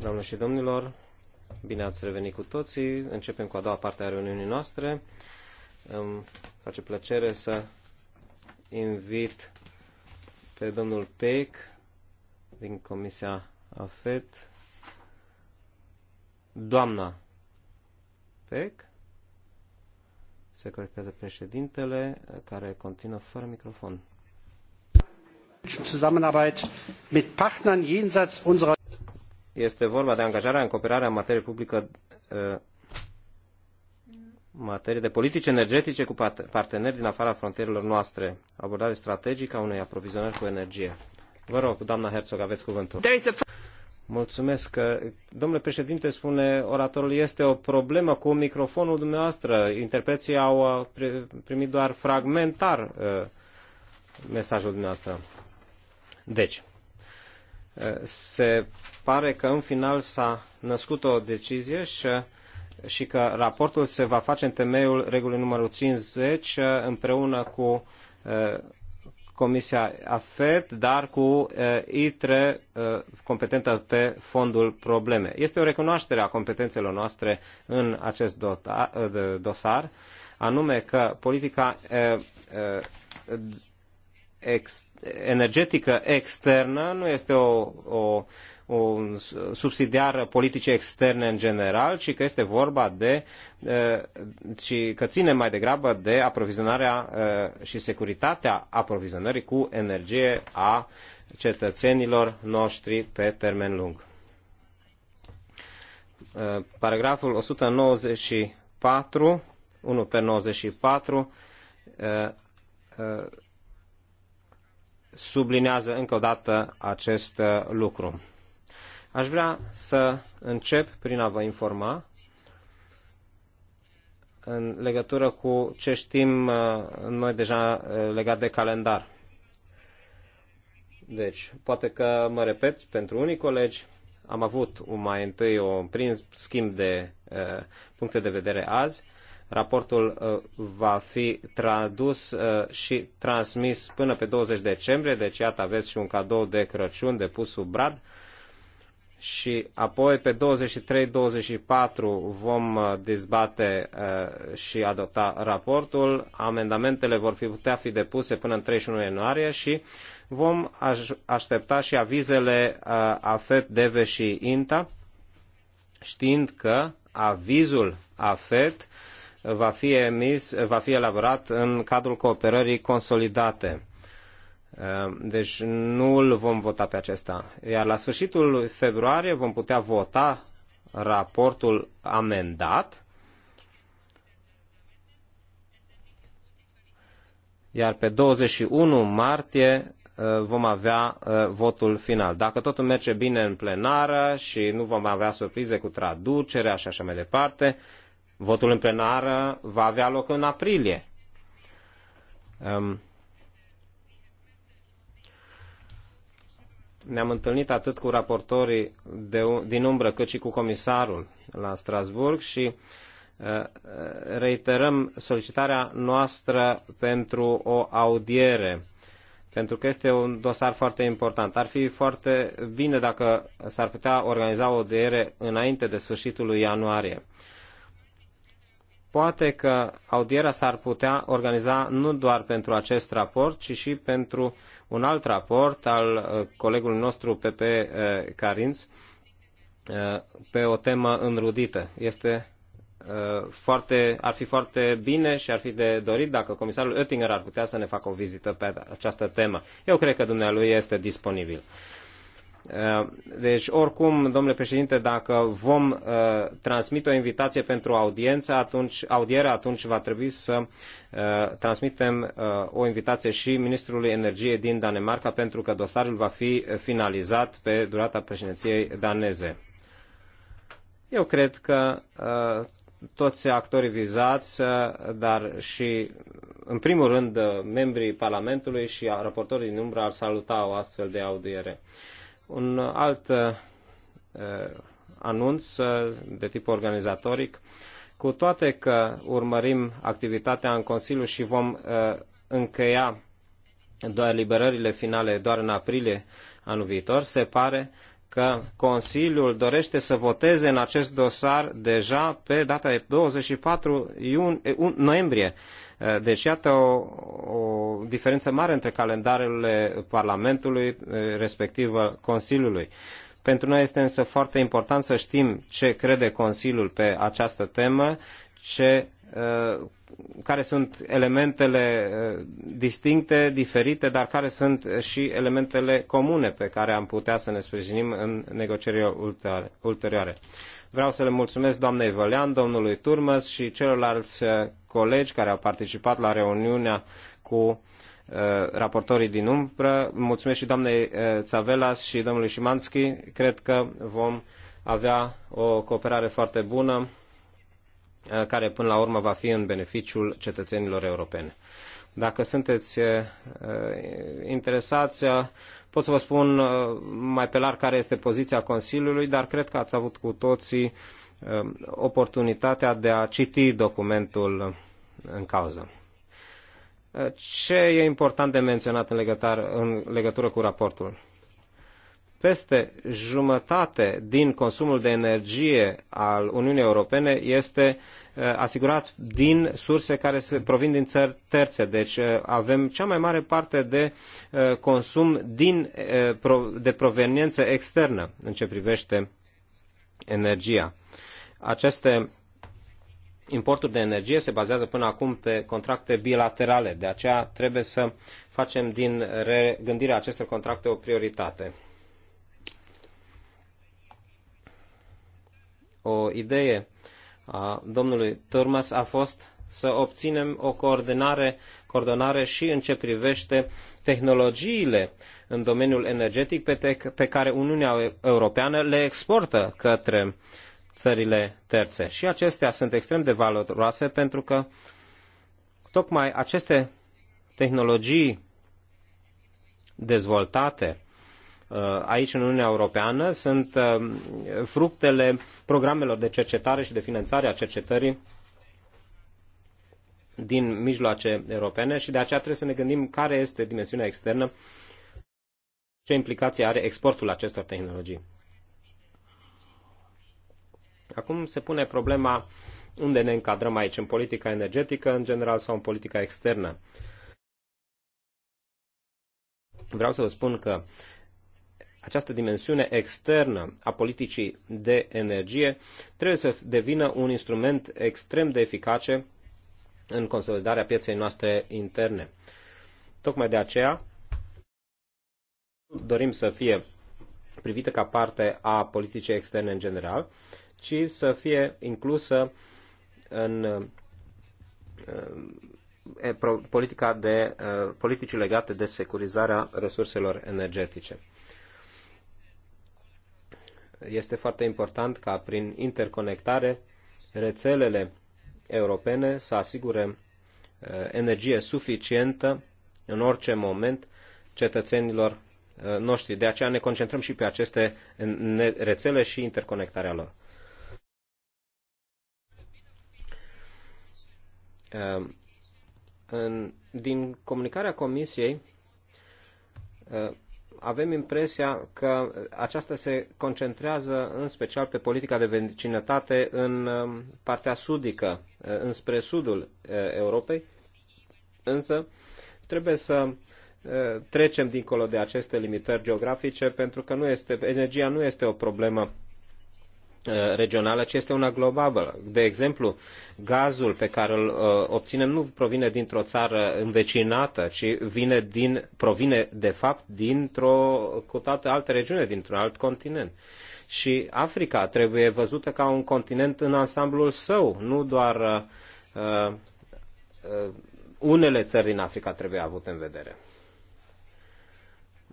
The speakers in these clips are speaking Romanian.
Doamne și domnilor, bine ați revenit cu toții. Începem cu a doua parte a reuniunii noastre. Îmi face plăcere să invit pe domnul Peck din Comisia AFET, doamna Peck. se corectează președintele, care continuă fără microfon este vorba de angajarea în cooperarea în materie publică în uh, materie de politici energetice cu parteneri din afara frontierelor noastre, abordare strategică a unei aprovizionări cu energie. Vă rog, doamna Herzog, aveți cuvântul. Mulțumesc. Domnule președinte, spune oratorul, este o problemă cu microfonul dumneavoastră. Interpreții au uh, primit doar fragmentar uh, mesajul dumneavoastră. Deci, se pare că în final s-a născut o decizie și, și că raportul se va face în temeiul regulii numărul 50 împreună cu Comisia AFET, dar cu ITRE competentă pe fondul probleme. Este o recunoaștere a competențelor noastre în acest dosar, anume că politica externă energetică externă nu este o, o, o subsidiară politicii externe în general, ci că este vorba de, ci că ține mai degrabă de aprovizionarea și securitatea aprovizionării cu energie a cetățenilor noștri pe termen lung. Paragraful 194, 1 pe 94, sublinează încă o dată acest uh, lucru. Aș vrea să încep prin a vă informa în legătură cu ce știm uh, noi deja uh, legat de calendar. Deci, poate că mă repet, pentru unii colegi am avut mai întâi un prim schimb de puncte de vedere azi, Raportul uh, va fi tradus uh, și transmis până pe 20 decembrie, deci iată aveți și un cadou de Crăciun depus sub brad. Și apoi pe 23-24 vom uh, dezbate și adopta raportul. Amendamentele vor putea fi depuse până în 31 ianuarie și vom aștepta și avizele AFET, DEVE și INTA, știind că avizul AFET va fi emis, va fi elaborat în cadrul cooperării consolidate. Uh, deci nu îl vom vota pe acesta. Iar la sfârșitul februarie vom putea vota raportul amendat, iar pe 21 martie uh, vom avea uh, votul final. Dacă totul merge bine în plenară și nu vom avea surprize cu traducerea și așa mai departe, Votul în plenară va avea loc în aprilie. Ehm, ne-am întâlnit atât cu raportorii de, din umbră cât și cu comisarul la Strasburg și eh, eh, reiterăm solicitarea noastră pentru o audiere, pentru că este un dosar foarte important. Ar fi foarte bine dacă s-ar putea organiza o audiere înainte de sfârșitul lui ianuarie. Uh, poate că audierea s-ar putea organiza nu doar pentru acest raport, ci și pentru un alt raport al uh, colegului nostru PP uh, Carinț uh, pe o temă înrudită. Este foarte, ar fi foarte bine și ar fi de dorit dacă comisarul Oettinger ar putea să ne facă o vizită pe această temă. Eu cred că dumnealui este disponibil. Uh, deci, oricum, domnule președinte, dacă vom uh, transmite o invitație pentru audiență, atunci, audiere, atunci va trebui să uh, transmitem uh, o invitație și Ministrului Energiei din Danemarca, pentru că dosarul va fi finalizat pe durata președinției daneze. Eu cred că uh, toți actorii vizați, uh, dar și, în primul rând, membrii Parlamentului și raportorii din umbră ar saluta o astfel de audiere. Un alt uh, anunț uh, de tip organizatoric, cu toate că urmărim activitatea în Consiliu și vom uh, încheia doar liberările finale doar în aprilie anul viitor, se pare că Consiliul dorește să voteze în acest dosar deja pe data de 24 iun, noiembrie. Deci iată o, o diferență mare între calendarele Parlamentului, respectiv Consiliului. Pentru noi este însă foarte important să știm ce crede Consiliul pe această temă, ce Uh, care sunt elementele uh, distincte, diferite, dar care sunt și elementele comune pe care am putea să ne sprijinim în negocierile ulterioare. Vreau să le mulțumesc doamnei Vălean, domnului Turmăs și celorlalți uh, colegi care au participat la reuniunea cu raportorii din umbră. Mulțumesc și doamnei Țavelas și domnului Șimanski. Cred că vom avea o cooperare foarte bună Eh, care până la urmă va fi în beneficiul cetățenilor europeni. Dacă sunteți eh, interesați, eh, pot să vă spun mai pe larg care este poziția Consiliului, dar cred că ați avut cu toții oportunitatea de a citi documentul în cauză. Ce e important de menționat în în legătură cu raportul? Peste jumătate din consumul de energie al Uniunii Europene este eh, asigurat din surse care se provin din țări terțe. Deci eh, avem cea mai mare parte de eh, consum din, de proveniență externă în ce privește energia. Aceste importuri de energie se bazează până acum pe contracte bilaterale, de aceea trebuie să facem din regândirea acestor contracte o prioritate. o idee a domnului Turmas a fost să obținem o coordonare, coordonare și în ce privește tehnologiile în domeniul energetic pe, pe care Uniunea Europeană le exportă către țările terțe. Și acestea sunt extrem de valoroase pentru că tocmai aceste tehnologii dezvoltate Uh, aici în Uniunea Europeană sunt uh, fructele programelor de cercetare și de finanțare a cercetării din mijloace europene și de aceea trebuie să ne gândim care este dimensiunea externă, ce implicații are exportul acestor tehnologii. Acum se pune problema unde ne încadrăm aici, în politica energetică în general sau în politica externă. Vreau să vă spun că această dimensiune externă a politicii de energie trebuie să devină un instrument extrem de eficace în consolidarea pieței noastre interne. Tocmai de aceea dorim să fie privită ca parte a politicii externe în general, ci să fie inclusă în eh, politica de, eh, politici legate de securizarea resurselor energetice este foarte important ca prin interconectare rețelele europene să asigure uh, energie suficientă în orice moment cetățenilor uh, noștri. De aceea ne concentrăm și pe aceste rețele și interconectarea lor. Uh, din comunicarea Comisiei avem impresia că aceasta se concentrează în special pe politica de vecinătate în um, partea sudică, uh, înspre sudul uh, Europei, însă trebuie să uh, trecem dincolo de aceste limitări geografice pentru că nu este, energia nu este o problemă Uh, regională, ci este una globală. De exemplu, gazul pe care îl uh, obținem nu provine dintr-o țară învecinată, ci vine din, provine de fapt dintr-o cu toate alte regiune, dintr-un alt continent. Și Africa trebuie văzută ca un continent în ansamblul său, nu doar uh, uh, unele țări din Africa trebuie avute în vedere.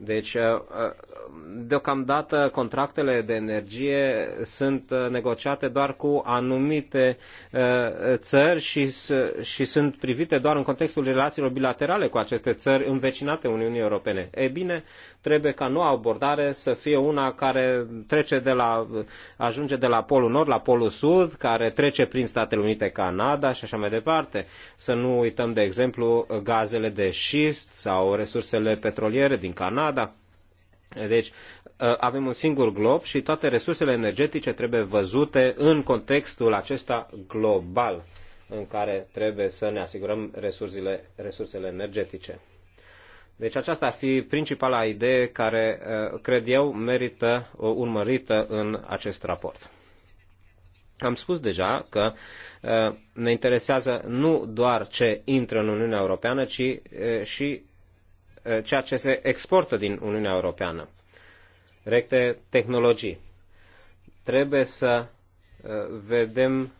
Deci, uh, uh, deocamdată, contractele de energie sunt uh, negociate doar cu anumite țări și, și sunt privite doar în contextul relațiilor bilaterale cu aceste țări învecinate Uniunii Europene. E bine, trebuie ca noua abordare să fie una care trece de la, ajunge de la Polul Nord la Polul Sud, care trece prin Statele Unite, Canada și așa mai departe. Să nu uităm, de exemplu, gazele de șist sau resursele petroliere din Canada. Deci, ă, avem un singur glob și toate resursele energetice trebuie văzute în contextul acesta global în care trebuie să ne asigurăm resursele, resursele energetice. Deci aceasta ar fi principala idee care, uh, cred eu, merită uh, urmărită în acest raport. Am spus deja că uh, ne interesează nu doar ce intră în Uniunea Europeană, ci și ceea ce se exportă din Uniunea Europeană. Recte tehnologii. Trebuie să vedem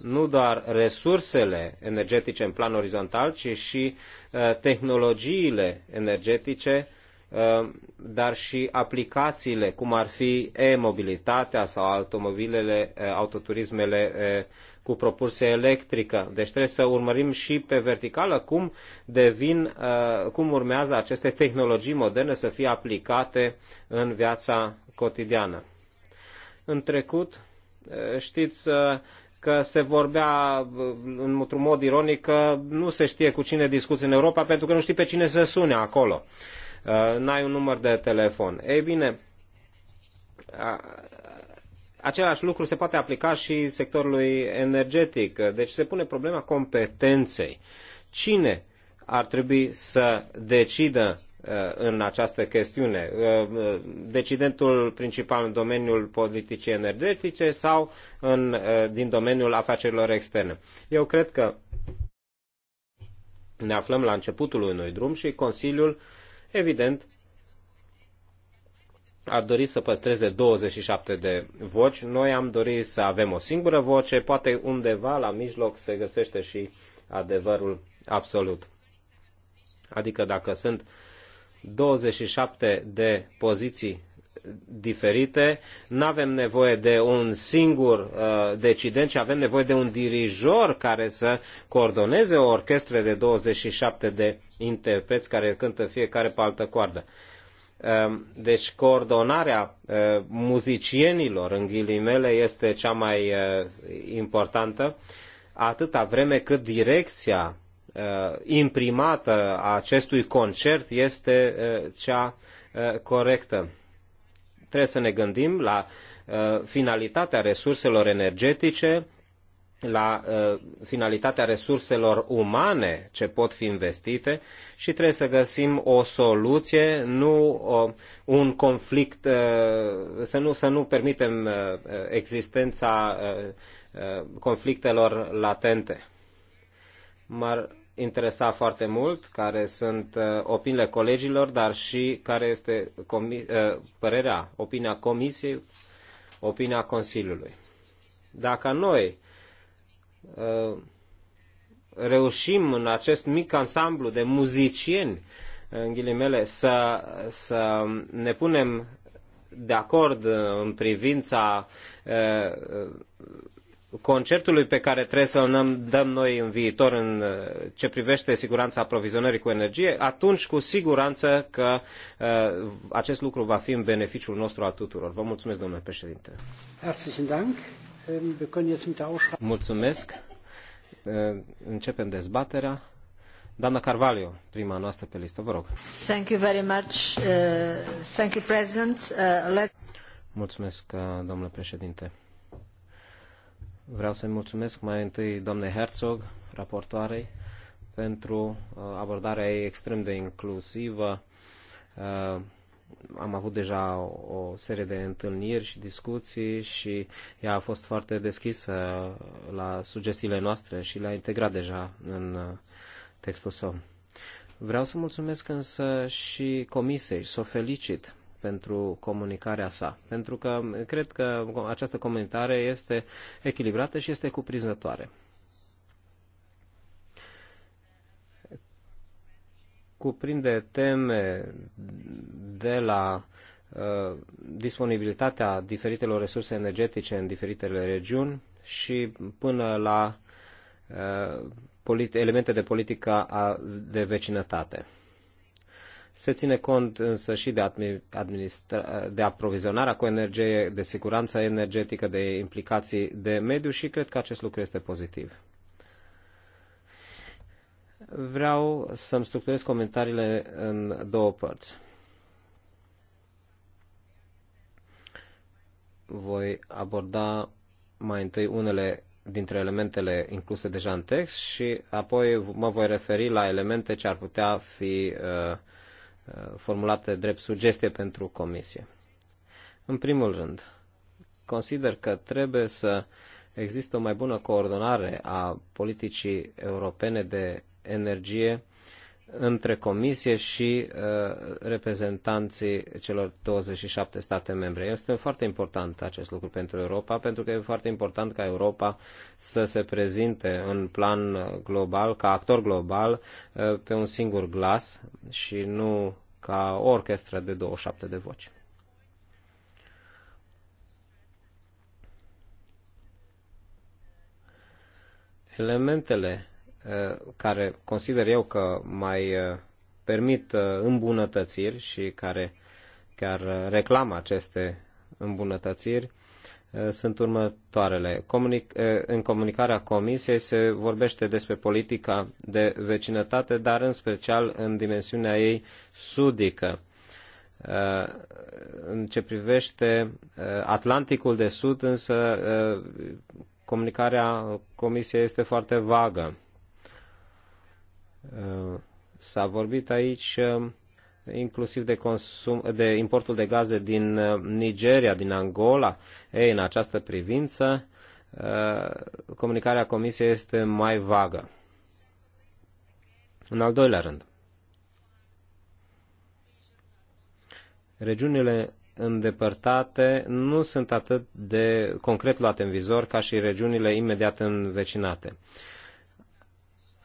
nu doar resursele energetice în plan orizontal, ci și uh, tehnologiile energetice, uh, dar și aplicațiile, cum ar fi e-mobilitatea sau automobilele, uh, autoturismele cu propulsie electrică. Deci trebuie să urmărim și pe verticală cum devin, cum urmează aceste tehnologii moderne să fie aplicate în viața cotidiană. În trecut, știți, că se vorbea uh, într-un mod ironic că nu se știe cu cine discuți în Europa pentru că nu știi pe cine să sune acolo. Uh, n-ai un număr de telefon. Ei bine, același lucru se poate aplica și sectorului energetic. Deci se pune problema competenței. Cine ar trebui să decidă Uh, în această chestiune, uh, uh, decidentul principal în domeniul politicii energetice sau în, din domeniul afacerilor externe. Eu cred că ne aflăm la începutul unui drum și Consiliul, evident, ar dori să păstreze 27 de voci. Noi am dorit să avem o singură voce, poate undeva la mijloc se găsește și adevărul absolut. Adică dacă sunt uh, 27 de poziții diferite, nu avem nevoie de un singur uh, decident, ci avem nevoie de un dirijor care să coordoneze o orchestră de 27 de interpreți care cântă fiecare pe altă coardă. Um, deci coordonarea uh, muzicienilor, în ghilimele, este cea mai uh, importantă, atâta vreme cât direcția Uh, imprimată a acestui concert este uh, cea uh, corectă. Trebuie să ne gândim la finalitatea resurselor energetice, la finalitatea resurselor umane ce pot fi investite și trebuie să găsim o soluție, nu un conflict, să, nu, să nu permitem existența conflictelor latente. mar interesa foarte mult care sunt uh, opiniile colegilor, dar și care este uh, părerea, opinia Comisiei, opinia Consiliului. Dacă noi uh, reușim în acest mic ansamblu de muzicieni, în ghilimele, să, să ne punem de acord în privința concertului pe care trebuie să-l dăm noi în viitor în uh, ce privește siguranța aprovizionării cu energie, atunci cu siguranță că uh, acest lucru va fi în beneficiul nostru a tuturor. Vă mulțumesc, domnule președinte. Ähm, mulțumesc. Uh, începem dezbaterea. Doamna Carvalho, prima noastră pe listă, vă rog. Thank you very much. thank you, President. Let. Mulțumesc, domnule președinte. Vreau să-i mulțumesc mai întâi doamnei Herzog, raportoarei, pentru uh, abordarea ei extrem de inclusivă. Uh, am avut deja o serie de întâlniri și discuții și ea a fost foarte deschisă la sugestiile noastre și le-a integrat deja în uh, textul său. Vreau să mulțumesc însă și comisiei, să o felicit pentru comunicarea sa, pentru că cred că această comunicare este echilibrată și este cuprinzătoare. Cuprinde teme de la uh, disponibilitatea diferitelor resurse energetice în diferitele regiuni și până la uh, elemente de politică a, de vecinătate. Se ține cont însă și de, de aprovizionarea cu energie, de siguranța energetică, de implicații de mediu și cred că acest lucru este pozitiv. Vreau să-mi structurez comentariile în două părți. Voi aborda mai întâi unele dintre elementele incluse deja în text și apoi mă voi referi la elemente ce ar putea fi uh, formulate drept sugestie pentru comisie. În primul rând, consider că trebuie să există o mai bună coordonare a politicii europene de energie între Comisie și uh, reprezentanții celor 27 state membre. Este foarte important acest lucru pentru Europa, pentru că e foarte important ca Europa să se prezinte în plan global, ca actor global, uh, pe un singur glas și nu ca o orchestră de 27 de voci. Elementele Uh, care consider eu că mai uh, permit uh, îmbunătățiri și care chiar reclamă aceste îmbunătățiri sunt următoarele. Comunic, în comunicarea Comisiei se vorbește despre politica de vecinătate, dar în special în dimensiunea ei sudică. În ce privește Atlanticul de Sud, însă comunicarea Comisiei este foarte vagă. Uh, s-a vorbit aici um, inclusiv de, consum, de importul de gaze din uh, Nigeria, din Angola. Ei, în această privință, uh, comunicarea Comisiei este mai vagă. În al doilea rând, regiunile îndepărtate nu sunt atât de concret luate în vizor ca și regiunile imediat învecinate. Uh,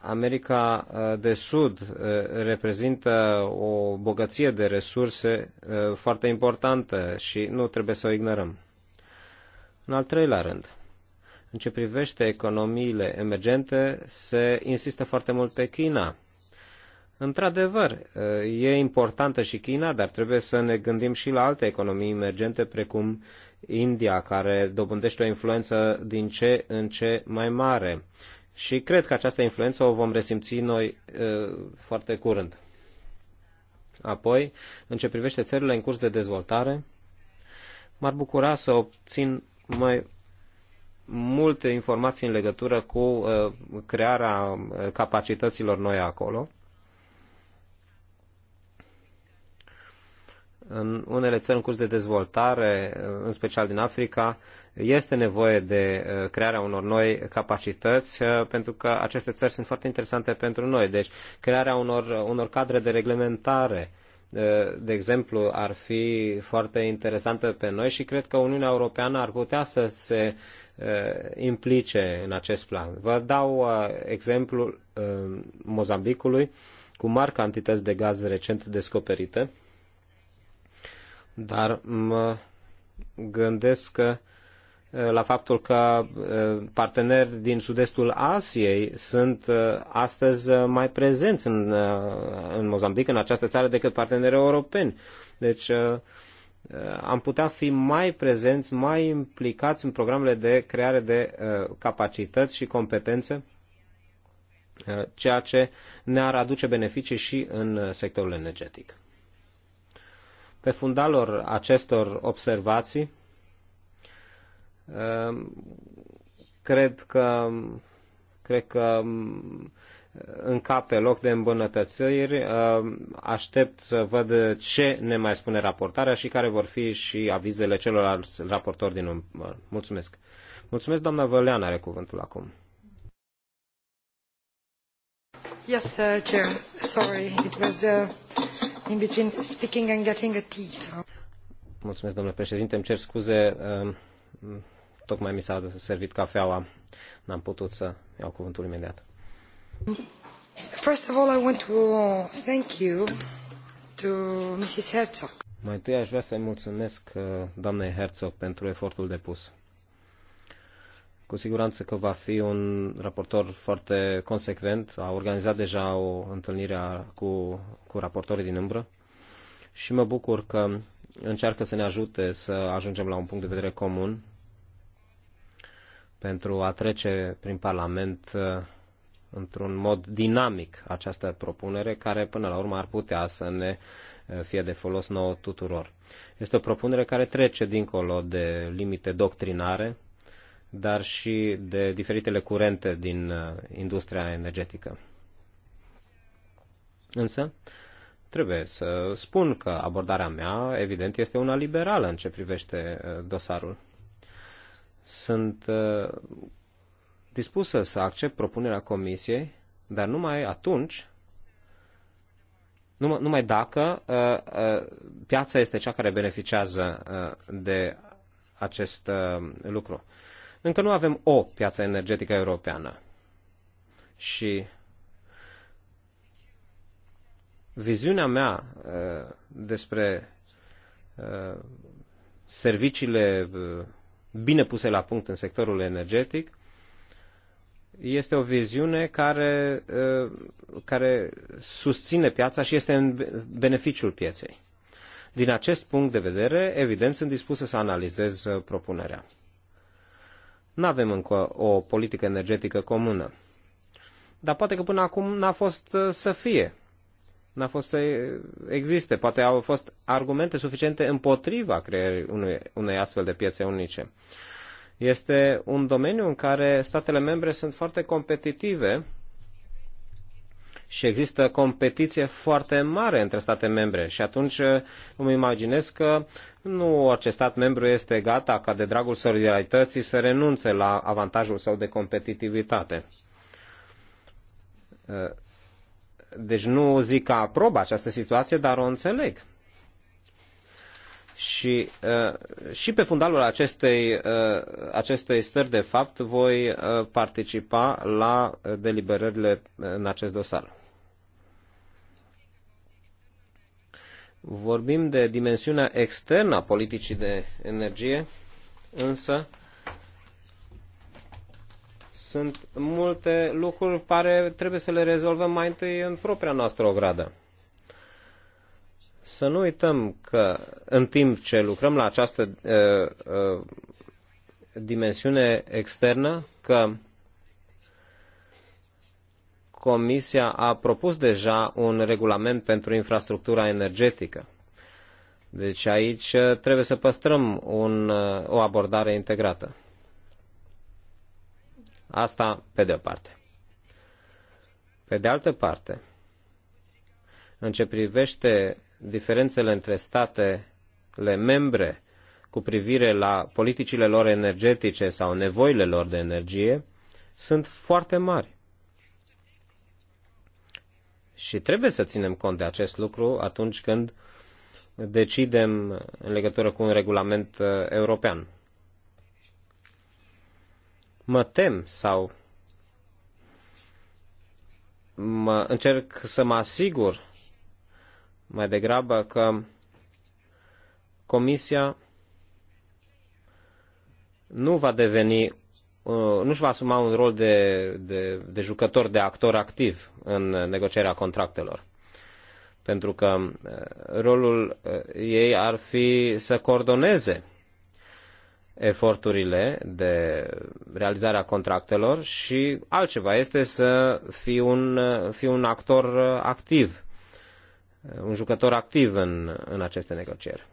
America uh, de Sud uh, reprezintă o bogăție de resurse uh, foarte importantă și nu trebuie să o ignorăm. În al treilea rând, în ce privește economiile emergente, se insistă foarte mult pe China. Într-adevăr, e importantă și China, dar trebuie să ne gândim și la alte economii emergente, precum India, care dobândește o influență din ce în ce mai mare. Și cred că această influență o vom resimți noi foarte curând. Apoi, în ce privește țările în curs de dezvoltare, m-ar bucura să obțin mai multe informații în legătură cu crearea capacităților noi acolo. În unele țări în curs de dezvoltare, în special din Africa, este nevoie de uh, crearea unor noi capacități uh, pentru că aceste țări sunt foarte interesante pentru noi. Deci crearea unor, uh, unor cadre de reglementare de exemplu, ar fi foarte interesantă pe noi și cred că Uniunea Europeană ar putea să se implice în acest plan. Vă dau exemplul Mozambicului cu mari cantități de gaz recent descoperite, dar mă gândesc că Eh, la faptul că eh, parteneri din sud-estul Asiei sunt eh, astăzi mai prezenți în, în Mozambic, în această țară, decât partenerii europeni. Deci am putea fi mai prezenți, mai implicați în programele de creare de capacități și competențe, ceea ce ne-ar aduce beneficii și în sectorul energetic. Pe fundalul acestor observații, Ehm, cred că, cred că mm, pe loc de îmbunătățiri. Ehm, aștept să văd ce ne mai spune raportarea și care vor fi și avizele celorlalți raportori din umbră. Mulțumesc. Mulțumesc, doamna Vălean are cuvântul acum. Yes, uh, Chair. Sorry, it was uh, in between speaking and getting a tea. So. Mulțumesc, domnule președinte. Îmi cer scuze. Uh, tocmai mi s-a servit cafeaua, n-am putut să iau cuvântul imediat. First of all, I want to thank you to Mrs. Herzog. Mai întâi aș vrea să-i mulțumesc uh, doamnei Herzog pentru efortul depus. Cu siguranță că va fi un raportor foarte consecvent. A organizat deja o întâlnire cu, cu raportorii din umbră și mă bucur că încearcă să ne ajute să ajungem la un punct de vedere comun pentru a trece prin Parlament uh, într-un mod dinamic această propunere, care până la urmă ar putea să ne uh, fie de folos nouă tuturor. Este o propunere care trece dincolo de limite doctrinare, dar și de diferitele curente din uh, industria energetică. Însă, trebuie să spun că abordarea mea, evident, este una liberală în ce privește dosarul. Sunt uh, dispusă să accept propunerea Comisiei, dar numai atunci, numai, numai dacă uh, uh, piața este cea care beneficiază de acest lucru. Încă nu avem o piață energetică europeană și viziunea mea despre serviciile bine puse la punct în sectorul energetic, este o viziune care, care susține piața și este în beneficiul pieței. Din acest punct de vedere, evident, sunt dispusă să analizez propunerea. Nu avem încă o politică energetică comună. Dar poate că până acum n-a fost să fie n-a fost să existe. Poate au fost argumente suficiente împotriva creierii unui, unei astfel de piețe unice. Este un domeniu în care statele membre sunt foarte competitive și există competiție foarte mare între state membre și atunci uh, îmi imaginez că nu orice stat membru este gata ca de dragul solidarității să renunțe la avantajul său de competitivitate uh, deci nu zic că aprob această situație, dar o înțeleg. Și, uh, și pe fundalul acestei, uh, acestei stări de fapt voi uh, participa la deliberările în acest dosar. Vorbim de dimensiunea externă a politicii de energie, însă sunt multe lucruri care trebuie să le rezolvăm mai întâi în propria noastră ogradă. Să nu uităm că în timp ce lucrăm la această uh, uh, dimensiune externă, că Comisia a propus deja un regulament pentru infrastructura energetică. Deci aici uh, trebuie să păstrăm un, uh, o abordare integrată. Asta pe de-o parte. Pe de altă parte, în ce privește diferențele între statele membre cu privire la politicile lor energetice sau nevoile lor de energie, sunt foarte mari. Și trebuie să ținem cont de acest lucru atunci când decidem în legătură cu un regulament uh, european mă tem sau mă, încerc să mă asigur mai degrabă că Comisia nu va deveni, uh, nu își va asuma un rol de, de, de jucător, de actor activ în negocierea contractelor. Pentru că uh, rolul uh, ei ar fi să coordoneze eforturile de realizare a contractelor și altceva este să fii un, fii un actor activ, un jucător activ în, în aceste negocieri.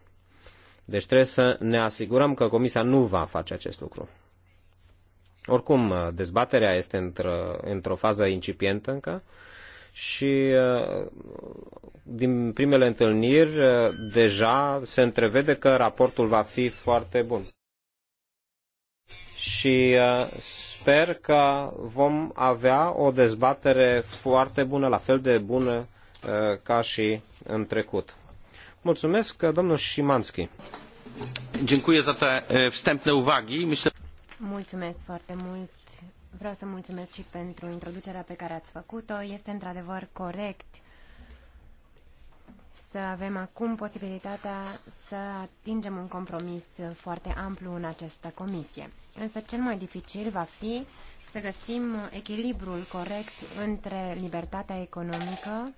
Deci trebuie să ne asigurăm că Comisia nu va face acest lucru. Oricum, dezbaterea este într-o, într-o fază incipientă încă și uh, din primele întâlniri uh, deja se întrevede că raportul va fi foarte bun și uh, sper că vom avea o dezbatere foarte bună, la fel de bună uh, ca și în trecut. Mulțumesc, uh, domnul Șimanski. Dziękuję za te wstępne uwagi. Myślę... Mulțumesc foarte mult. Vreau să mulțumesc și pentru introducerea pe care ați făcut-o. Este într-adevăr corect să avem acum posibilitatea să atingem un compromis foarte amplu în această comisie. Însă cel mai dificil va fi să găsim echilibrul corect între libertatea economică,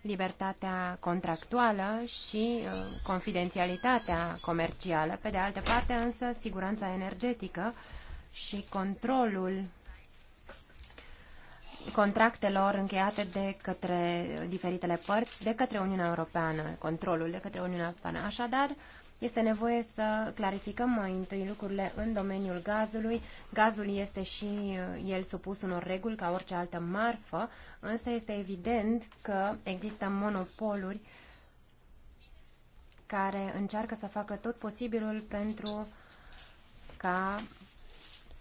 libertatea contractuală și uh, confidențialitatea comercială, pe de altă parte însă siguranța energetică și controlul contractelor încheiate de către diferitele părți, de către Uniunea Europeană, controlul de către Uniunea Europeană. Așadar, este nevoie să clarificăm mai întâi lucrurile în domeniul gazului. Gazul este și uh, el supus unor reguli ca orice altă marfă, însă este evident că există monopoluri care încearcă să facă tot posibilul pentru ca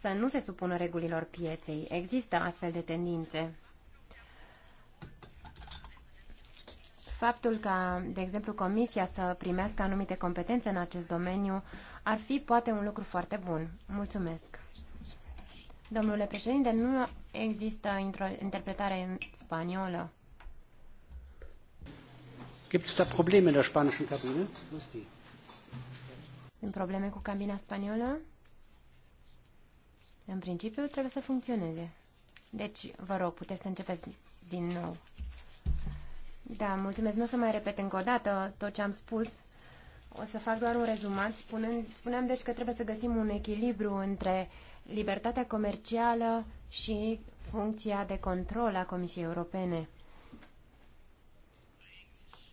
să nu se supună regulilor pieței. Există astfel de tendințe. Faptul ca, de exemplu, Comisia să primească anumite competențe în acest domeniu ar fi poate un lucru foarte bun. Mulțumesc. Domnule președinte, nu există interpretare în spaniolă. Gibt da Probleme in der spanischen Kabine? Wo Probleme cu cabina spaniolă? în principiu, trebuie să funcționeze. Deci, vă rog, puteți să începeți din nou. Da, mulțumesc. Nu o să mai repet încă o dată tot ce am spus. O să fac doar un rezumat. Spunând, spuneam deci că trebuie să găsim un echilibru între libertatea comercială și funcția de control a Comisiei Europene.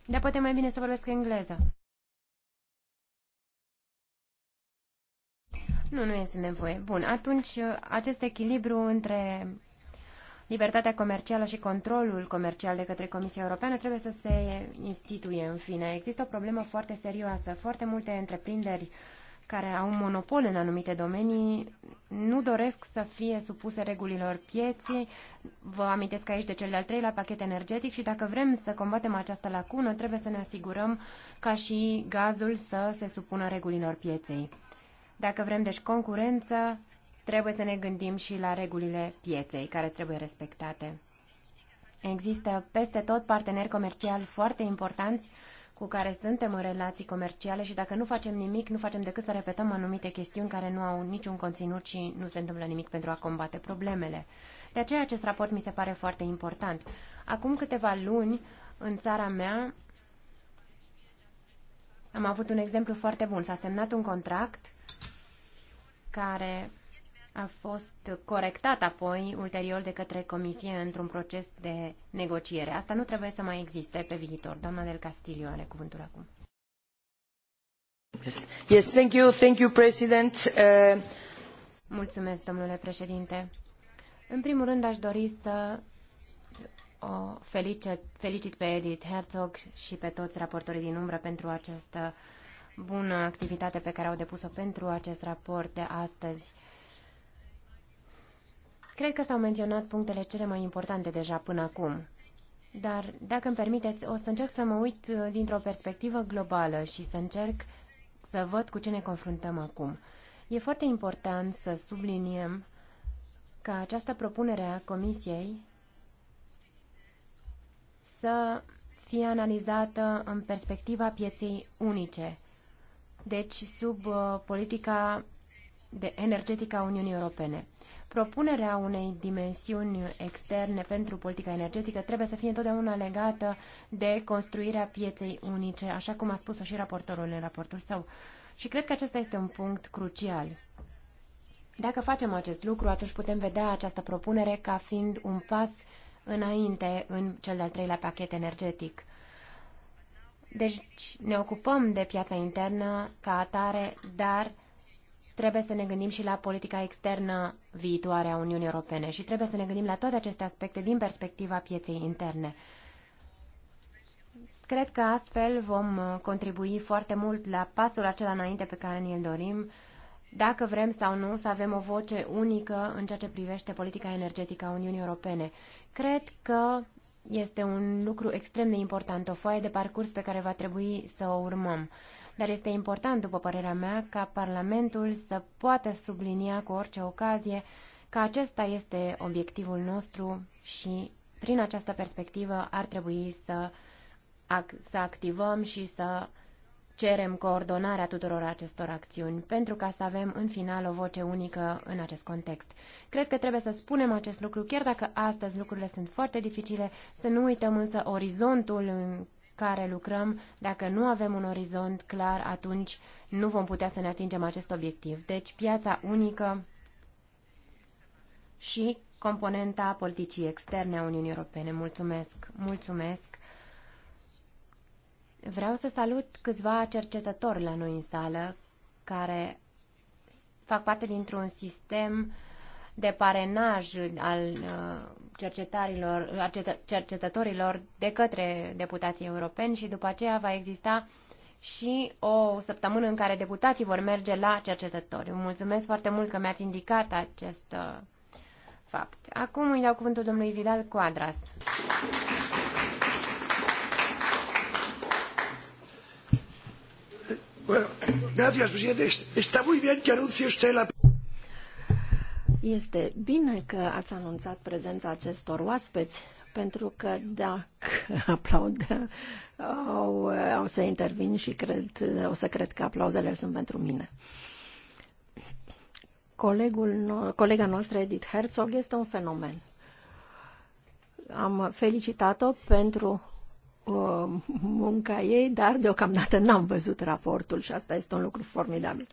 Dar poate mai bine să vorbesc engleză. Nu, nu este nevoie. Bun, atunci uh, acest echilibru între libertatea comercială și controlul comercial de către Comisia Europeană trebuie să se instituie în fine. Există o problemă foarte serioasă. Foarte multe întreprinderi care au un monopol în anumite domenii nu doresc să fie supuse regulilor pieții. Vă amintesc aici de cel de-al treilea pachet energetic și dacă vrem să combatem această lacună, trebuie să ne asigurăm ca și gazul să se supună regulilor pieței. Dacă vrem deci concurență, trebuie să ne gândim și la regulile pieței care trebuie respectate. Există peste tot parteneri comerciali foarte importanți cu care suntem în relații comerciale și dacă nu facem nimic, nu facem decât să repetăm anumite chestiuni care nu au niciun conținut și nu se întâmplă nimic pentru a combate problemele. De aceea acest raport mi se pare foarte important. Acum câteva luni, în țara mea, am avut un exemplu foarte bun. S-a semnat un contract care a fost corectat apoi ulterior de către Comisie într-un proces de negociere. Asta nu trebuie să mai existe pe viitor. Doamna del Castillo are cuvântul acum. Yes, thank you, thank you, President. Uh... Mulțumesc, domnule președinte. În primul rând, aș dori să o felicit, felicit pe Edith Herzog și pe toți raportorii din umbră pentru această uh, bună activitate pe care au depus-o pentru acest raport de astăzi. Cred că s-au menționat punctele cele mai importante deja până acum. Dar, dacă îmi permiteți, o să încerc să mă uit uh, dintr-o perspectivă globală și să încerc să văd cu ce ne confruntăm acum. E foarte important să subliniem ca această propunere a Comisiei să fie analizată în perspectiva pieței unice, deci sub uh, politica de energetică a Uniunii Europene. Propunerea unei dimensiuni externe pentru politica energetică trebuie să fie întotdeauna legată de construirea pieței unice, așa cum a spus-o și raportorul în raportul său. Și cred că acesta este un punct crucial. Dacă facem acest lucru, atunci putem vedea această propunere ca fiind un pas înainte în cel de-al treilea pachet energetic. Deci ne ocupăm de piața internă ca atare, dar trebuie să ne gândim și la politica externă viitoare a Uniunii Europene și trebuie să ne gândim la toate aceste aspecte din perspectiva pieței interne. Cred că astfel vom uh, contribui foarte mult la pasul acela înainte pe care ni-l dorim, dacă vrem sau nu să avem o voce unică în ceea ce privește politica energetică a Uniunii Europene. Cred că este un lucru extrem de important, o foaie de parcurs pe care va trebui să o urmăm. Dar este important, după părerea mea, ca Parlamentul să poată sublinia cu orice ocazie că acesta este obiectivul nostru și, prin această perspectivă, ar trebui să, ac- să activăm și să cerem coordonarea tuturor acestor acțiuni pentru ca să avem în final o voce unică în acest context. Cred că trebuie să spunem acest lucru, chiar dacă astăzi lucrurile sunt foarte dificile, să nu uităm însă orizontul în care lucrăm. Dacă nu avem un orizont clar, atunci nu vom putea să ne atingem acest obiectiv. Deci piața unică și componenta politicii externe a Uniunii Europene. Mulțumesc! Mulțumesc! Vreau să salut câțiva cercetători la noi în sală care fac parte dintr-un sistem de parenaj al uh, cercetarilor, cercetătorilor de către deputații europeni și după aceea va exista și o săptămână în care deputații vor merge la cercetători. Mulțumesc foarte mult că mi-ați indicat acest uh, fapt. Acum îi dau cuvântul domnului Vidal Coadras. Este bine că ați anunțat prezența acestor oaspeți, pentru că dacă aplaudă, au, au să intervin și cred, o să cred că aplauzele sunt pentru mine. Colegul, colega noastră, Edith Herzog, este un fenomen. Am felicitat-o pentru Uh, munca ei, dar deocamdată n-am văzut raportul și asta este un lucru formidabil.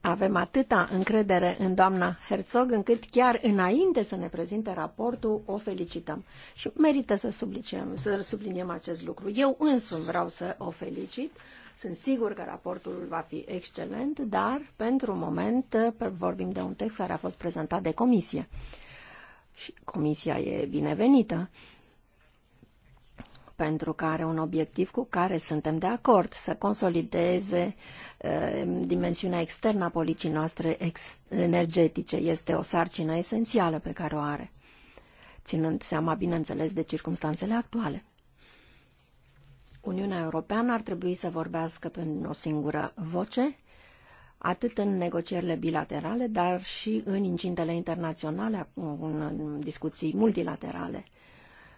Avem atâta încredere în doamna Herzog încât chiar înainte să ne prezinte raportul o felicităm. Și merită să subliniem, să subliniem acest lucru. Eu însumi vreau să o felicit. Sunt sigur că raportul va fi excelent, dar pentru moment uh, vorbim de un text care a fost prezentat de comisie și comisia e binevenită, pentru că are un obiectiv cu care suntem de acord, să consolideze uh, dimensiunea externă a politicii noastre ex- energetice. Este o sarcină esențială pe care o are, ținând seama, bineînțeles, de circumstanțele actuale. Uniunea Europeană ar trebui să vorbească pe o singură voce atât în negocierile bilaterale, dar și în incintele internaționale, în discuții multilaterale.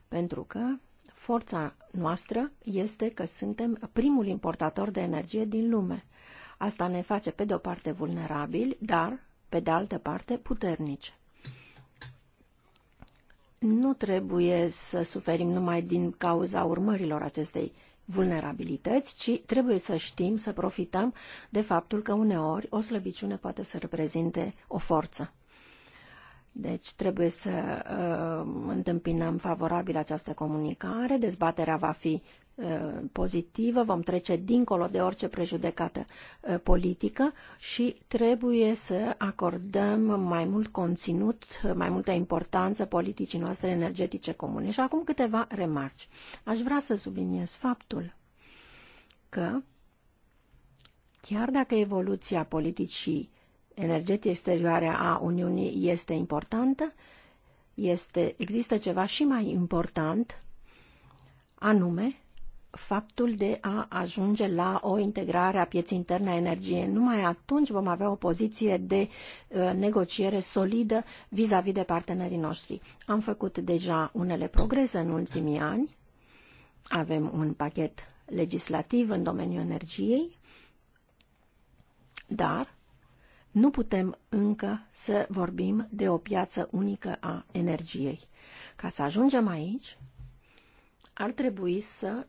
Pentru că forța noastră este că suntem primul importator de energie din lume. Asta ne face, pe de-o parte, vulnerabili, dar, pe de altă parte, puternici. Nu trebuie să suferim numai din cauza urmărilor acestei vulnerabilități, ci trebuie să știm, să profităm de faptul că uneori o slăbiciune poate să reprezinte o forță. Deci trebuie să uh, întâmpinăm favorabil această comunicare. Dezbaterea va fi Uh, pozitivă, vom trece dincolo de orice prejudecată uh, politică și trebuie să acordăm mai mult conținut, mai multă importanță politicii noastre energetice comune. Și acum câteva remarci. Aș vrea să subliniez faptul că chiar dacă evoluția politicii energetice exterioare a Uniunii este importantă, este, există ceva și mai important, anume faptul de a ajunge la o integrare a pieții interne a energiei. Numai atunci vom avea o poziție de uh, negociere solidă vis-a-vis -vis de partenerii noștri. Am făcut deja unele progrese în ultimii ani. Avem un pachet legislativ în domeniul energiei, dar nu putem încă să vorbim de o piață unică a energiei. Ca să ajungem aici, ar trebui să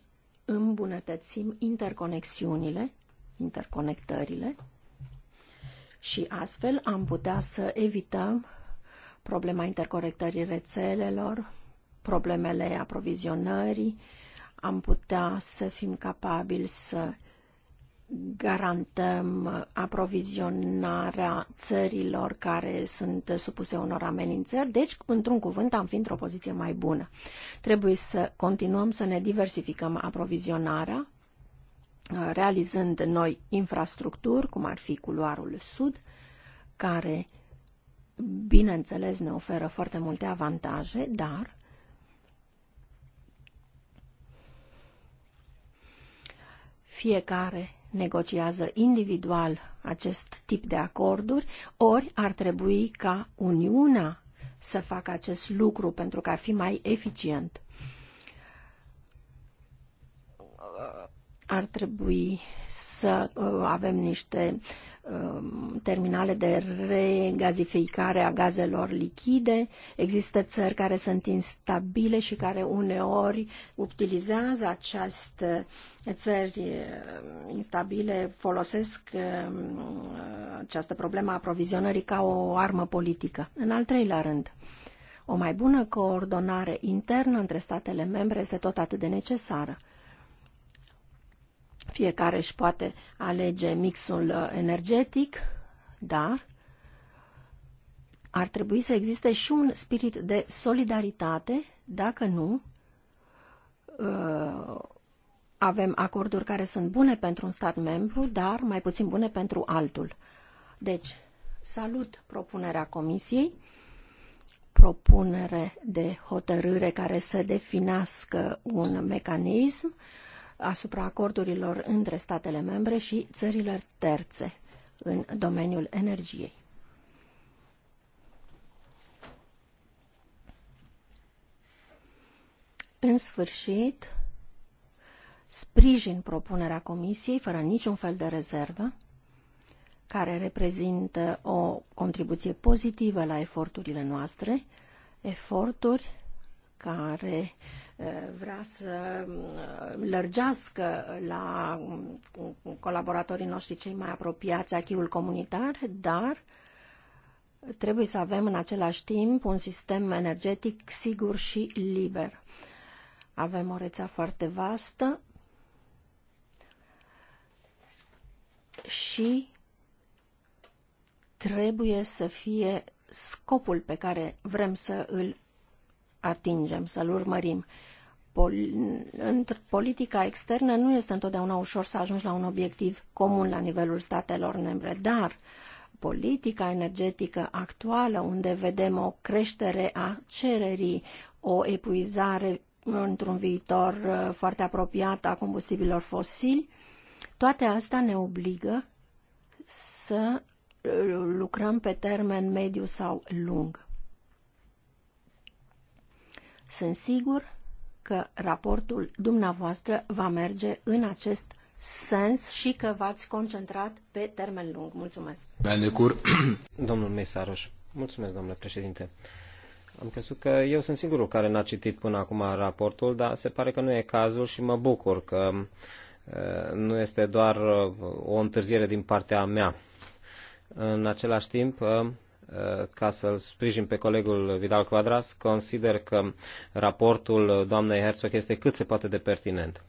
îmbunătățim interconexiunile, interconectările și astfel am putea să evităm problema interconectării rețelelor, problemele aprovizionării, am putea să fim capabili să garantăm aprovizionarea țărilor care sunt supuse unor amenințări, deci, într-un cuvânt, am fi într-o poziție mai bună. Trebuie să continuăm să ne diversificăm aprovizionarea, realizând noi infrastructuri, cum ar fi culoarul sud, care, bineînțeles, ne oferă foarte multe avantaje, dar fiecare negociază individual acest tip de acorduri, ori ar trebui ca Uniunea să facă acest lucru pentru că ar fi mai eficient. Ar trebui să uh, avem niște uh, Um, terminale de regazificare a gazelor lichide. Există țări care sunt instabile și care uneori utilizează aceste țări um, instabile, folosesc um, această problemă a aprovizionării ca o armă politică. În al treilea rând, o mai bună coordonare internă între statele membre este tot atât de necesară. Fiecare își poate alege mixul uh, energetic, dar ar trebui să existe și un spirit de solidaritate, dacă nu, uh, avem acorduri care sunt bune pentru un stat membru, dar mai puțin bune pentru altul. Deci, salut propunerea Comisiei, propunere de hotărâre care să definească un mecanism uh, asupra acordurilor între statele membre și țările terțe în domeniul energiei. În sfârșit, sprijin propunerea Comisiei fără niciun fel de rezervă, care reprezintă o contribuție pozitivă la eforturile noastre, eforturi care eh, vrea să mm, lărgească la mm, colaboratorii noștri cei mai apropiați achiul comunitar, dar trebuie să avem în același timp un sistem energetic sigur și liber. Avem o rețea foarte vastă și trebuie să fie scopul pe care vrem să îl atingem, să-l urmărim. Pol- politica externă nu este întotdeauna ușor să ajungi la un obiectiv comun la nivelul statelor membre, dar politica energetică actuală, unde vedem o creștere a cererii, o epuizare într-un viitor uh, foarte apropiat a combustibilor fosili, toate astea ne obligă să uh, lucrăm pe termen mediu sau lung. Sunt sigur că raportul dumneavoastră va merge în acest sens și că v-ați concentrat pe termen lung. Mulțumesc. Benecur. Domnul Mesaroș. Mulțumesc, domnule președinte. Am crezut că eu sunt singurul care n-a citit până acum raportul, dar se pare că nu e cazul și mă bucur că uh, nu este doar uh, o întârziere din partea mea. În același timp, uh, ca să-l sprijin pe colegul Vidal Quadras, consider că raportul doamnei Herzog este cât se poate de pertinent.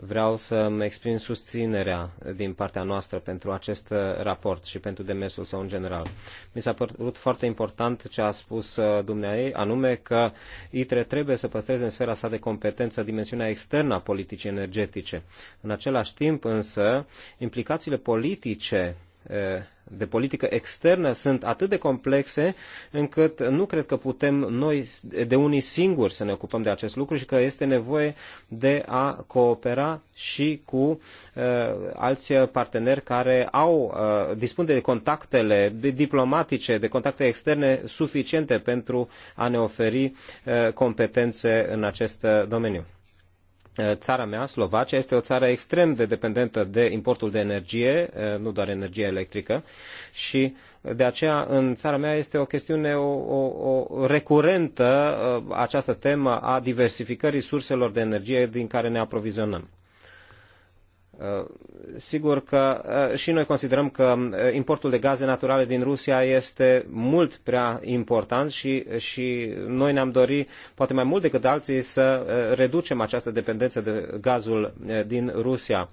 Vreau să-mi exprim susținerea din partea noastră pentru acest raport și pentru demersul său în general. Mi s-a părut foarte important ce a spus uh, dumneai, anume că ITRE trebuie să păstreze în sfera sa de competență dimensiunea externă a politicii energetice. În același timp, însă, implicațiile politice uh, de politică externă sunt atât de complexe încât nu cred că putem noi de unii singuri să ne ocupăm de acest lucru și că este nevoie de a coopera și cu uh, alți parteneri care au, uh, dispun de contactele diplomatice, de contacte externe suficiente pentru a ne oferi uh, competențe în acest uh, domeniu țara mea, Slovacia, este o țară extrem de dependentă de importul de energie, eh, nu doar energie electrică, și de aceea în țara mea este o chestiune o, o, o recurentă eh, această temă a diversificării surselor de energie din care ne aprovizionăm. Uh, sigur că uh, și noi considerăm că uh, importul de gaze naturale din Rusia este mult prea important și, și noi ne-am dorit, poate mai mult decât alții, să reducem această dependență de gazul din Rusia.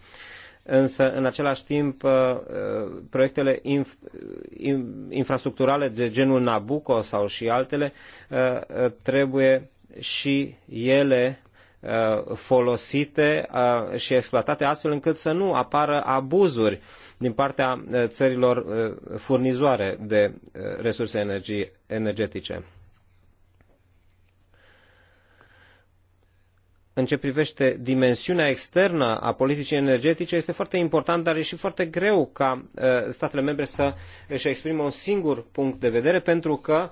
Însă, în același timp, proiectele infrastructurale de genul Nabucco sau și altele trebuie și ele Uh, folosite uh, și exploatate astfel încât să nu apară abuzuri din partea uh, țărilor furnizoare de resurse energie, energetice. în ce privește dimensiunea externă a politicii energetice este foarte important, dar e și foarte greu ca statele membre să își exprime un singur punct de vedere, pentru că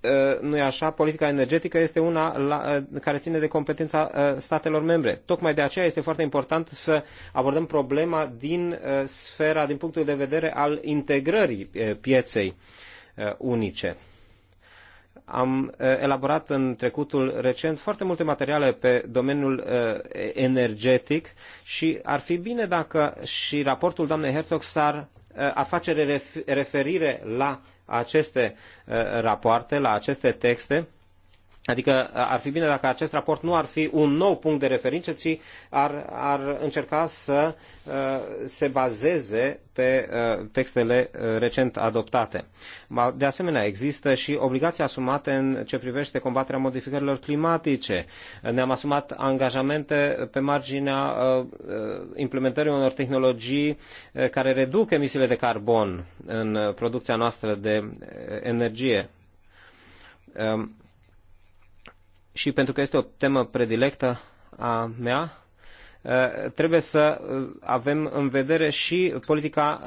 Uh, nu e așa, politica energetică este una la, uh, care ține de competența uh, statelor membre. Tocmai de aceea este foarte important să abordăm problema din sfera, din punctul de vedere al integrării pieței unice. Am elaborat în trecutul recent foarte multe materiale pe domeniul energetic și ar fi bine dacă și raportul doamnei Herzog s-ar ar face referire la aceste eh, rapoarte, la aceste texte, Adică ar fi bine dacă acest raport nu ar fi un nou punct de referință, ci ar, ar încerca să uh, se bazeze pe uh, textele recent adoptate. De asemenea, există și obligații asumate în ce privește combaterea modificărilor climatice. Ne-am asumat angajamente pe marginea implementării unor tehnologii care reduc emisiile de carbon în producția noastră de energie și pentru că este o temă predilectă a mea, uh, trebuie să uh, avem în vedere și politica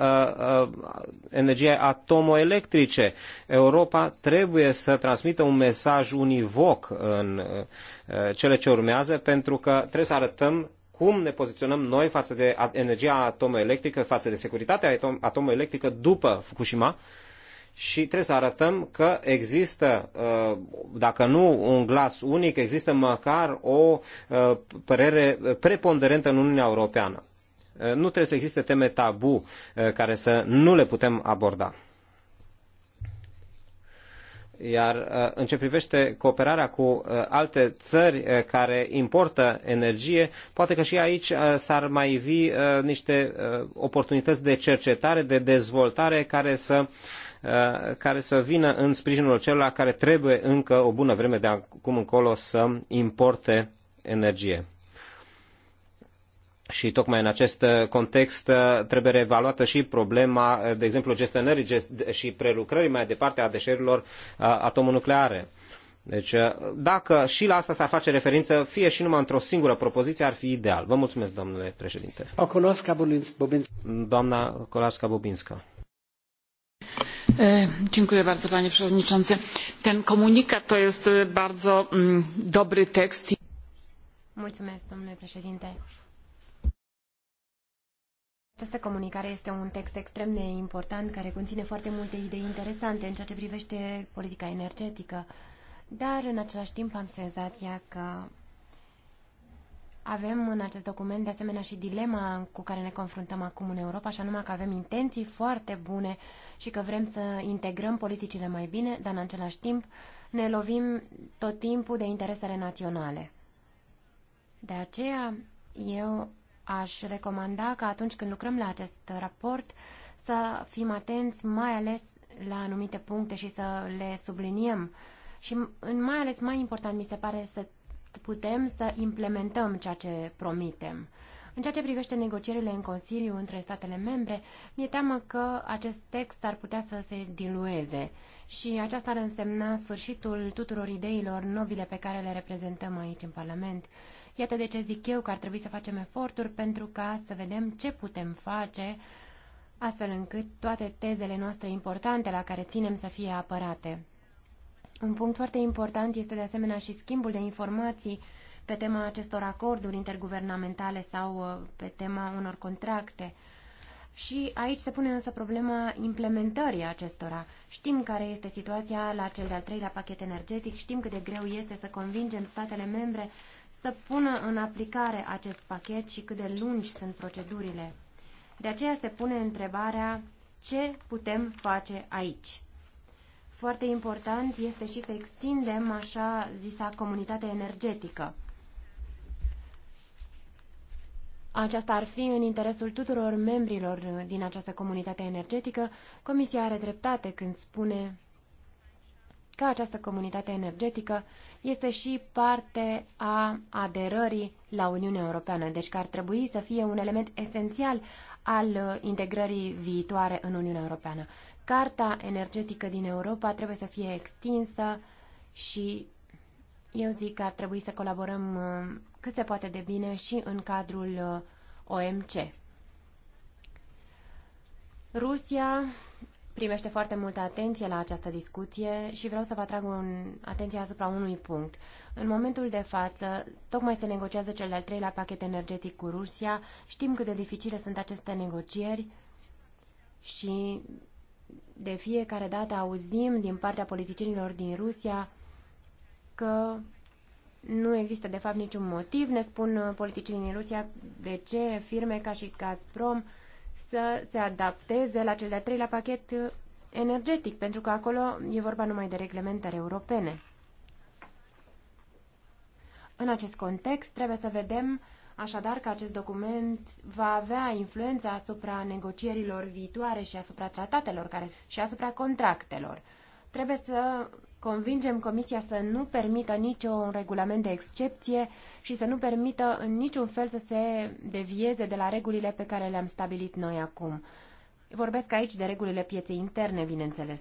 uh, energiei atomoelectrice. Europa trebuie să transmită un mesaj univoc în cele ce urmează, pentru că trebuie să arătăm cum ne poziționăm noi față de energia atomoelectrică, față de securitatea atomoelectrică după Fukushima, uh, și trebuie să arătăm că există, uh, dacă nu un glas unic, există măcar o uh, părere preponderentă în Uniunea Europeană. Uh, nu trebuie să existe teme tabu care să nu le putem aborda. Iar în ce privește cooperarea cu alte țări care importă energie, poate că și aici s-ar mai vi niște oportunități de cercetare, de dezvoltare care să Uh, care să vină în sprijinul celor care trebuie încă o bună vreme de acum încolo să importe energie. Și tocmai în acest context uh, trebuie reevaluată și problema, uh, de exemplu, gestionării și prelucrării mai departe a deșeurilor atomonucleare. Deci, dacă și la asta s-ar face referință, fie și numai într-o singură propoziție, ar fi ideal. Vă mulțumesc, domnule președinte. Doamna Kolaska bobinska panie przewodniczący. Ten komunikat to jest bardzo mm, dobry tekst. Mulțumesc, domnule președinte. Această comunicare este un text extrem de important care conține foarte multe idei interesante în ceea ce privește politica energetică, dar în același timp am senzația că avem în acest document de asemenea și dilema cu care ne confruntăm acum în Europa, și anume că avem intenții foarte bune și că vrem să integrăm politicile mai bine, dar în același timp ne lovim tot timpul de interesele naționale. De aceea eu aș recomanda că atunci când lucrăm la acest raport să fim atenți mai ales la anumite puncte și să le subliniem. Și în mai ales mai important mi se pare să putem să implementăm ceea ce promitem. În ceea ce privește negocierile în Consiliu între statele membre, mi-e teamă că acest text ar putea să se dilueze și aceasta ar însemna sfârșitul tuturor ideilor nobile pe care le reprezentăm aici în Parlament. Iată de ce zic eu că ar trebui să facem eforturi pentru ca să vedem ce putem face astfel încât toate tezele noastre importante la care ținem să fie apărate. Un punct foarte important este de asemenea și schimbul de informații pe tema acestor acorduri interguvernamentale sau uh, pe tema unor contracte. Și aici se pune însă problema implementării acestora. Știm care este situația la cel de-al treilea pachet energetic, știm cât de greu este să convingem statele membre să pună în aplicare acest pachet și cât de lungi sunt procedurile. De aceea se pune întrebarea ce putem face aici. Foarte important este și să extindem așa zisa comunitate energetică. Aceasta ar fi în interesul tuturor membrilor din această comunitate energetică. Comisia are dreptate când spune că această comunitate energetică este și parte a aderării la Uniunea Europeană, deci că ar trebui să fie un element esențial al integrării viitoare în Uniunea Europeană. Carta energetică din Europa trebuie să fie extinsă și eu zic că ar trebui să colaborăm uh, cât se poate de bine și în cadrul uh, OMC. Rusia primește foarte multă atenție la această discuție și vreau să vă atrag un, atenția asupra unui punct. În momentul de față, tocmai se negociază cel de-al treilea pachet energetic cu Rusia. Știm cât de dificile sunt aceste negocieri și de fiecare dată auzim din partea politicienilor din Rusia că nu există de fapt niciun motiv, ne spun uh, politicienii din Rusia, de ce firme ca și Gazprom să se adapteze la cel de-al treilea pachet uh, energetic, pentru că acolo e vorba numai de reglementări europene. În acest context, trebuie să vedem uh, Așadar că acest document va avea influența asupra negocierilor viitoare și asupra tratatelor care, și asupra contractelor. Trebuie să convingem Comisia să nu permită niciun regulament de excepție și să nu permită în niciun fel să se devieze de la regulile pe care le-am stabilit noi acum. Vorbesc aici de regulile pieței interne, bineînțeles.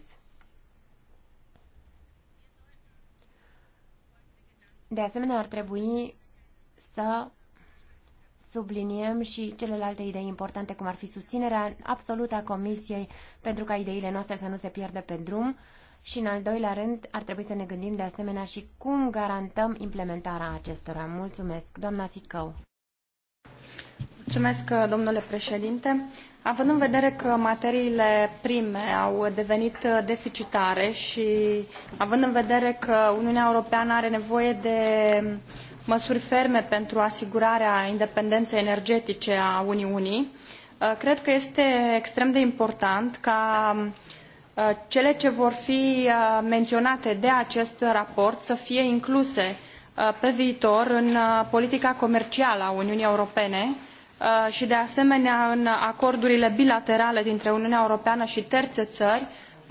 De asemenea, ar trebui să subliniem și celelalte idei importante, cum ar fi susținerea absolută a Comisiei pentru ca ideile noastre să nu se pierdă pe drum și, în al doilea rând, ar trebui să ne gândim de asemenea și cum garantăm implementarea acestora. Mulțumesc, doamna Ficău. Mulțumesc, domnule președinte. Având în vedere că materiile prime au devenit deficitare și având în vedere că Uniunea Europeană are nevoie de măsuri ferme pentru asigurarea independenței energetice a Uniunii. Uh, cred că este extrem de important ca uh, cele ce vor fi uh, menționate de acest raport să fie incluse pe viitor în politica comercială a Uniunii Europene și de asemenea în acordurile bilaterale dintre Uniunea Europeană și terțe țări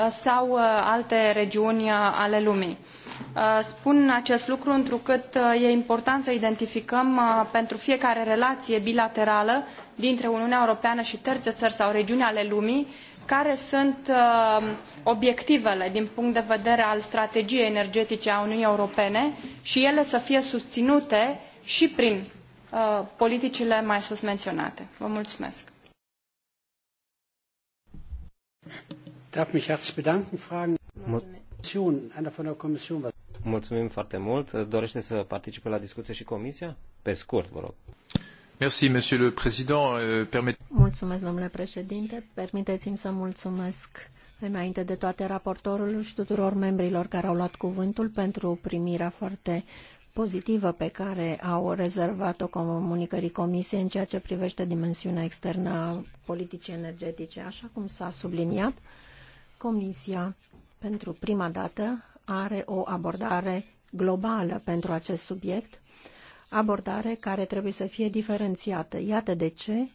sau alte regiuni ale lumii. Uh, spun acest lucru întrucât uh, e important să identificăm uh, pentru fiecare relație bilaterală dintre Uniunea Europeană și terțe țări sau regiuni ale lumii care sunt obiectivele din punct de vedere al strategiei energetice a Uniunii Europene și ele să fie susținute și prin politicile mai sus menționate. Vă mulțumesc! Darf mich herzlich bedanken, fragen. Mulțumesc. Mulțumim foarte mult. Dorește să participe la discuție și comisia? Pe scurt, vă rog. Merci, monsieur le président. Euh, mulțumesc, domnule președinte. Permiteți-mi să mulțumesc înainte de toate raportorului și tuturor membrilor care au luat cuvântul pentru primirea foarte pozitivă pe care au rezervat-o comunicării Comisiei în ceea ce privește dimensiunea externă a politicii energetice. Așa cum s-a subliniat, Comisia pentru prima dată are o abordare globală pentru acest subiect, abordare care trebuie să fie diferențiată. Iată de ce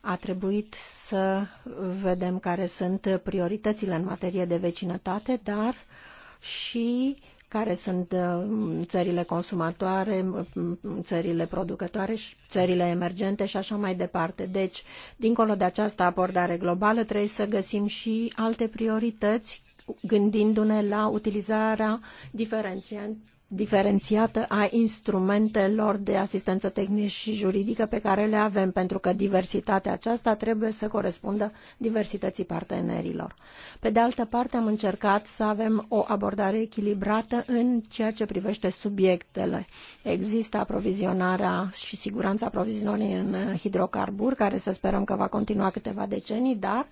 a trebuit să vedem care sunt prioritățile în materie de vecinătate, dar și care sunt uh, țările consumatoare, uh, țările producătoare, țările emergente și așa mai departe. Deci, dincolo de această abordare globală, trebuie să găsim și alte priorități gândindu-ne la utilizarea diferenței diferențiată a instrumentelor de asistență tehnică și juridică pe care le avem, pentru că diversitatea aceasta trebuie să corespundă diversității partenerilor. Pe de altă parte, am încercat să avem o abordare echilibrată în ceea ce privește subiectele. Există aprovizionarea și siguranța aprovizionării în hidrocarburi, care să sperăm că va continua câteva decenii, dar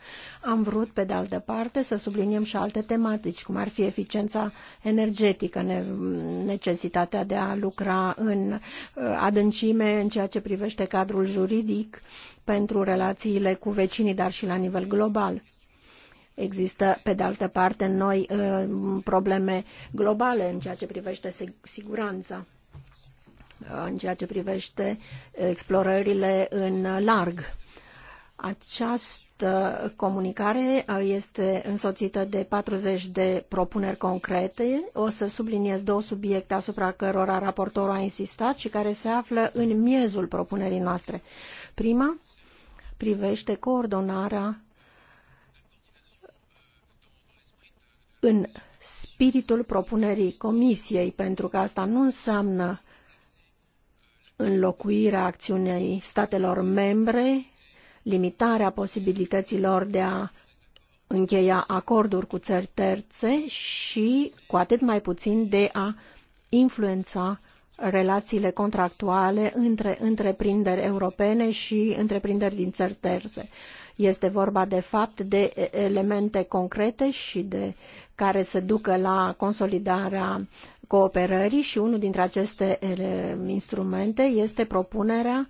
am vrut, pe de altă parte, să subliniem și alte tematici, cum ar fi eficiența energetică, ne necesitatea de a lucra în uh, adâncime în ceea ce privește cadrul juridic pentru relațiile cu vecinii, dar și la nivel global. Există, pe de altă parte, noi uh, probleme globale în ceea ce privește siguranța uh, în ceea ce privește explorările în larg. Această această comunicare este însoțită de 40 de propuneri concrete. O să subliniez două subiecte asupra cărora raportorul a insistat și care se află în miezul propunerii noastre. Prima privește coordonarea în spiritul propunerii Comisiei, pentru că asta nu înseamnă înlocuirea acțiunii statelor membre limitarea posibilităților de a încheia acorduri cu țări terțe și cu atât mai puțin de a influența relațiile contractuale între întreprinderi europene și întreprinderi din țări terțe. Este vorba de fapt de elemente concrete și de care se ducă la consolidarea cooperării și unul dintre aceste instrumente este propunerea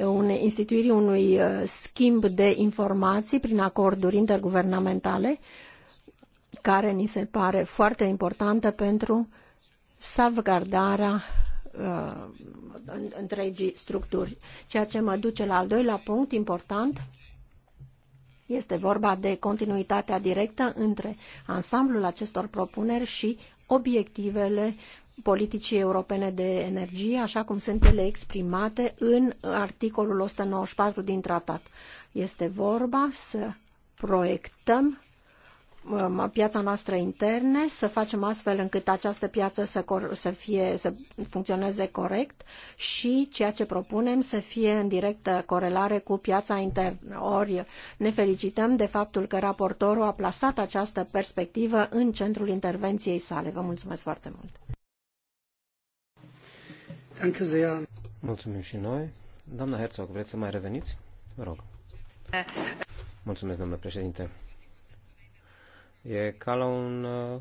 unei, instituirii unui uh, schimb de informații prin acorduri interguvernamentale, care ni se pare foarte importantă pentru salvgardarea uh, întregii structuri. Ceea ce mă duce la al doilea punct important, este vorba de continuitatea directă între ansamblul acestor propuneri și obiectivele politicii europene de energie, așa cum sunt ele exprimate în articolul 194 din tratat. Este vorba să proiectăm Um, piața noastră interne, să facem astfel încât această piață să, să, fie, să funcționeze corect și ceea ce propunem să fie în directă corelare cu piața internă. Ori ne felicităm de faptul că raportorul a plasat această perspectivă în centrul intervenției sale. Vă mulțumesc foarte mult! Mulțumim și noi. Doamna Herzog, vreți să mai reveniți? Vă rog. Mulțumesc, domnule președinte. E ca la un uh,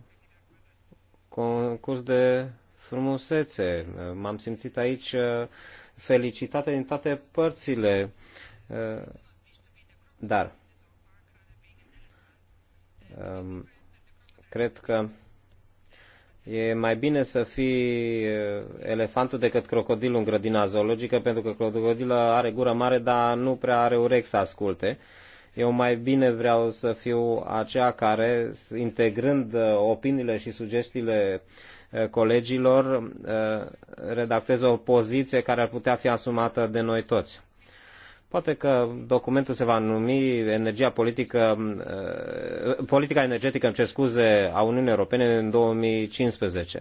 concurs de frumusețe. Uh, M-am simțit aici uh, felicitate din toate părțile. Dar um, cred că e mai bine să fii elefantul decât crocodilul în grădina zoologică, pentru că crocodilul are gură mare, dar nu prea are urechi să asculte. Eu mai bine vreau să fiu aceea care, integrând uh, opiniile și sugestiile uh, colegilor, uh, redactez o poziție care ar putea fi asumată de noi toți. Poate că documentul se va numi energia politică, politica energetică, îmi cer scuze, a Uniunii Europene în 2015.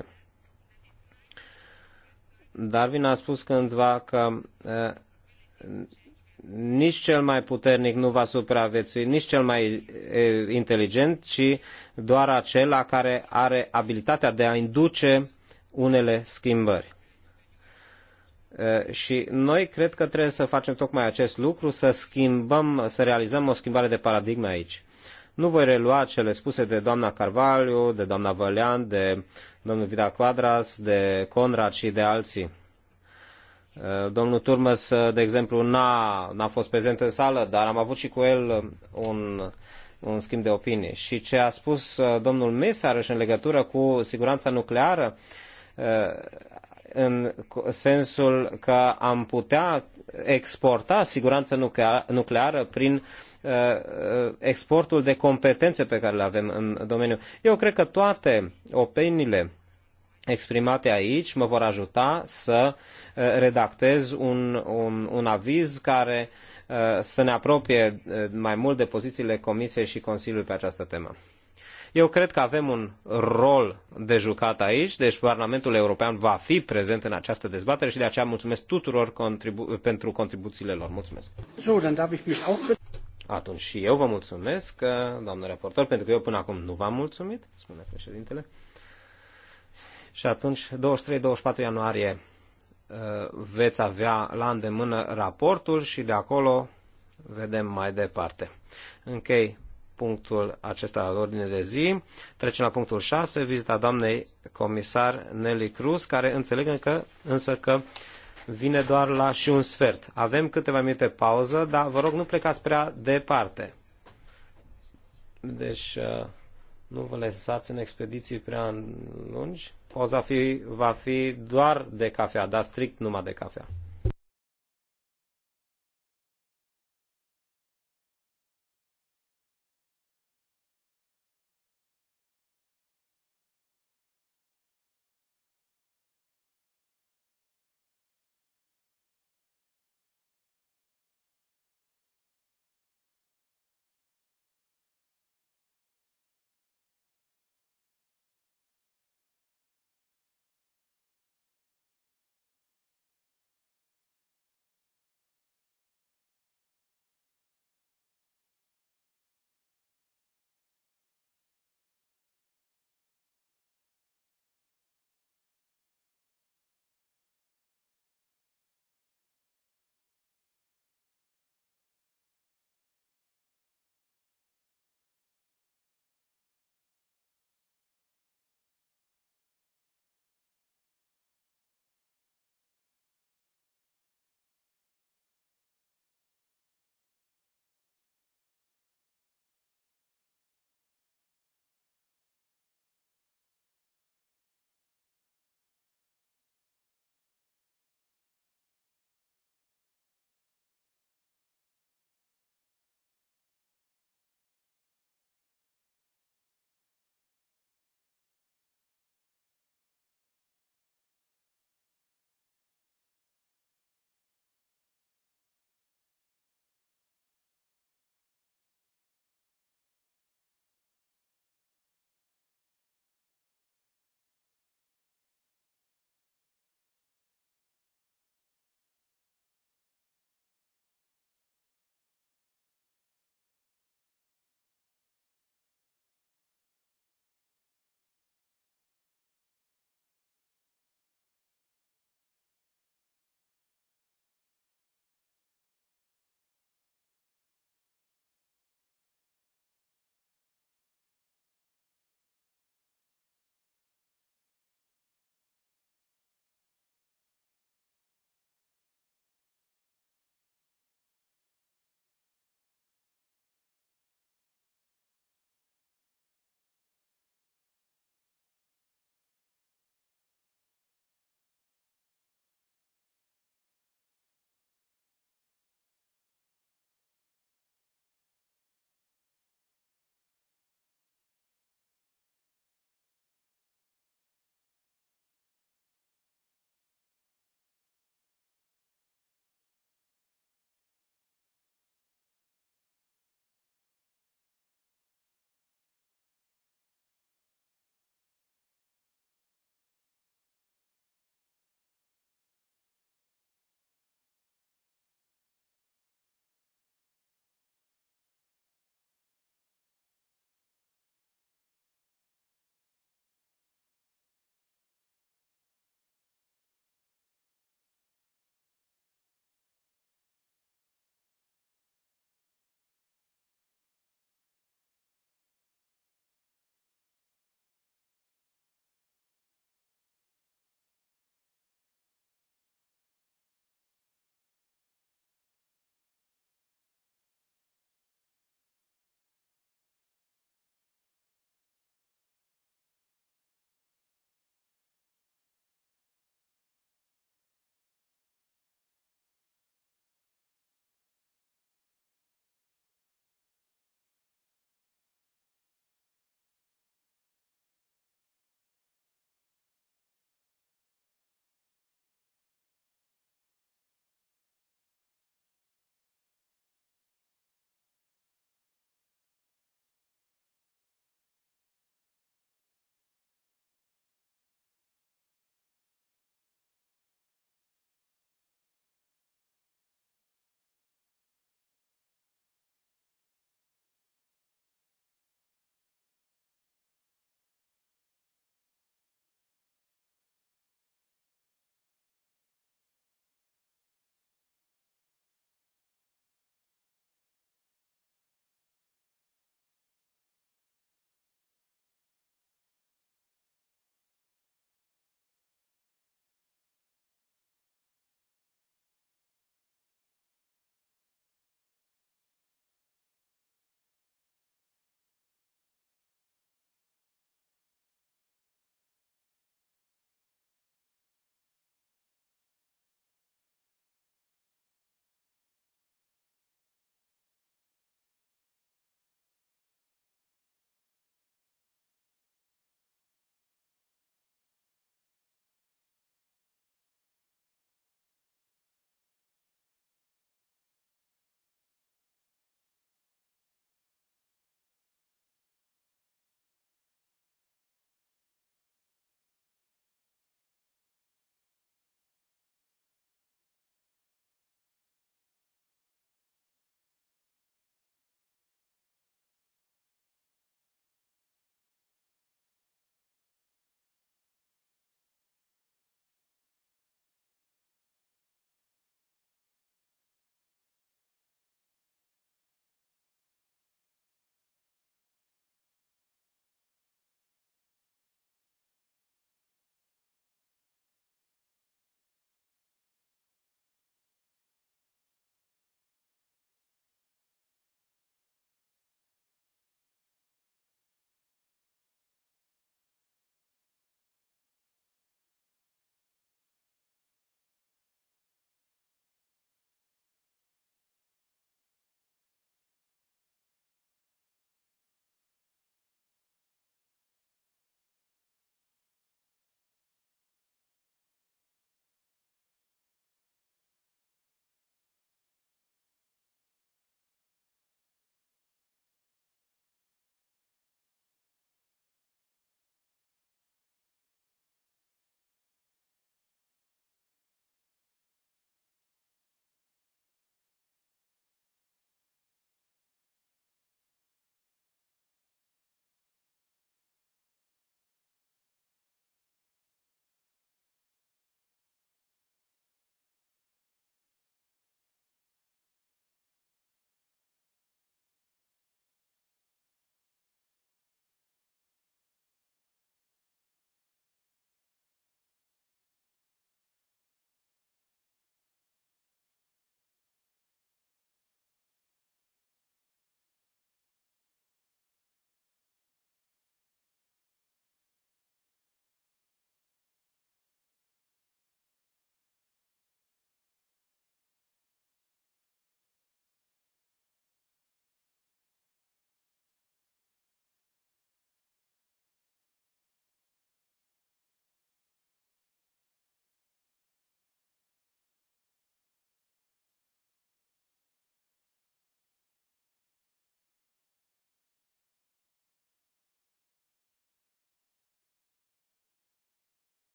Darwin a spus cândva că nici cel mai puternic nu va supraviețui, nici cel mai inteligent, ci doar acela care are abilitatea de a induce unele schimbări. Și noi cred că trebuie să facem tocmai acest lucru, să schimbăm, să realizăm o schimbare de paradigmă aici. Nu voi relua cele spuse de doamna Carvalho, de doamna Vălean, de domnul Vida Quadras, de Conrad și de alții. Uh, domnul Turmes, uh, de exemplu, n-a, n-a fost prezent în sală, dar am avut și cu el um, un, un schimb de opinie. Și ce a spus uh, domnul Mesarăș în legătură cu siguranța nucleară, în sensul că am putea exporta siguranța nucleară prin exportul de competențe pe care le avem în domeniu. Eu cred că toate opiniile exprimate aici mă vor ajuta să uh, redactez un, un, un aviz care uh, să ne apropie uh, mai mult de pozițiile Comisiei și Consiliului pe această temă. Eu cred că avem un rol de jucat aici, deci Parlamentul European va fi prezent în această dezbatere și de aceea mulțumesc tuturor contribu- pentru contribuțiile lor. Mulțumesc. Atunci și eu vă mulțumesc, doamnă raportor, pentru că eu până acum nu v-am mulțumit, spune președintele. Și atunci, 23-24 ianuarie, uh, veți avea la îndemână raportul și de acolo vedem mai departe. Închei punctul acesta al ordine de zi. Trecem la punctul 6, vizita doamnei comisar Nelly Cruz, care înțeleg că, însă că vine doar la și un sfert. Avem câteva minute pauză, dar vă rog nu plecați prea departe. Deci uh, nu vă lăsați în expediții prea lungi poza fi, va fi doar de cafea, dar strict numai de cafea.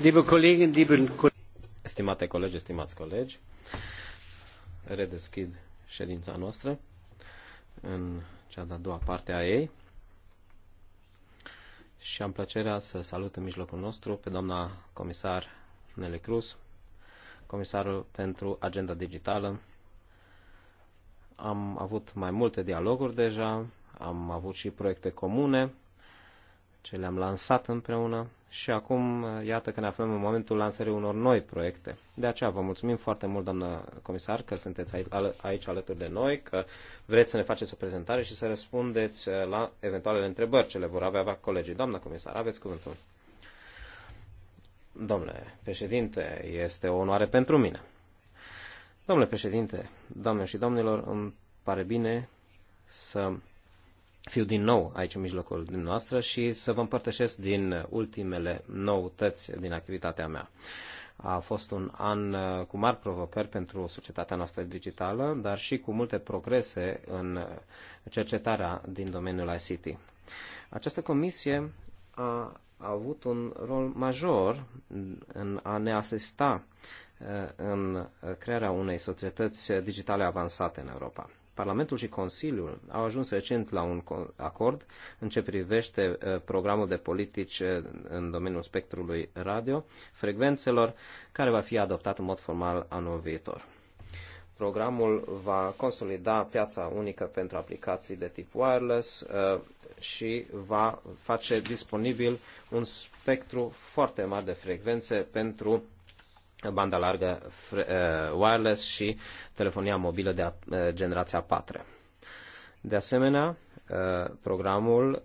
Liebe Stimate colegi, stimați colegi, redeschid ședința noastră în cea de-a doua parte a ei și am plăcerea să salut în mijlocul nostru pe doamna comisar Nele Cruz, comisarul pentru agenda digitală. Am avut mai multe dialoguri deja, am avut și proiecte comune ce le-am lansat împreună și acum iată că ne aflăm în momentul lansării unor noi proiecte. De aceea vă mulțumim foarte mult, doamnă comisar, că sunteți aici alături de noi, că vreți să ne faceți o prezentare și să răspundeți la eventualele întrebări ce le vor avea colegii. Doamnă comisar, aveți cuvântul. Domnule președinte, este o onoare pentru mine. Domnule președinte, doamne și domnilor, îmi pare bine să fiu din nou aici în mijlocul dumneavoastră și să vă împărtășesc din ultimele noutăți din activitatea mea. A fost un an uh, cu mari provocări pentru societatea noastră digitală, dar și cu multe progrese în cercetarea din domeniul ICT. Această comisie a avut un rol major în a ne asista uh, în crearea unei societăți digitale avansate în Europa. Parlamentul și Consiliul au ajuns recent la un acord în ce privește uh, programul de politici uh, în domeniul spectrului radio, frecvențelor, care va fi adoptat în mod formal anul viitor. Programul va consolida piața unică pentru aplicații de tip wireless uh, și va face disponibil un spectru foarte mare de frecvențe pentru banda largă eh, wireless și telefonia mobilă de eh, generația 4. De asemenea, eh, programul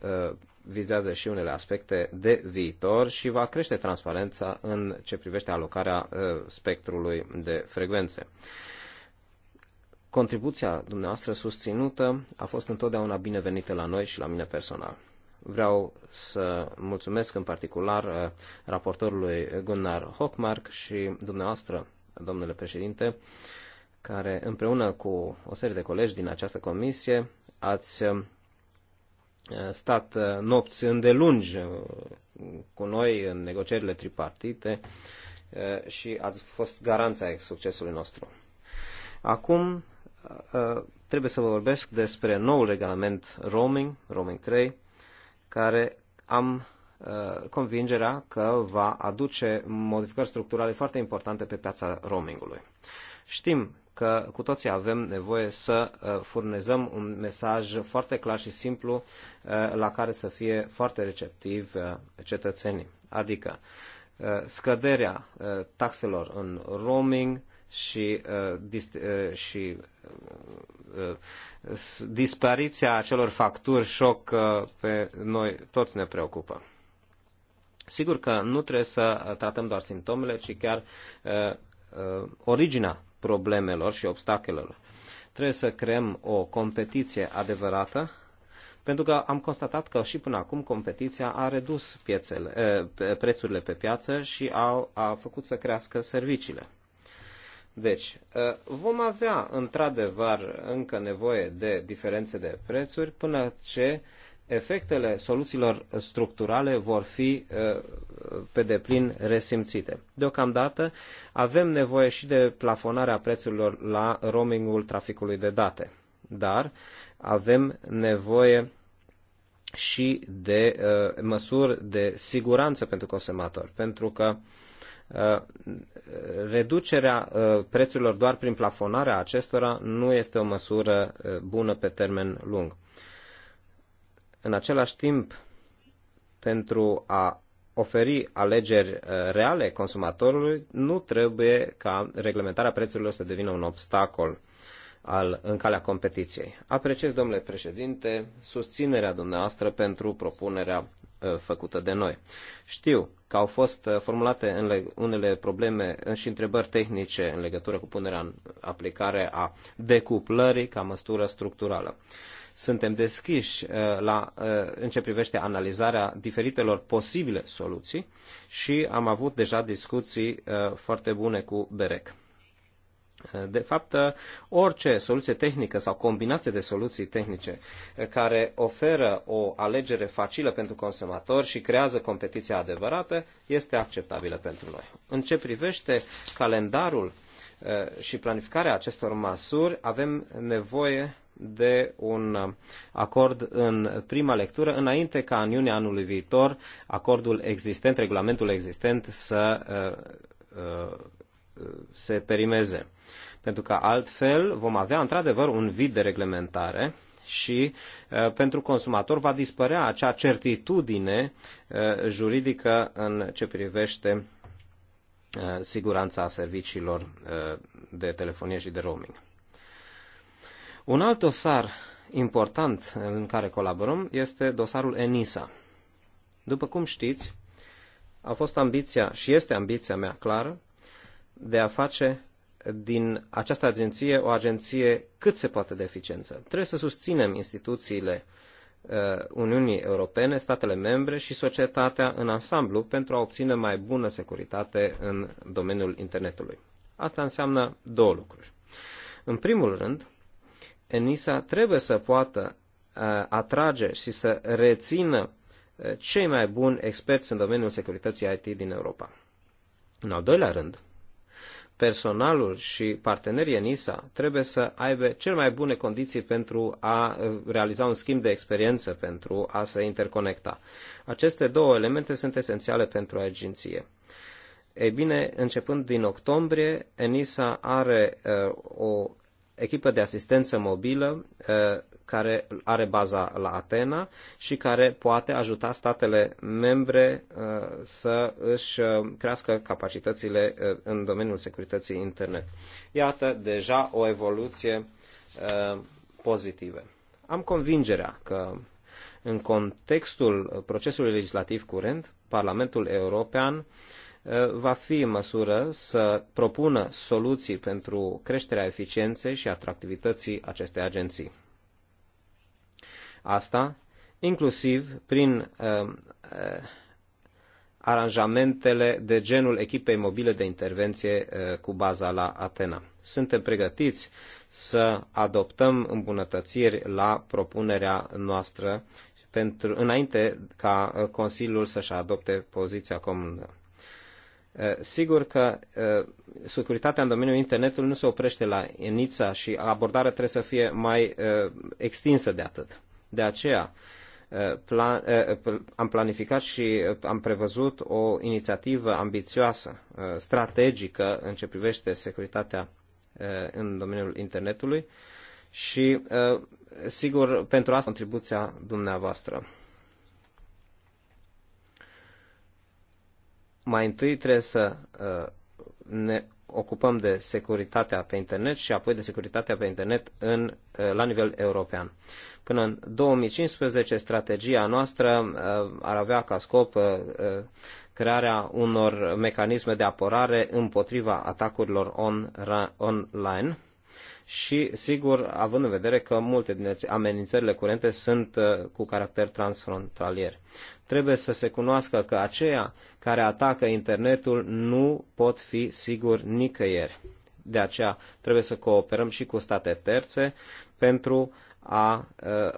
vizează și unele aspecte de viitor și va crește transparența în ce privește alocarea spectrului de frecvențe. Contribuția dumneavoastră susținută a fost întotdeauna binevenită la noi și la mine personal. Vreau să mulțumesc în particular uh, raportorului Gunnar Hochmark și dumneavoastră, domnule președinte, care împreună cu o serie de colegi din această comisie ați uh, stat uh, nopți îndelungi cu noi în negocierile tripartite și ați fost garanța succesului nostru. Acum trebuie să vă vorbesc despre noul regulament roaming, roaming 3, care am uh, convingerea că va aduce modificări structurale foarte importante pe piața roamingului. Știm că cu toții avem nevoie să uh, furnizăm un mesaj foarte clar și simplu uh, la care să fie foarte receptiv cetățenii. Adică scăderea taxelor în roaming, și, uh, dis, uh, și uh, dispariția acelor facturi șoc uh, pe noi toți ne preocupă. Sigur că nu trebuie să tratăm doar simptomele, ci chiar uh, uh, originea problemelor și obstacolelor. Trebuie să creăm o competiție adevărată, pentru că am constatat că și până acum competiția a redus piețele, uh, prețurile pe piață și a, a făcut să crească serviciile. Deci, uh, vom avea într-adevăr încă nevoie de diferențe de prețuri până ce efectele soluțiilor structurale vor fi uh, pe deplin resimțite. Deocamdată avem nevoie și de plafonarea prețurilor la roamingul traficului de date, dar avem nevoie și de uh, măsuri de siguranță pentru consumator, pentru că uh, Uh, reducerea uh, prețurilor doar prin plafonarea acestora nu este o măsură uh, bună pe termen lung. În același timp, pentru a oferi alegeri reale consumatorului, nu trebuie ca reglementarea prețurilor să devină un obstacol al, în calea competiției. Apreciez, domnule președinte, susținerea dumneavoastră pentru propunerea Uh, făcută de noi. Știu că au fost uh, formulate în unele probleme uh, și întrebări tehnice în legătură cu punerea în aplicare a decuplării ca măsură structurală. Suntem deschiși la, în ce privește analizarea diferitelor posibile soluții și am avut deja discuții foarte bune cu BEREC. De fapt, orice soluție tehnică sau combinație de soluții tehnice care oferă o alegere facilă pentru consumator și creează competiția adevărată este acceptabilă pentru noi. În ce privește calendarul eh, și planificarea acestor măsuri, avem nevoie de un acord în prima lectură, înainte ca în iunie anului viitor acordul existent, regulamentul existent să eh, eh, se perimeze. Pentru că altfel vom avea într-adevăr un vid de reglementare și uh, pentru consumator va dispărea acea certitudine uh, juridică în ce privește uh, siguranța serviciilor de telefonie și de roaming. Un alt dosar important în care colaborăm este dosarul ENISA. După cum știți, a fost ambiția și este ambiția mea clară de a face din această agenție o agenție cât se poate de eficiență. Trebuie să susținem instituțiile uh, Uniunii Europene, statele membre și societatea în ansamblu pentru a obține mai bună securitate în domeniul internetului. Asta înseamnă două lucruri. În primul rând, ENISA trebuie să poată uh, atrage și să rețină uh, cei mai buni experți în domeniul securității IT din Europa. În al doilea rând, personalul și partenerii ENISA trebuie să aibă cel mai bune condiții pentru a uh, realiza un schimb de experiență, pentru a se interconecta. Aceste două elemente sunt esențiale pentru agenție. Ei bine, începând din octombrie, ENISA are uh, o echipă de asistență mobilă uh, care are baza la Atena și care poate ajuta statele membre uh, să își uh, crească capacitățile în domeniul securității internet. Iată deja o evoluție pozitivă. Am convingerea că în contextul procesului legislativ curent, Parlamentul European Eh, va fi în măsură să propună soluții pentru creșterea eficienței și atractivității acestei agenții. Asta inclusiv prin uh, aranjamentele de genul echipei mobile de intervenție uh, cu baza la Atena. Suntem pregătiți să adoptăm îmbunătățiri la propunerea noastră pentru, înainte ca Consiliul să-și adopte poziția comună. Eh, sigur că eh, securitatea în domeniul internetului nu se oprește la ENIța și abordarea trebuie să fie mai eh, extinsă de atât. De aceea am planificat și am prevăzut o inițiativă ambițioasă, strategică în ce privește securitatea în domeniul internetului și, sigur, pentru asta contribuția dumneavoastră. mai întâi trebuie să uh, ne ocupăm de securitatea pe internet și apoi de securitatea pe internet în, uh, la nivel european. Până în 2015, strategia noastră uh, ar avea ca scop crearea unor mecanisme de apărare împotriva atacurilor on, online și, sigur, având în vedere că multe din amenințările curente sunt cu caracter transfrontalier. Trebuie să se cunoască că aceia care atacă internetul nu pot fi siguri nicăieri. De aceea trebuie să cooperăm și cu state terțe pentru a uh,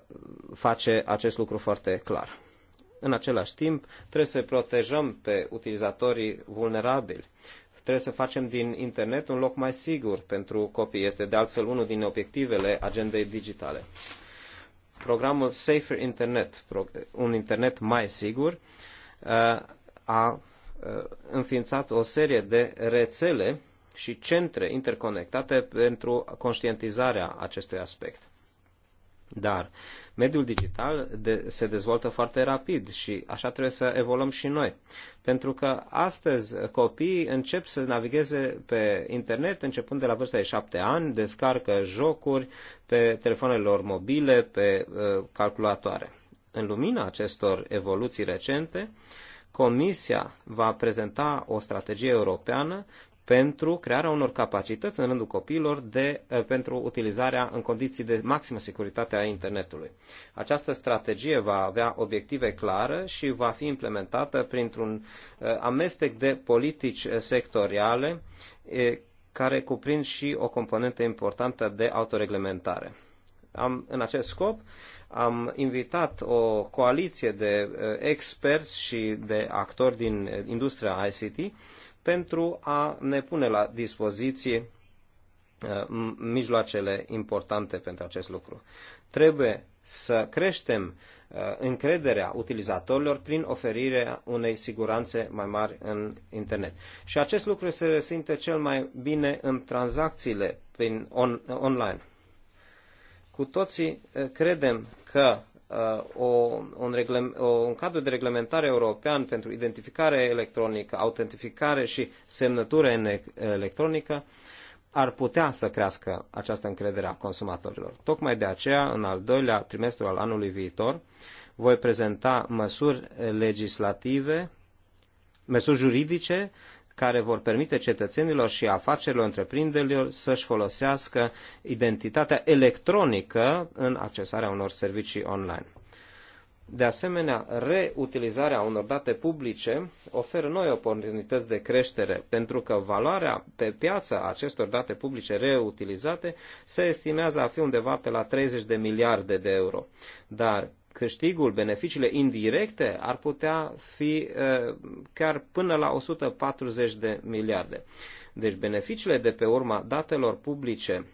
face acest lucru foarte clar. În același timp, trebuie să protejăm pe utilizatorii vulnerabili. Trebuie să facem din internet un loc mai sigur pentru copii. Este de altfel unul din obiectivele agendei digitale programul Safer Internet, un internet mai sigur, uh, a uh, înființat o serie de rețele și centre interconectate pentru conștientizarea acestui aspect. Dar mediul digital de, se dezvoltă foarte rapid și așa trebuie să evoluăm și noi. Pentru că astăzi copiii încep să navigheze pe internet începând de la vârsta de șapte ani, descarcă jocuri pe telefoanele lor mobile, pe uh, calculatoare. În lumina acestor evoluții recente, Comisia va prezenta o strategie europeană pentru crearea unor capacități în rândul copiilor de, eh, pentru utilizarea în condiții de maximă securitate a internetului. Această strategie va avea obiective clare și va fi implementată printr-un eh, amestec de politici eh, sectoriale care cuprind și o componentă importantă de autoreglementare. Am, în acest scop, am invitat o coaliție de experți și de actori din industria ICT pentru a ne pune la dispoziție uh, mijloacele importante pentru acest lucru. Trebuie să creștem uh, încrederea utilizatorilor prin oferirea unei siguranțe mai mari în internet. Și acest lucru se resimte cel mai bine în tranzacțiile prin on, online. Cu toții uh, credem că Uh, o, un, o, un cadru de reglementare european pentru identificare electronică, autentificare și semnătură în electronică ar putea să crească această încredere a consumatorilor. Tocmai de aceea, în al doilea trimestru al anului viitor, voi prezenta măsuri legislative, măsuri juridice care vor permite cetățenilor și afacerilor întreprinderilor să-și folosească identitatea electronică în accesarea unor servicii online. De asemenea, reutilizarea unor date publice oferă noi oportunități de creștere, pentru că valoarea pe piață a acestor date publice reutilizate se estimează a fi undeva pe la 30 de miliarde de euro. Dar câștigul, beneficiile indirecte ar putea fi chiar până la 140 de miliarde. Deci beneficiile de pe urma datelor publice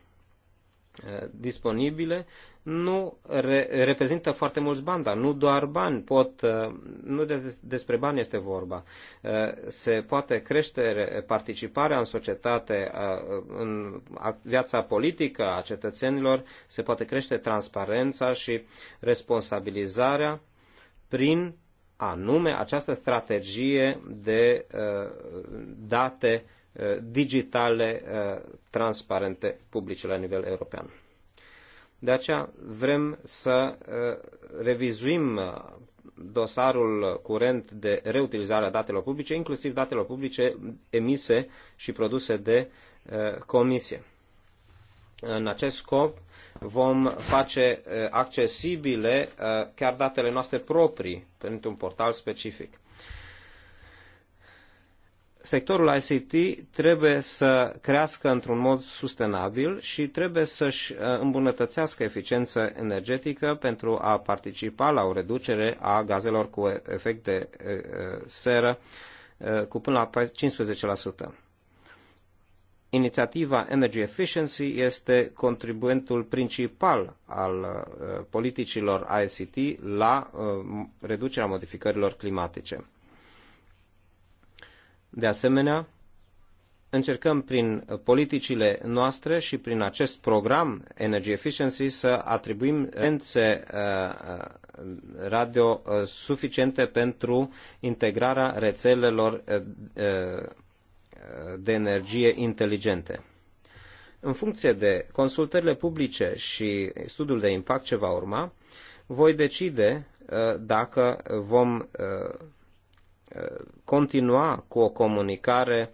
disponibile nu re- reprezintă foarte mulți bani, dar nu doar bani, pot, uh, nu de, despre bani este vorba. Uh, se poate crește participarea în societate, uh, în viața politică a cetățenilor, se poate crește transparența și responsabilizarea prin anume această strategie de date digitale transparente publice la nivel european. De aceea vrem să uh, revizuim uh, dosarul curent de reutilizare a datelor publice, inclusiv datelor publice emise și produse de uh, comisie. În acest scop vom face accesibile chiar datele noastre proprii pentru un portal specific sectorul ICT trebuie să crească într-un mod sustenabil și trebuie să-și uh, îmbunătățească eficiența energetică pentru a participa la o reducere a gazelor cu efect de uh, uh, seră cu până la 15%. Inițiativa Energy Efficiency este contribuentul principal al politicilor ICT la reducerea modificărilor climatice. De asemenea, încercăm prin politicile noastre și prin acest program Energy Efficiency să atribuim rențe uh, uh, radio uh, suficiente pentru integrarea rețelelor de energie inteligente. În funcție de consultările publice și studiul de impact ce va urma, voi decide dacă vom continua cu o comunicare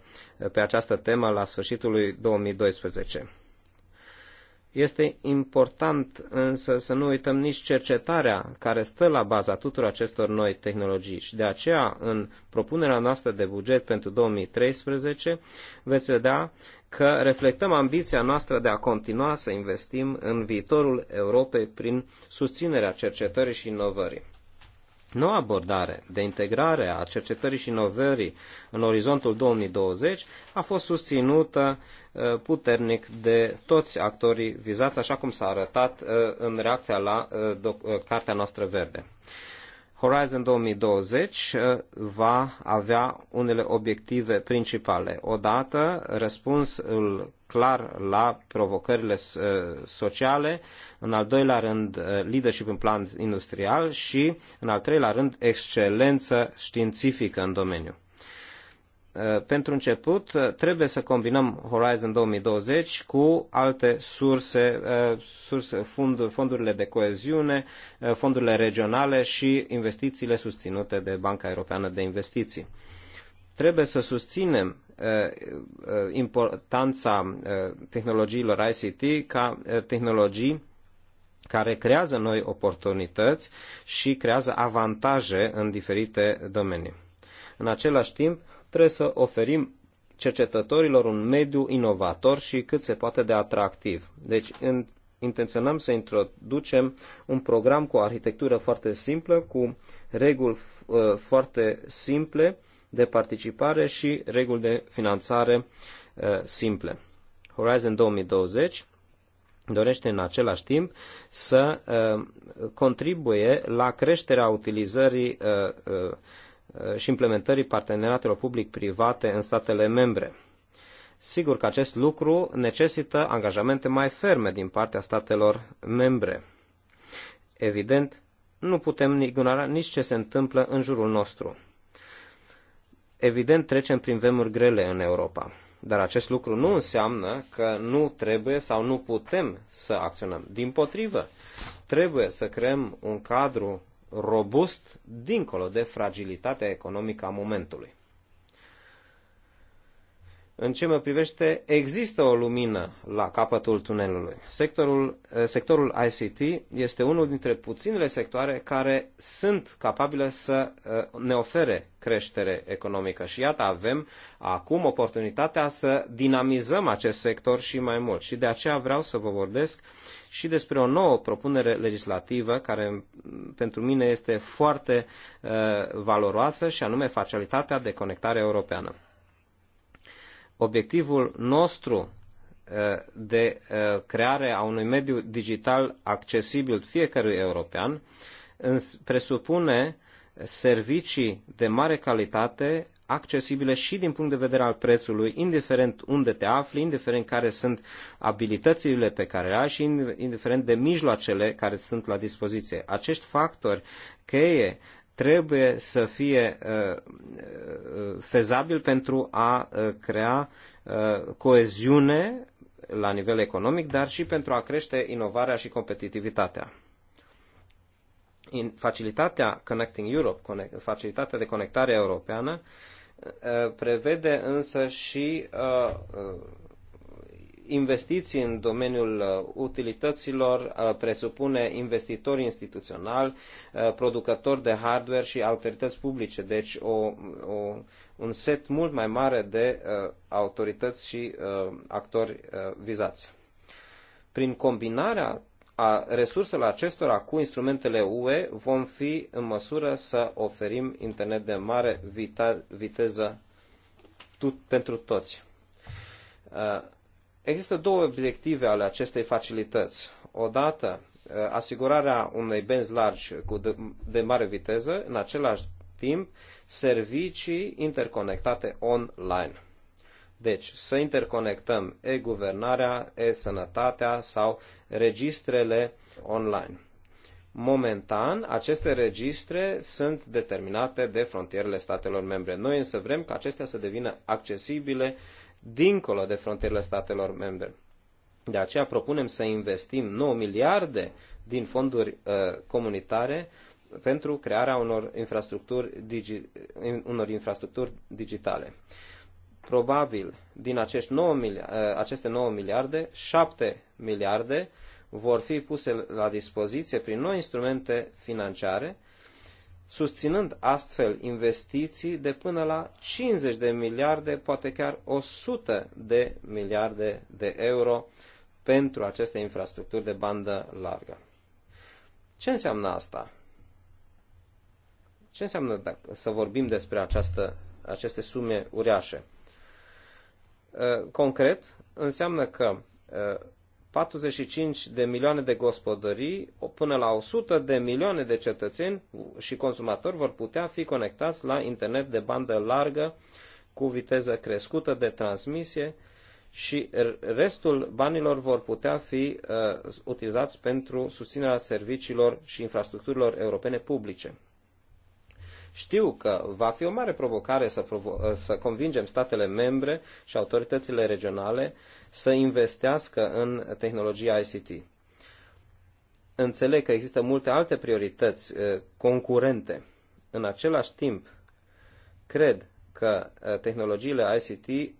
pe această temă la sfârșitul lui 2012. Este important însă să nu uităm nici cercetarea care stă la baza tuturor acestor noi tehnologii și de aceea în propunerea noastră de buget pentru 2013 veți vedea că reflectăm ambiția noastră de a continua să investim în viitorul Europei prin susținerea cercetării și inovării. Noua abordare de integrare a cercetării și inovării în orizontul 2020 a fost susținută uh, puternic de toți actorii vizați, așa cum s-a arătat uh, în reacția la uh, cartea noastră verde. Horizon 2020 uh, va avea unele obiective principale. Odată, răspunsul clar la provocările uh, sociale, în al doilea rând, uh, leadership în plan industrial și, în al treilea rând, excelență științifică în domeniu. Eh, pentru început, eh, trebuie să combinăm Horizon 2020 cu alte surse, eh, surse fond, fondurile de coeziune, fondurile regionale și investițiile susținute de Banca Europeană de Investiții. Trebuie să susținem importanța tehnologiilor ICT ca tehnologii care creează noi oportunități și creează avantaje în diferite domenii. În același timp, Trebuie să oferim cercetătorilor un mediu inovator și cât se poate de atractiv. Deci în, intenționăm să introducem un program cu o arhitectură foarte simplă, cu reguli uh, foarte simple de participare și reguli de finanțare uh, simple. Horizon 2020 dorește în același timp să uh, contribuie la creșterea utilizării Uh, și implementării parteneriatelor public-private în statele membre. Sigur că acest lucru necesită angajamente mai ferme din partea statelor membre. Evident, nu putem ignora nici ce se întâmplă în jurul nostru. Evident, trecem prin vremuri grele în Europa, dar acest lucru nu înseamnă că nu trebuie sau nu putem să acționăm. Din potrivă, trebuie să creăm un cadru robust dincolo de fragilitatea economică a momentului în ce mă privește, există o lumină la capătul tunelului. Sectorul, eh, sectorul ICT este unul dintre puținele sectoare care sunt capabile să eh, ne ofere creștere economică. Și iată, avem acum oportunitatea să dinamizăm acest sector și mai mult. Și de aceea vreau să vă vorbesc și despre o nouă propunere legislativă care mm, pentru mine este foarte uh, valoroasă și anume facilitatea de conectare europeană obiectivul nostru uh, de uh, creare a unui mediu digital accesibil fiecărui european presupune servicii de mare calitate accesibile și din punct de vedere al prețului, indiferent unde te afli, indiferent care sunt abilitățile pe care le ai și indiferent de mijloacele care sunt la dispoziție. Acești factori cheie trebuie să fie uh, uh, fezabil pentru a uh, crea coeziune la nivel economic, dar și pentru a crește inovarea și competitivitatea. facilitatea Connecting Europe, facilitatea de conectare europeană, prevede însă și investiții în domeniul uh, utilităților uh, presupune investitori instituționali, uh, producători de hardware și autorități publice, deci o, o, un set mult mai mare de autorități și actori vizați. Prin combinarea a resurselor acestora cu instrumentele UE vom fi în măsură să oferim internet de mare viteză pentru toți. Există două obiective ale acestei facilități. Odată, eh, asigurarea unei benzi largi cu de, de mare viteză, în același timp, servicii interconectate online. Deci, să interconectăm e-guvernarea, e-sănătatea sau registrele online. Momentan, aceste registre sunt determinate de frontierele statelor membre. Noi însă vrem ca acestea să devină accesibile dincolo de frontierele statelor membre. De aceea propunem să investim 9 miliarde din fonduri uh, comunitare pentru crearea unor infrastructuri, digi, unor infrastructuri digitale. Probabil din acești 9 uh, miliarde, aceste 9 miliarde, 7 miliarde vor fi puse la dispoziție prin noi instrumente financiare susținând astfel investiții de până la 50 de miliarde, poate chiar 100 de miliarde de euro pentru aceste infrastructuri de bandă largă. Ce înseamnă asta? Ce înseamnă dacă, să vorbim despre această, aceste sume uriașe? Uh, concret, înseamnă că uh, 45 de milioane de gospodării până la 100 de milioane de cetățeni și consumatori vor putea fi conectați la internet de bandă largă cu viteză crescută de transmisie și restul banilor vor putea fi uh, utilizați pentru susținerea serviciilor și infrastructurilor europene publice. Știu că va fi o mare provocare să, provo- să convingem statele membre și autoritățile regionale să investească în tehnologia ICT. Înțeleg că există multe alte priorități eh, concurente. În același timp, cred că eh, tehnologiile ICT eh,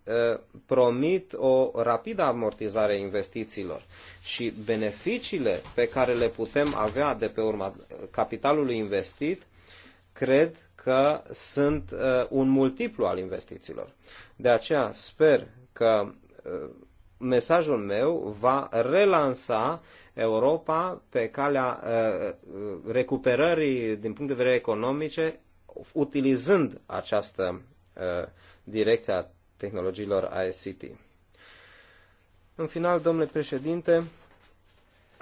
promit o rapidă amortizare a investițiilor și beneficiile pe care le putem avea de pe urma capitalului investit, cred că sunt uh, un multiplu al investițiilor. De aceea sper că uh, mesajul meu va relansa Europa pe calea uh, recuperării din punct de vedere economice, utilizând această direcție a tehnologiilor ICT. În final, domnule președinte,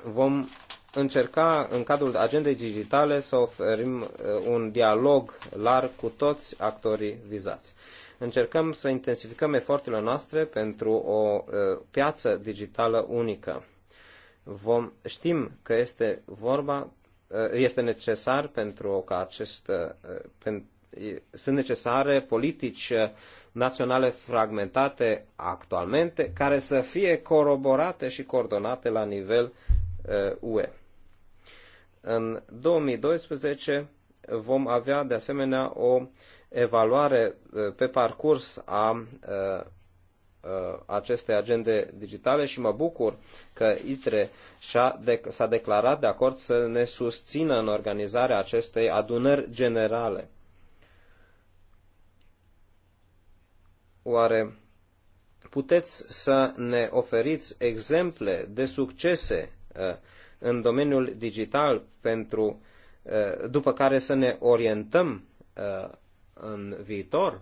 vom încerca în cadrul agendei digitale să oferim uh, un dialog larg cu toți actorii vizați. Încercăm să intensificăm eforturile noastre pentru o uh, piață digitală unică. Vom, știm că este vorba, uh, este necesar pentru ca acest, sunt necesare politici naționale fragmentate actualmente, care să fie coroborate și coordonate la nivel UE. În 2012 vom avea de asemenea o evaluare uh, pe parcurs a uh, uh, aceste agende digitale și mă bucur că ITRE s-a declarat de acord să ne susțină în organizarea acestei adunări generale. Oare puteți să ne oferiți exemple de succese în domeniul digital pentru eh, după care să ne orientăm eh, în viitor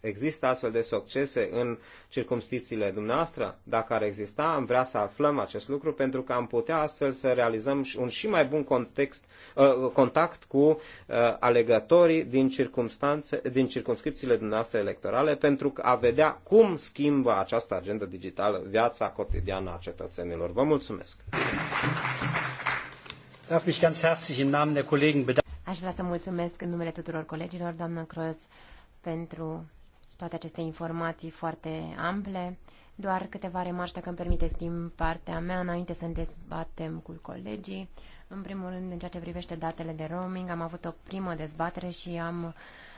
Există astfel de succese în circumstițiile dumneavoastră? Dacă ar exista, am vrea să aflăm acest lucru pentru că am putea astfel să realizăm un și mai bun context, uh, contact cu uh, alegătorii din, circumstanțe, din circumscripțiile dumneavoastră electorale pentru a vedea cum schimbă această agendă digitală viața cotidiană a cetățenilor. Vă mulțumesc! Aș vrea să mulțumesc în numele tuturor colegilor, doamnă Cross, pentru toate aceste informații foarte ample. Doar câteva remarci, dacă îmi permiteți, din partea mea, înainte să ne dezbatem cu colegii. În primul rând, în ceea ce privește datele de roaming, am avut o primă dezbatere și am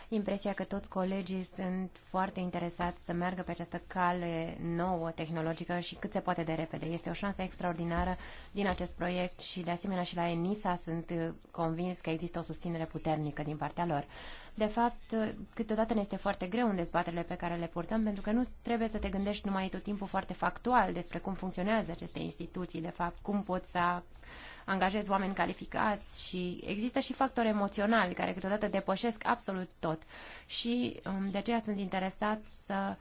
impresia că toți colegii sunt foarte interesați să meargă pe această cale nouă tehnologică și cât se poate de repede. Este o șansă extraordinară din acest proiect și de asemenea și la ENISA sunt convins că există o susținere puternică din partea lor. De fapt, câteodată ne este foarte greu în dezbaterile pe care le purtăm, pentru că nu trebuie să te gândești numai tot timpul foarte factual despre cum funcționează aceste instituții, de fapt, cum poți să angajezi oameni calificați și există și factori emoționali care câteodată depășesc absolut tot. Și um, de aceea sunt interesat să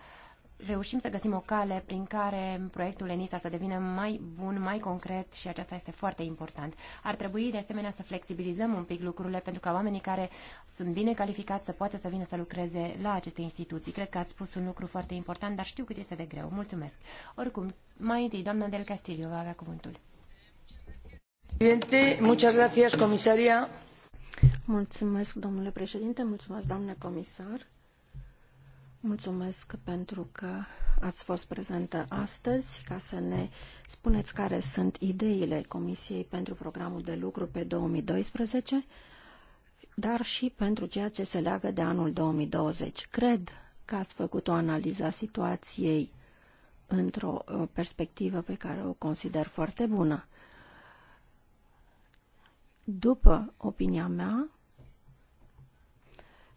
reușim să găsim o cale prin care proiectul ENISA să devină mai bun, mai concret și aceasta este foarte important. Ar trebui de asemenea să flexibilizăm un pic lucrurile pentru ca oamenii care sunt bine calificați să poată să vină să lucreze la aceste instituții. Cred că ați spus un lucru foarte important, dar știu cât este de greu. Mulțumesc. Oricum, mai întâi, doamna Del Castillo va avea cuvântul. Presidente, muchas gracias, comisaria. Mulțumesc, domnule președinte, mulțumesc, doamne comisar. Mulțumesc pentru că ați fost prezentă astăzi ca să ne spuneți care sunt ideile Comisiei pentru programul de lucru pe 2012, dar și pentru ceea ce se leagă de anul 2020. Cred că ați făcut o analiză a situației într-o uh, perspectivă pe care o consider foarte bună. După opinia mea,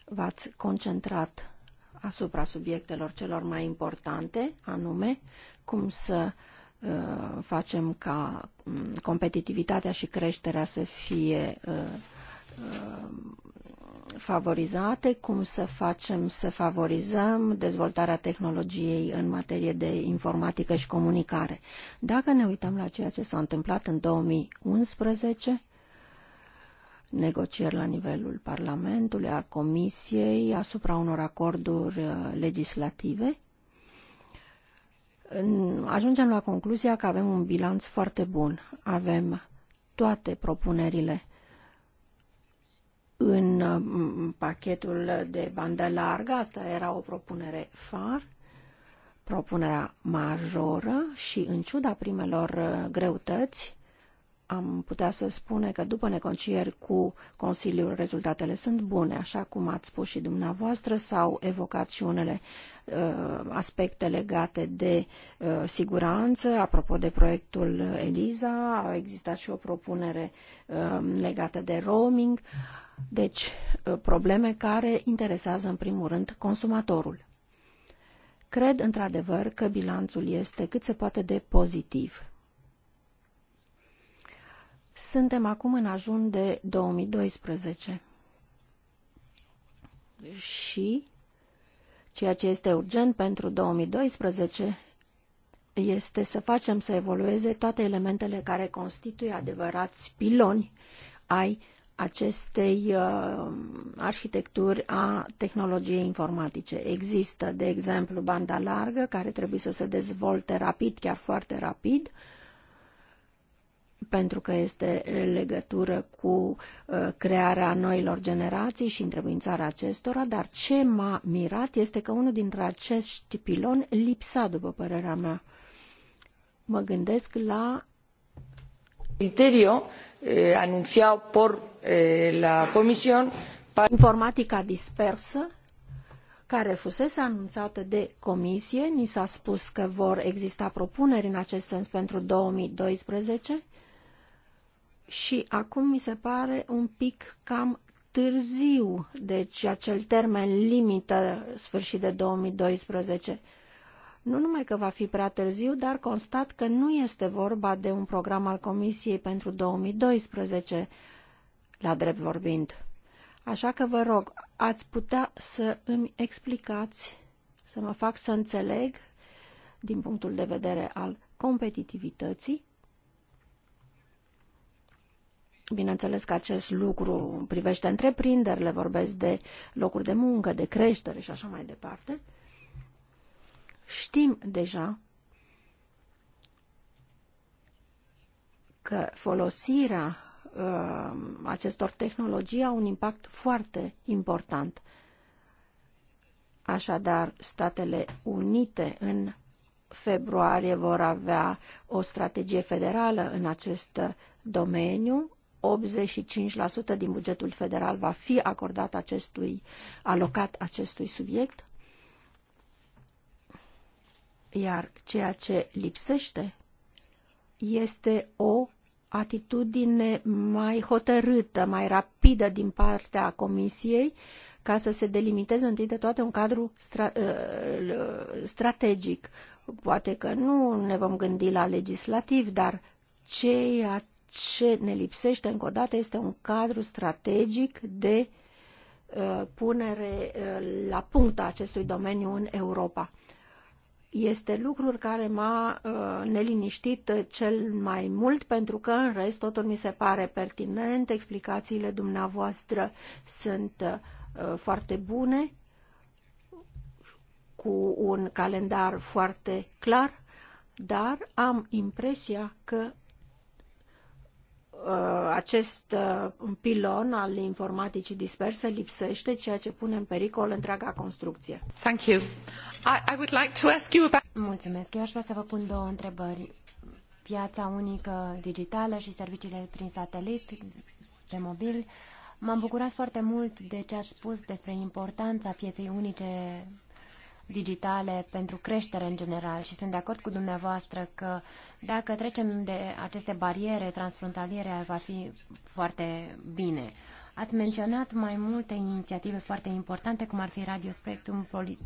v-ați concentrat asupra subiectelor celor mai importante, anume cum să uh, facem ca mm, competitivitatea și creșterea să fie uh, uh, favorizate, cum să facem să favorizăm dezvoltarea tehnologiei în materie de informatică și comunicare. Dacă ne uităm la ceea ce s-a întâmplat în 2011, negocieri la nivelul Parlamentului, al Comisiei, asupra unor acorduri uh, legislative. Ajungem la concluzia că avem un bilanț foarte bun. Avem toate propunerile în pachetul de bandă largă, asta era o propunere far, propunerea majoră și în ciuda primelor uh, greutăți, am putea să spune că după negocieri cu Consiliul rezultatele sunt bune, așa cum ați spus și dumneavoastră, s-au evocat și unele uh, aspecte legate de uh, siguranță. Apropo de proiectul ELISA, a existat și o propunere uh, legată de roaming, deci uh, probleme care interesează în primul rând consumatorul. Cred într-adevăr că bilanțul este cât se poate de pozitiv suntem acum în ajun de 2012 și ceea ce este urgent pentru 2012 este să facem să evolueze toate elementele care constituie adevărați piloni ai acestei uh, arhitecturi a tehnologiei informatice. Există, de exemplu, banda largă, care trebuie să se dezvolte rapid, chiar foarte rapid, uh, pentru că este legătură cu uh, crearea noilor generații și întrebuințarea acestora, dar ce m-a mirat este că unul dintre acești piloni lipsa, după părerea mea. Mă gândesc la criteriu eh, anunciat por eh, la Comisión informatica dispersă care fusese anunțată de comisie, ni s-a spus că vor exista propuneri în acest sens pentru 2012 și acum mi se pare un pic cam târziu, deci acel termen limită sfârșit de 2012. Nu numai că va fi prea târziu, dar constat că nu este vorba de un program al Comisiei pentru 2012, la drept vorbind. Așa că vă rog, ați putea să îmi explicați, să mă fac să înțeleg, din punctul de vedere al competitivității, Bineînțeles că acest lucru privește întreprinderile, vorbesc de locuri de muncă, de creștere și așa mai departe. Știm deja că folosirea uh, acestor tehnologii au un impact foarte important. Așadar, Statele Unite în februarie vor avea o strategie federală în acest domeniu 85% din bugetul federal va fi acordat acestui, alocat acestui subiect, iar ceea ce lipsește este o atitudine mai hotărâtă, mai rapidă din partea Comisiei, ca să se delimiteze întâi de toate un cadru stra ă, strategic. Poate că nu ne vom gândi la legislativ, dar ceea ce ne lipsește încă o dată este un cadru strategic de uh, punere uh, la punct a acestui domeniu în Europa. Este lucruri care m-a uh, neliniștit cel mai mult pentru că în rest totul mi se pare pertinent, explicațiile dumneavoastră sunt foarte bune cu un calendar foarte clar, dar am impresia că Uh, acest uh, pilon al informaticii disperse lipsește, ceea ce pune în pericol întreaga construcție. Thank you. I, I would like to ask you about... Mulțumesc. Eu aș vrea să vă pun două întrebări. Piața unică digitală și serviciile prin satelit de mobil. M-am bucurat foarte mult de ce ați spus despre importanța pieței unice digitale pentru creștere în general și sunt de acord cu dumneavoastră că dacă trecem de aceste bariere transfrontaliere va fi foarte bine. Ați menționat mai multe inițiative foarte importante, cum ar fi Radio Spectrum, poli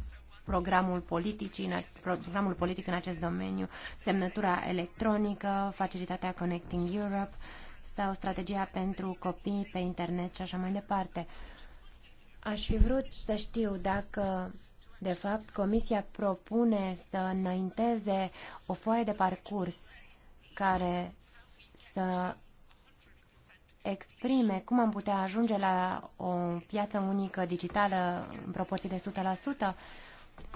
programul, politicii, programul politic în acest domeniu, semnătura electronică, facilitatea Connecting Europe sau strategia pentru copii pe internet și așa mai departe. Aș fi vrut să știu dacă de fapt, Comisia propune să înainteze o foaie de parcurs care să exprime cum am putea ajunge la o piață unică digitală în proporție de 100%,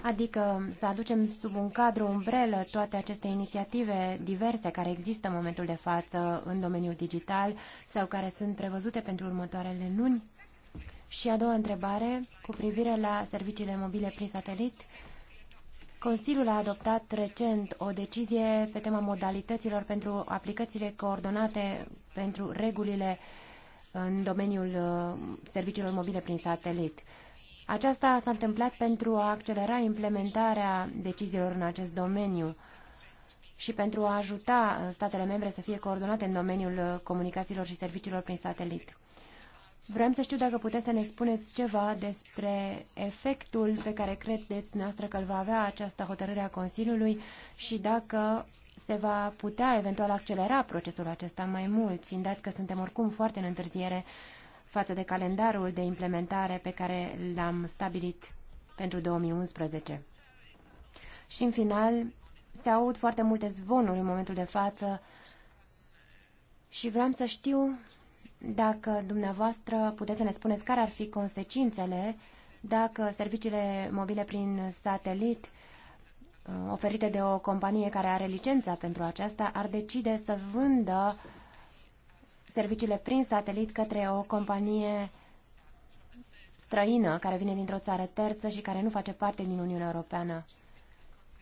adică să aducem sub un cadru umbrelă toate aceste inițiative diverse care există în momentul de față în domeniul digital sau care sunt prevăzute pentru următoarele luni. Și a doua întrebare, cu privire la serviciile mobile prin satelit, Consiliul a adoptat recent o decizie pe tema modalităților pentru aplicațiile coordonate pentru regulile în domeniul uh, serviciilor mobile prin satelit. Aceasta s-a întâmplat pentru a accelera implementarea deciziilor în acest domeniu și pentru a ajuta uh, statele membre să fie coordonate în domeniul uh, comunicațiilor și serviciilor prin satelit. Vrem să știu dacă puteți să ne spuneți ceva despre efectul pe care credeți noastră că îl va avea această hotărâre a Consiliului și dacă se va putea eventual accelera procesul acesta mai mult, fiind dat că suntem oricum foarte în întârziere față de calendarul de implementare pe care l-am stabilit pentru 2011. Și în final, se aud foarte multe zvonuri în momentul de față și vreau să știu dacă dumneavoastră puteți să ne spuneți care ar fi consecințele dacă serviciile mobile prin satelit uh, oferite de o companie care are licența pentru aceasta ar decide să vândă serviciile prin satelit către o companie străină care vine dintr-o țară terță și care nu face parte din Uniunea Europeană.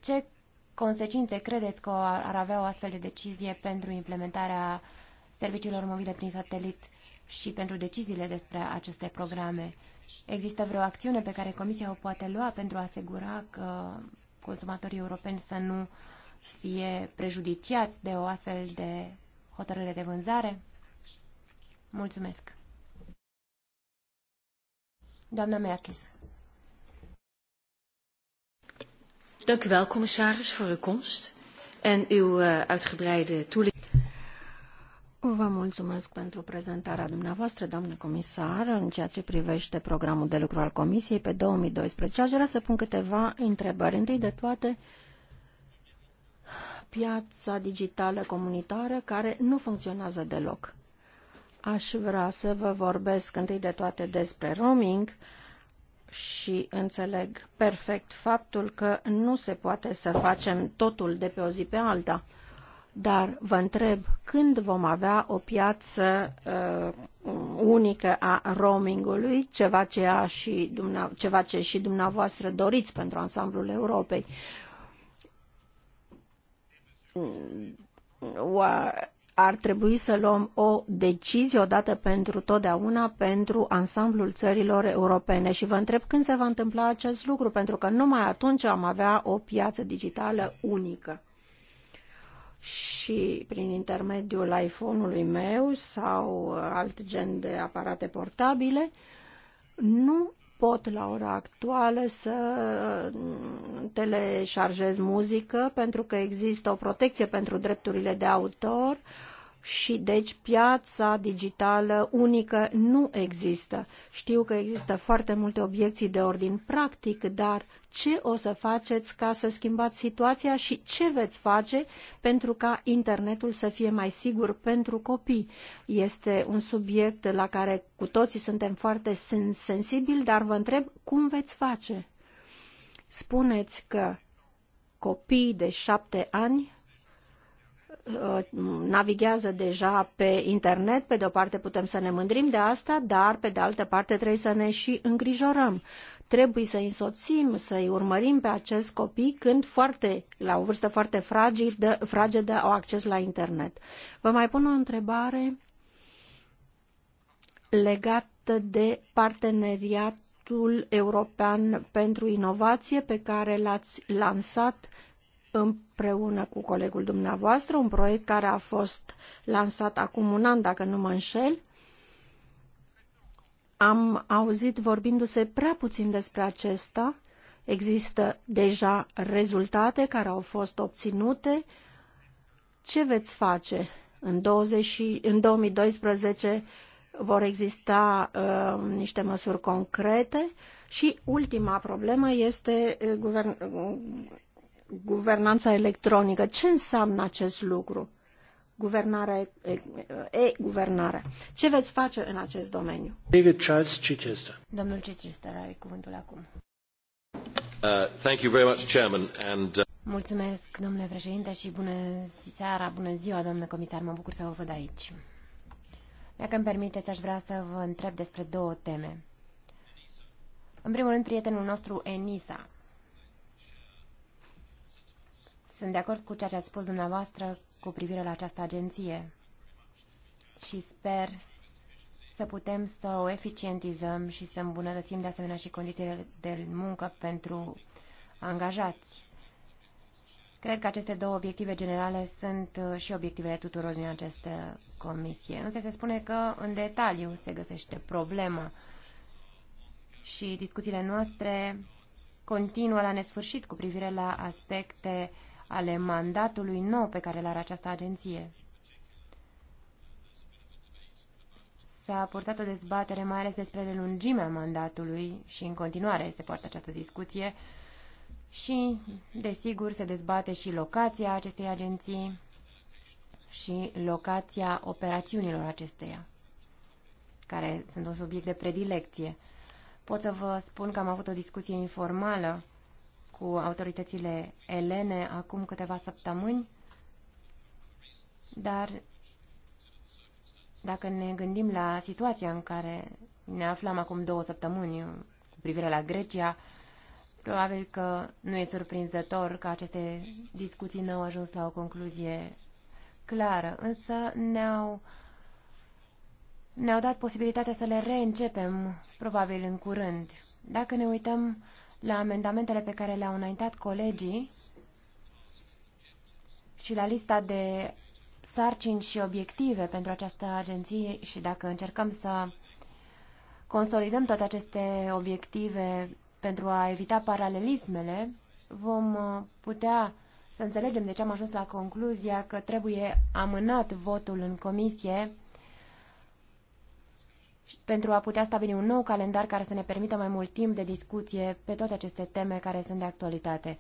Ce consecințe credeți că ar avea o astfel de decizie pentru implementarea serviciilor mobile prin satelit și pentru deciziile despre aceste programe. Există vreo acțiune pe care Comisia o poate lua pentru a asigura că consumatorii europeni să nu fie prejudiciați de o astfel de hotărâre de vânzare? Mulțumesc. Doamna Merkis. Dank u wel, commissaris, voor uw komst en uw eh, uitgebreide toelichting. Vă mulțumesc pentru prezentarea dumneavoastră, doamnă comisar, în ceea ce privește programul de lucru al Comisiei pe 2012. Aș vrea să pun câteva întrebări. Întâi de toate, piața digitală comunitară care nu funcționează deloc. Aș vrea să vă vorbesc întâi de toate despre roaming și înțeleg perfect faptul că nu se poate să facem totul de pe o zi pe alta dar vă întreb când vom avea o piață uh, unică a roamingului, ceva ce, a și dumneavoastră, ceva ce și dumneavoastră doriți pentru ansamblul Europei. Ar trebui să luăm o decizie odată pentru totdeauna pentru ansamblul țărilor europene și vă întreb când se va întâmpla acest lucru, pentru că numai atunci am avea o piață digitală unică și prin intermediul iPhone-ului meu sau alt gen de aparate portabile, nu pot la ora actuală să teleșarjez muzică pentru că există o protecție pentru drepturile de autor, și deci piața digitală unică nu există. Știu că există foarte multe obiecții de ordin practic, dar ce o să faceți ca să schimbați situația și ce veți face pentru ca internetul să fie mai sigur pentru copii? Este un subiect la care cu toții suntem foarte sensibili, dar vă întreb cum veți face? Spuneți că copiii de șapte ani Uh, navighează deja pe internet. Pe de o parte putem să ne mândrim de asta, dar pe de altă parte trebuie să ne și îngrijorăm. Trebuie să însoțim, să-i urmărim pe acest copii când foarte, la o vârstă foarte fragedă, fragedă au acces la internet. Vă mai pun o întrebare legată de parteneriatul european pentru inovație pe care l-ați lansat împreună cu colegul dumneavoastră, un proiect care a fost lansat acum un an, dacă nu mă înșel. Am auzit vorbindu-se prea puțin despre acesta. Există deja rezultate care au fost obținute. Ce veți face? În, 20, în 2012 vor exista uh, niște măsuri concrete și ultima problemă este uh, guvern, uh, guvernanța electronică. Ce înseamnă acest lucru? Guvernare, e-guvernare. Ce veți face în acest domeniu? David Charles Chichester. Domnul Chichester are cuvântul acum. Uh, thank you very much, Chairman, and, uh... Mulțumesc, domnule președinte, și bună seara, bună ziua, domnule comisar, mă bucur să vă văd aici. Dacă îmi permiteți, aș vrea să vă întreb despre două teme. În primul rând, prietenul nostru Enisa, sunt de acord cu ceea ce ați spus dumneavoastră cu privire la această agenție și sper să putem să o eficientizăm și să îmbunătățim de asemenea și condițiile de muncă pentru angajați. Cred că aceste două obiective generale sunt uh, și obiectivele tuturor din această comisie. Însă se spune că în detaliu se găsește problema și discuțiile noastre continuă la nesfârșit cu privire la aspecte uh, ale mandatului nou pe care l are această agenție. S-a purtat o dezbatere mai ales despre relungimea mandatului și în continuare se poartă această discuție și, desigur, se dezbate și locația acestei agenții și locația operațiunilor acesteia, care sunt un subiect de predilecție. Pot să vă spun că am avut o discuție informală cu autoritățile elene acum câteva săptămâni, dar dacă ne gândim la situația în care ne aflam acum două săptămâni cu privire la Grecia, probabil că nu e surprinzător că aceste discuții n-au ajuns la o concluzie clară, însă ne-au ne-au dat posibilitatea să le reîncepem, probabil în curând. Dacă ne uităm la amendamentele pe care le-au înaintat colegii și la lista de sarcini și obiective pentru această agenție și dacă încercăm să consolidăm toate aceste obiective pentru a evita paralelismele, vom uh, putea să înțelegem de ce am ajuns la concluzia că trebuie amânat votul în comisie pentru a putea stabili un nou calendar care să ne permită mai mult timp de discuție pe toate aceste teme care sunt de actualitate.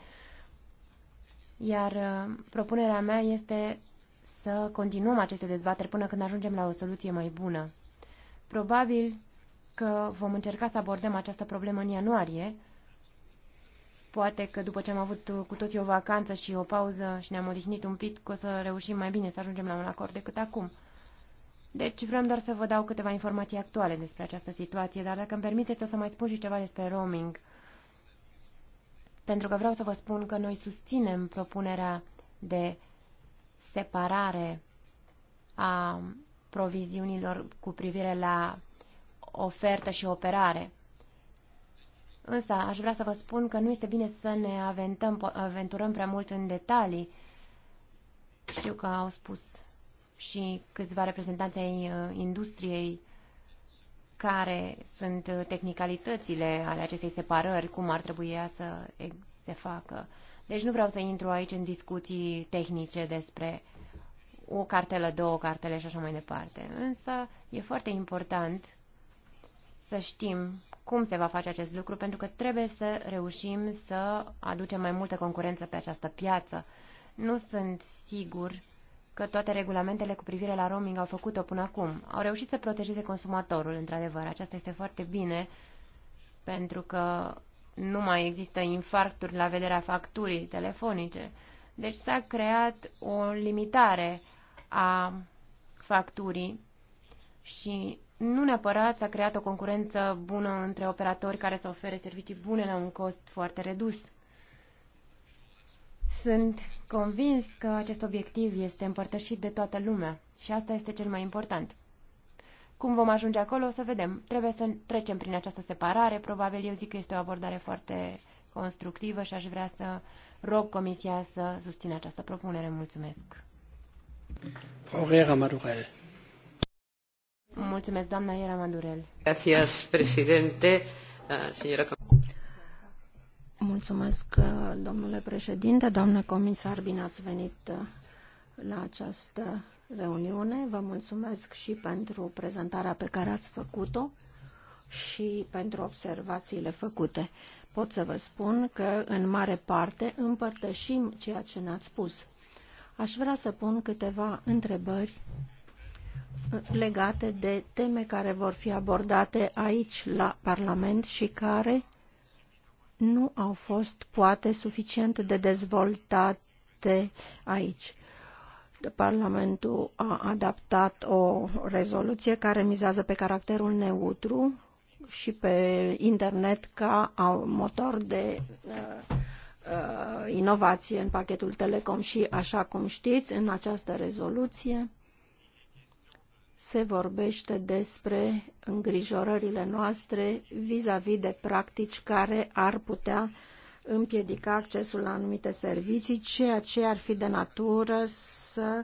Iar uh, propunerea mea este să continuăm aceste dezbateri până când ajungem la o soluție mai bună. Probabil că vom încerca să abordăm această problemă în ianuarie. Poate că după ce am avut cu toții o vacanță și o pauză și ne-am odihnit un pic, o să reușim mai bine să ajungem la un acord decât acum. Deci vreau doar să vă dau câteva informații actuale despre această situație, dar dacă îmi permiteți o să mai spun și ceva despre roaming. Pentru că vreau să vă spun că noi susținem propunerea de separare a proviziunilor cu privire la ofertă și operare. Însă aș vrea să vă spun că nu este bine să ne aventăm, aventurăm prea mult în detalii. Știu că au spus și câțiva reprezentanți ai uh, industriei care sunt uh, tehnicalitățile ale acestei separări, cum ar trebui ea să se facă. Deci nu vreau să intru aici în discuții tehnice despre o cartelă, două cartele și așa mai departe. Însă e foarte important să știm cum se va face acest lucru, pentru că trebuie să reușim să aducem mai multă concurență pe această piață. Nu sunt sigur că toate regulamentele cu privire la roaming au făcut-o până acum. Au reușit să protejeze consumatorul, într-adevăr. Aceasta este foarte bine, pentru că nu mai există infarcturi la vederea facturii telefonice. Deci s-a creat o limitare a facturii și nu neapărat s-a creat o concurență bună între operatori care să ofere servicii bune la un cost foarte redus. Sunt convins că acest obiectiv este împărtășit de toată lumea și asta este cel mai important. Cum vom ajunge acolo, o să vedem. Trebuie să trecem prin această separare. Probabil eu zic că este o abordare foarte constructivă și aș vrea să rog Comisia să susțină această propunere. Mulțumesc. Frau Rera Madurel. Mulțumesc, doamna Rera Madurel. Gracias, presidente. Uh, señora... Mulțumesc, uh, domnule președinte, doamnă comisar, bine ați venit uh, la această reuniune. Vă mulțumesc și pentru prezentarea pe care ați făcut-o și pentru observațiile făcute. Pot să vă spun că, în mare parte, împărtășim ceea ce ne-ați spus. Aș vrea să pun câteva întrebări uh, legate de teme care vor fi abordate aici la Parlament și care nu au fost poate suficient de dezvoltate aici. Parlamentul a adaptat o rezoluție care mizează pe caracterul neutru și pe internet ca motor de uh, uh, inovație în pachetul Telecom și, așa cum știți, în această rezoluție se vorbește despre îngrijorările noastre vis-a-vis -vis de practici care ar putea împiedica accesul la anumite servicii, ceea ce ar fi de natură să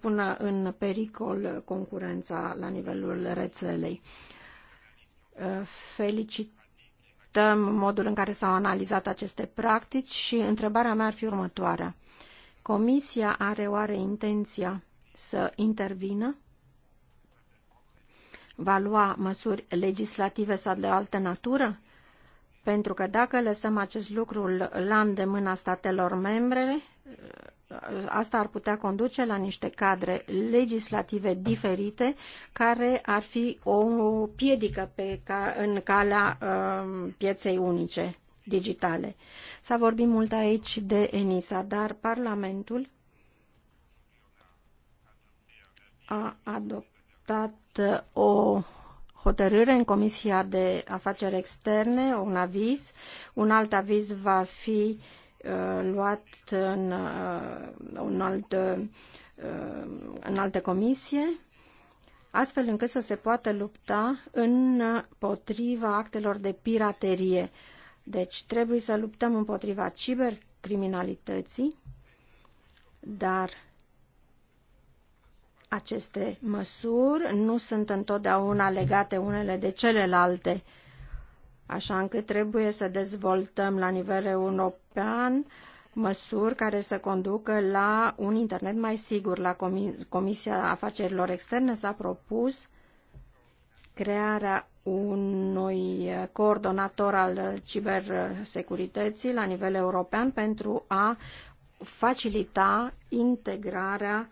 pună în pericol concurența la nivelul rețelei. Felicităm modul în care s-au analizat aceste practici și întrebarea mea ar fi următoarea. Comisia are oare intenția să intervină va lua măsuri legislative sau de o altă natură? Pentru că dacă lăsăm acest lucru la îndemâna statelor membre, uh, asta ar putea conduce la niște cadre legislative diferite care ar fi o piedică pe ca, în calea uh, pieței unice digitale. S-a vorbit mult aici de ENISA, dar Parlamentul a adoptat adoptat uh, o hotărâre în Comisia de Afaceri Externe, un aviz. Un alt aviz va fi uh, luat în, uh, un alt, uh, în altă comisie, astfel încât să se poată lupta împotriva actelor de piraterie. Deci trebuie să luptăm împotriva cibercriminalității, dar aceste măsuri nu sunt întotdeauna legate unele de celelalte, așa încât trebuie să dezvoltăm la nivel european măsuri care să conducă la un internet mai sigur. La Comisia Afacerilor Externe s-a propus crearea unui coordonator al cibersecurității la nivel european pentru a facilita integrarea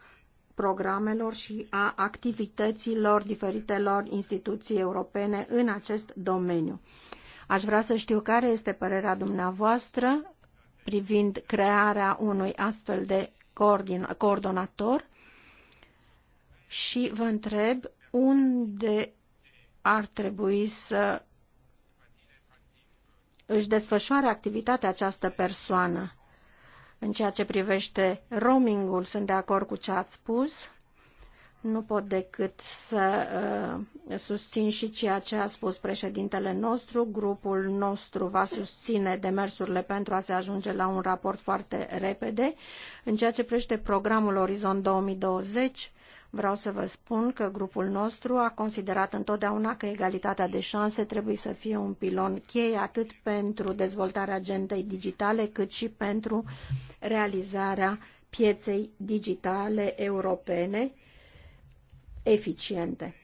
programelor și a activităților diferitelor instituții europene în acest domeniu. Aș vrea să știu care este părerea dumneavoastră privind crearea unui astfel de coordonator și vă întreb unde ar trebui să își desfășoare activitatea această persoană în ceea ce privește roamingul, sunt de acord cu ce ați spus. Nu pot decât să uh, susțin și ceea ce a spus președintele nostru. Grupul nostru va susține demersurile pentru a se ajunge la un raport foarte repede. În ceea ce privește programul Orizont 2020, Vreau să vă spun că grupul nostru a considerat întotdeauna că egalitatea de șanse trebuie să fie un pilon cheie atât pentru dezvoltarea agendei digitale, cât și pentru realizarea pieței digitale europene eficiente.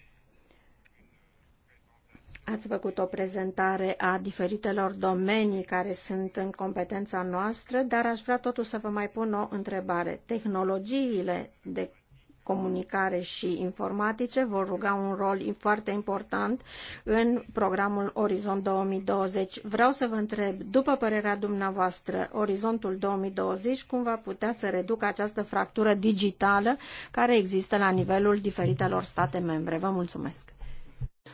Ați făcut o prezentare a diferitelor domenii care sunt în competența noastră, dar aș vrea totuși să vă mai pun o întrebare. Tehnologiile de comunicare și informatice vor ruga un rol foarte important în programul Orizont 2020. Vreau să vă întreb, după părerea dumneavoastră, Orizontul 2020 cum va putea să reducă această fractură digitală care există la nivelul diferitelor state membre? Vă mulțumesc!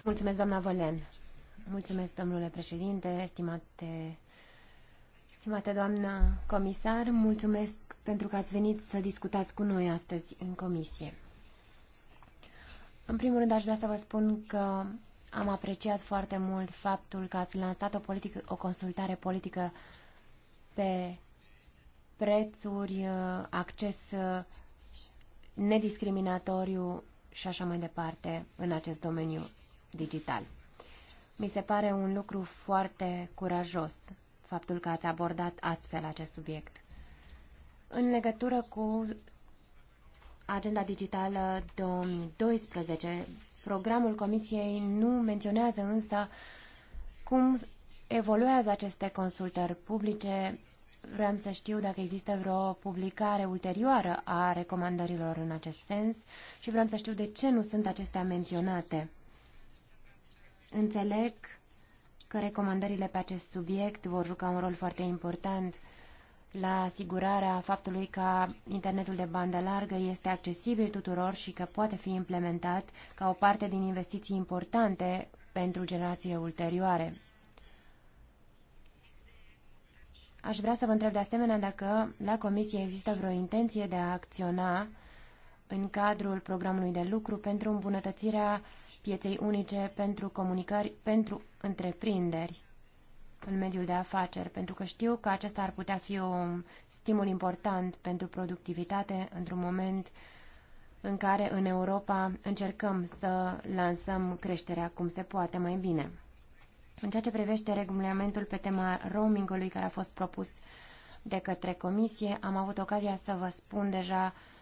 Mulțumesc, doamna Vălen! Mulțumesc, domnule președinte, estimate estimate doamnă comisar, mulțumesc pentru că ați venit să discutați cu noi astăzi în comisie. În primul rând aș vrea să vă spun că am apreciat foarte mult faptul că ați lansat o, politică, o consultare politică pe prețuri, acces nediscriminatoriu și așa mai departe în acest domeniu digital. Mi se pare un lucru foarte curajos faptul că ați abordat astfel acest subiect. În legătură cu Agenda Digitală 2012, programul Comisiei nu menționează însă cum evoluează aceste consultări publice. Vreau să știu dacă există vreo publicare ulterioară a recomandărilor în acest sens și vreau să știu de ce nu sunt acestea menționate. Înțeleg că recomandările pe acest subiect vor juca un rol foarte important la asigurarea faptului că internetul de bandă largă este accesibil tuturor și că poate fi implementat ca o parte din investiții importante pentru generațiile ulterioare. Aș vrea să vă întreb de asemenea dacă la Comisie există vreo intenție de a acționa în cadrul programului de lucru pentru îmbunătățirea pieței unice pentru comunicări pentru întreprinderi în mediul de afaceri, pentru că știu că acesta ar putea fi un stimul important pentru productivitate într-un moment în care în Europa încercăm să lansăm creșterea cum se poate mai bine. În ceea ce privește regulamentul pe tema roamingului care a fost propus de către Comisie, am avut ocazia să vă spun deja uh,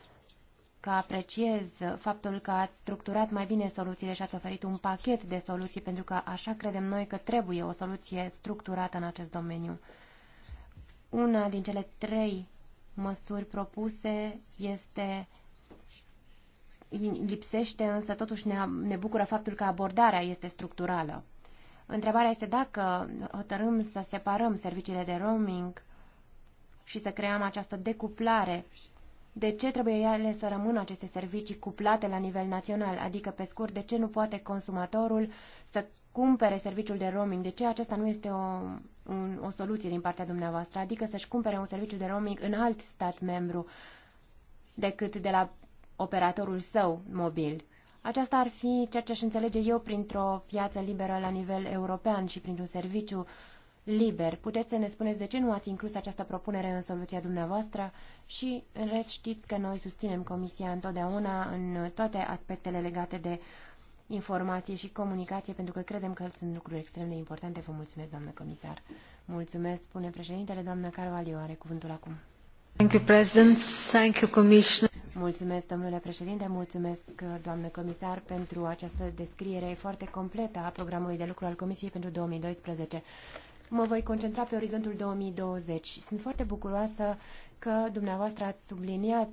că apreciez faptul că ați structurat mai bine soluțiile și ați oferit un pachet de soluții, pentru că așa credem noi că trebuie o soluție structurată în acest domeniu. Una din cele trei măsuri propuse este lipsește, însă totuși ne, ne bucură faptul că abordarea este structurală. Întrebarea este dacă hotărâm să separăm serviciile de roaming și să creăm această decuplare de ce trebuie ele să rămână aceste servicii cuplate la nivel național? Adică, pe scurt, de ce nu poate consumatorul să cumpere serviciul de roaming? De ce acesta nu este o, un, o soluție din partea dumneavoastră? Adică să-și cumpere un serviciu de roaming în alt stat membru decât de la operatorul său mobil. Aceasta ar fi ceea ce aș înțelege eu printr-o piață liberă la nivel european și printr-un serviciu uh, liber. Puteți să ne spuneți de ce nu ați inclus această propunere în soluția dumneavoastră și, în rest, știți că noi susținem Comisia întotdeauna în toate aspectele legate de informație și comunicație, pentru că credem că sunt lucruri extrem de importante. Vă mulțumesc, doamnă comisar. Mulțumesc, spune președintele. doamnă Carvalho are cuvântul acum. Thank you, President. Thank you, Commissioner. Mulțumesc, domnule președinte, mulțumesc, doamnă comisar, pentru această descriere foarte completă a programului de lucru al Comisiei pentru 2012 mă voi concentra pe orizontul 2020 și sunt foarte bucuroasă că dumneavoastră ați subliniat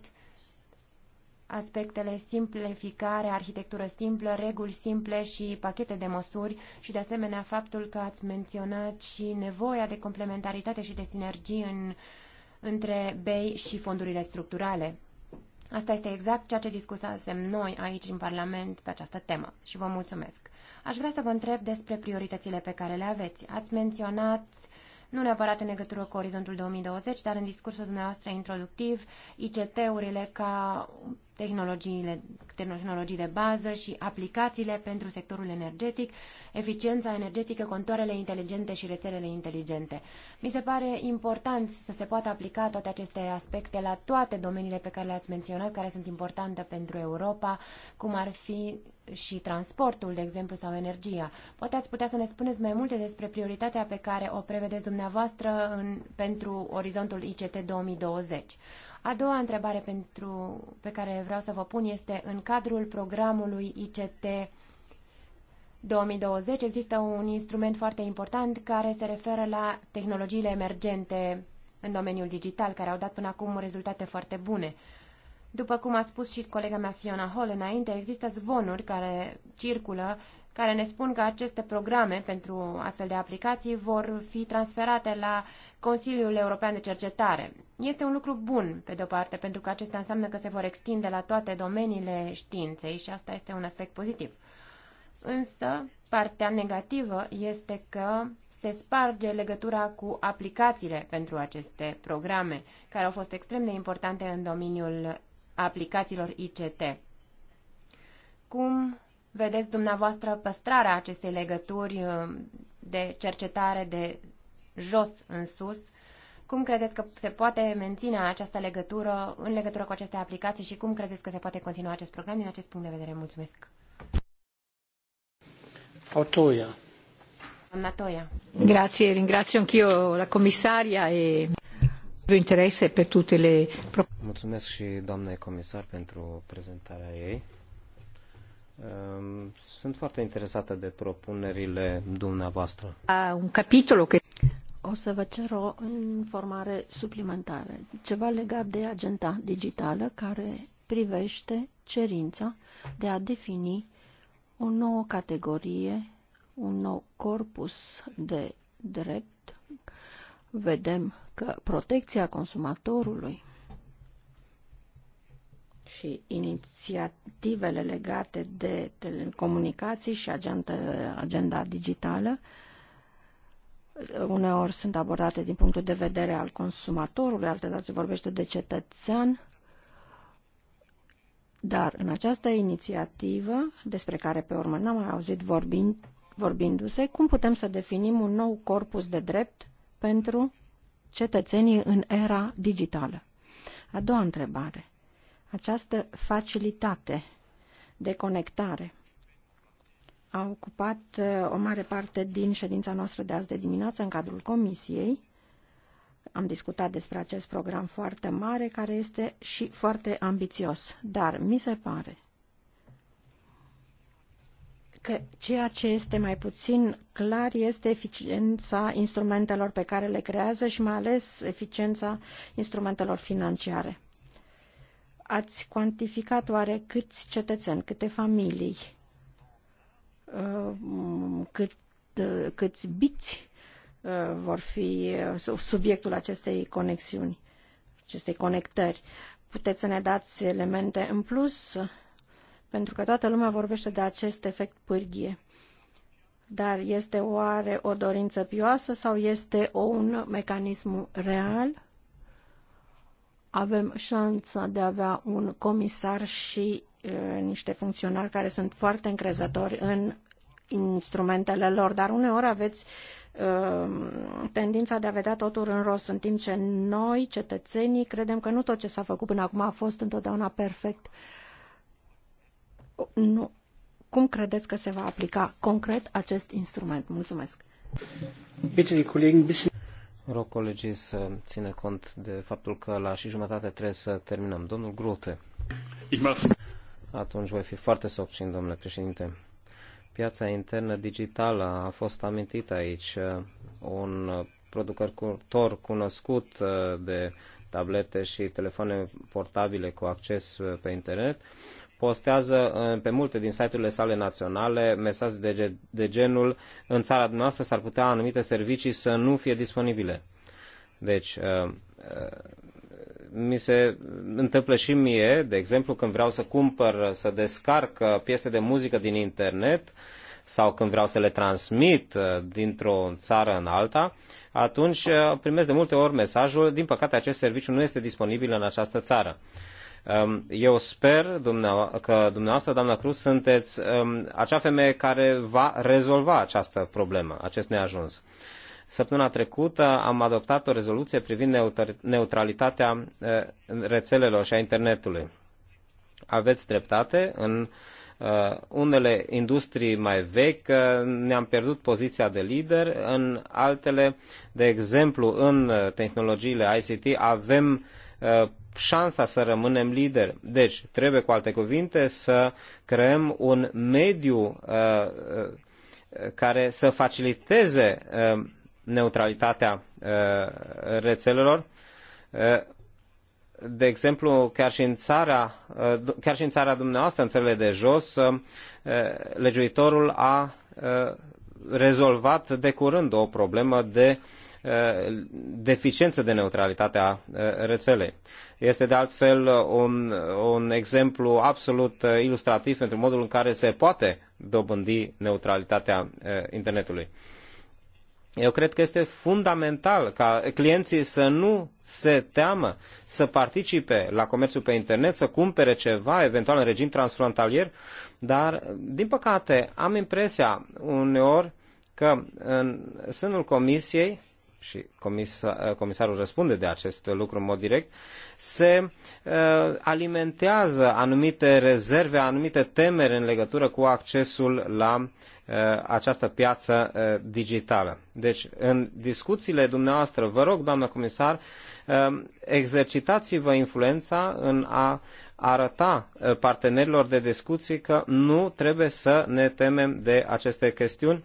aspectele simplificare, arhitectură simplă, reguli simple și pachete de măsuri și de asemenea faptul că ați menționat și nevoia de complementaritate și de sinergii în, între BEI și fondurile structurale. Asta este exact ceea ce discutasem noi aici în Parlament pe această temă și vă mulțumesc. Aș vrea să vă întreb despre prioritățile pe care le aveți. Ați menționat nu neapărat în legătură cu orizontul 2020, dar în discursul dumneavoastră introductiv, ICT-urile ca tehnologiile, tehnologii de bază și aplicațiile pentru sectorul energetic, eficiența energetică, contoarele inteligente și rețelele inteligente. Mi se pare important să se poată aplica toate aceste aspecte la toate domeniile pe care le-ați menționat, care sunt importante pentru Europa, cum ar fi și transportul, de exemplu, sau energia. Poate ați putea să ne spuneți mai multe despre prioritatea pe care o prevedeți dumneavoastră în, pentru orizontul ICT 2020. A doua întrebare pentru, pe care vreau să vă pun este în cadrul programului ICT 2020 există un instrument foarte important care se referă la tehnologiile emergente în domeniul digital, care au dat până acum rezultate foarte bune. După cum a spus și colega mea Fiona Hall înainte, există zvonuri care circulă care ne spun că aceste programe pentru astfel de aplicații vor fi transferate la Consiliul European de Cercetare. Este un lucru bun, pe de-o parte, pentru că acesta înseamnă că se vor extinde la toate domeniile științei și asta este un aspect pozitiv. Însă, partea negativă este că se sparge legătura cu aplicațiile pentru aceste programe, care au fost extrem de importante în domeniul aplicațiilor ICT. Cum vedeți dumneavoastră păstrarea acestei legături uh, de cercetare de jos în sus? Cum credeți că se poate menține această legătură în legătură cu aceste aplicații și cum credeți că se poate continua acest program din acest punct de vedere? Mulțumesc! Autoia. Doamna Toia. Grazie, ringrazio anch'io la comisaria e interese pe tutte le Mulțumesc și doamnei comisar pentru prezentarea ei. Ehm, sunt foarte interesată de propunerile dumneavoastră. A, un capitol. O să vă cer o informare suplimentară, ceva legat de agenda digitală care privește cerința de a defini o nouă categorie, un nou corpus de drept. Vedem că protecția consumatorului și inițiativele legate de telecomunicații și agenda, agenda digitală uneori sunt abordate din punctul de vedere al consumatorului, alte dată se vorbește de cetățean, dar în această inițiativă, despre care pe urmă n-am mai auzit vorbind, vorbindu-se, cum putem să definim un nou corpus de drept pentru cetățenii în era digitală? A doua întrebare. Această facilitate de conectare a ocupat uh, o mare parte din ședința noastră de azi de dimineață în cadrul comisiei. Am discutat despre acest program foarte mare, care este și foarte ambițios, dar mi se pare că ceea ce este mai puțin clar este eficiența instrumentelor pe care le creează și mai ales eficiența instrumentelor financiare. Ați cuantificat oare câți cetățeni, câte familii, uh, cât, uh, câți biți uh, vor fi subiectul acestei conexiuni, acestei conectări. Puteți să ne dați elemente în plus? Pentru că toată lumea vorbește de acest efect pârghie. Dar este oare o dorință pioasă sau este un mecanism real? avem șansa de a avea un comisar și niște funcționari care sunt foarte încrezători în instrumentele lor, dar uneori aveți tendința de a vedea totul în rost, în timp ce noi, cetățenii, credem că nu tot ce s-a făcut până acum a fost întotdeauna perfect. Nu. Cum credeți că se va aplica concret acest instrument? Mulțumesc! Bitte, die Kollegen, bisschen... Rog colegii să țină cont de faptul că la și jumătate trebuie să terminăm. Domnul Grote. Atunci voi fi foarte succint, domnule președinte. Piața internă digitală a fost amintită aici. Un producător cunoscut uh, de tablete și telefoane portabile cu acces uh, pe internet postează pe multe din site-urile sale naționale mesaje de, de genul în țara noastră s-ar putea anumite servicii să nu fie disponibile. Deci, uh, uh, mi se întâmplă și mie, de exemplu, când vreau să cumpăr, să descarc uh, piese de muzică din internet sau când vreau să le transmit dintr-o țară în alta, atunci primesc de multe ori mesajul, din păcate acest serviciu nu este disponibil în această țară. Um, eu sper că dumneavoastră, doamna Cruz, sunteți um, acea femeie care va rezolva această problemă, acest neajuns. Săptămâna trecută am adoptat o rezoluție privind neutralitatea uh, rețelelor și a internetului. Aveți dreptate, în uh, unele industrii mai vechi uh, ne-am pierdut poziția de lider, în altele, de exemplu, în tehnologiile ICT avem Uh, șansa să rămânem lideri. Deci, trebuie cu alte cuvinte să creăm un mediu uh, uh, care să faciliteze neutralitatea rețelelor. De exemplu, chiar și în țara, chiar și în țara dumneavoastră, în țările de jos, legiuitorul a rezolvat de curând o problemă de uh, Eh, deficiență de neutralitate a eh, rețelei. Este de altfel eh, un, un exemplu absolut ilustrativ pentru modul în care se poate dobândi neutralitatea internetului. Eu cred că este fundamental ca clienții să nu se teamă să participe la comerțul pe internet, să cumpere ceva, eventual în regim transfrontalier, dar, din păcate, am impresia uneori că în sânul comisiei și comisar, eh, comisarul răspunde de acest lucru în mod direct, se uh, alimentează anumite rezerve, anumite temeri în legătură cu accesul la uh, această piață uh, digitală. Deci, în discuțiile dumneavoastră, vă rog, doamnă comisar, uh, exercitați-vă influența în a arăta partenerilor de discuții că nu trebuie să ne temem de aceste chestiuni,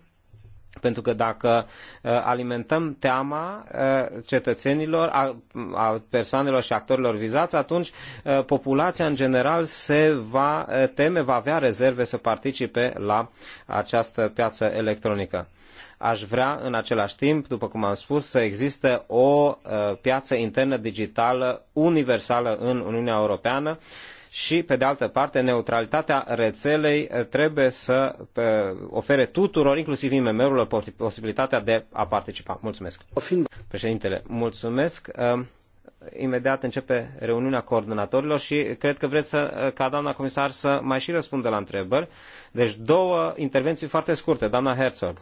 pentru că dacă uh, alimentăm teama uh, cetățenilor, a, persoanelor și actorilor vizați, atunci uh, populația în general se va teme, va avea rezerve să participe la această piață electronică aș vrea în același timp, după cum am spus, să existe o piață internă digitală universală în Uniunea Europeană și, pe de altă parte, neutralitatea rețelei eh, trebuie să ofere tuturor, inclusiv IMM-urilor, posibilitatea de a participa. Mulțumesc. Președintele, mulțumesc. Ehm, imediat începe reuniunea coordonatorilor și cred că vreți să, eh, ca doamna comisar să mai și răspundă la întrebări. Deci două intervenții foarte scurte, doamna Herzog,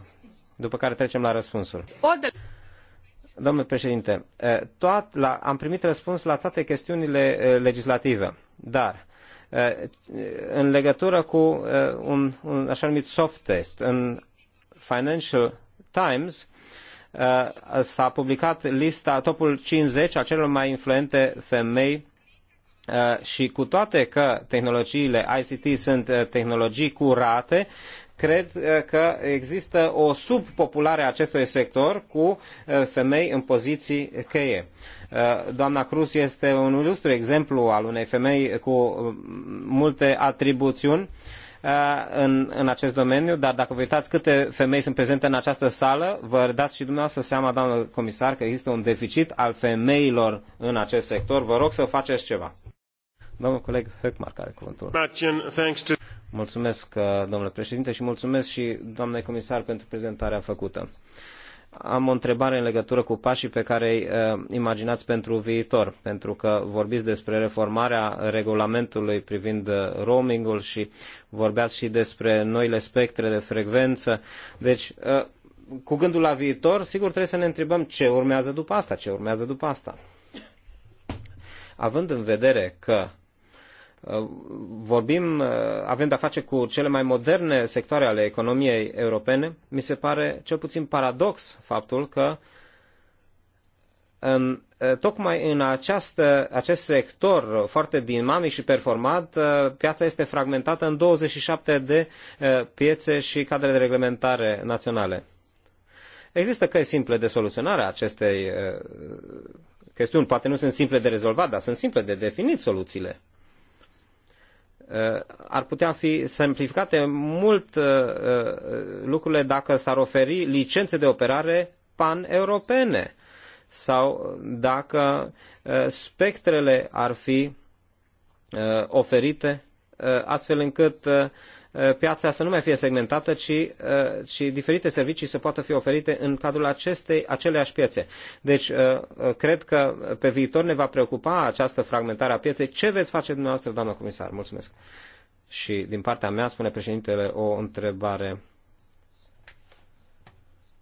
după care trecem la răspunsuri. Domnule președinte, la, am primit răspuns la toate chestiunile legislative, dar în legătură cu un, un așa numit soft test în Financial Times s-a publicat lista topul 50 a celor mai influente femei și cu toate că tehnologiile ICT sunt tehnologii curate, cred uh, că există o subpopulare a acestui sector cu uh, femei în poziții cheie. Uh, doamna Cruz este un ilustru exemplu al unei femei cu multe atribuțiuni în, în acest domeniu, dar dacă vă uitați câte femei sunt prezente în această sală, vă dați și dumneavoastră seama, doamnă comisar, că există un deficit al femeilor în acest sector. Vă rog să faceți ceva. Domnul coleg Höckmark are cuvântul. Mulțumesc, uh, domnule președinte, și mulțumesc și doamnei comisar pentru prezentarea făcută. Am o întrebare în legătură cu pașii pe care îi uh, imaginați pentru viitor, pentru că vorbiți despre reformarea regulamentului privind uh, roamingul și vorbeați și despre noile spectre de frecvență. Deci, uh, cu gândul la viitor, sigur trebuie să ne întrebăm ce urmează după asta, ce urmează după asta. Având în vedere că Uh, vorbim, uh, avem de-a face cu cele mai moderne sectoare ale economiei europene, mi se pare cel puțin paradox faptul că în, uh, tocmai în această, acest sector foarte dinamic și performant, piața este fragmentată în 27 de piețe și cadre de reglementare naționale. Există căi simple de soluționare a acestei chestiuni, poate nu sunt simple de rezolvat, dar sunt simple de definit soluțiile Uh, ar putea fi simplificate mult uh, uh, lucrurile dacă s-ar oferi licențe de operare pan-europene sau dacă spectrele ar fi oferite astfel încât Eh, piața să nu mai fie segmentată, ci, eh, ci diferite servicii să poată fi oferite în cadrul acestei, aceleași piețe. Deci, eh, cred că pe viitor ne va preocupa această fragmentare a pieței. Ce veți face dumneavoastră, doamnă comisar? Mulțumesc. Și din partea mea, spune președintele, o întrebare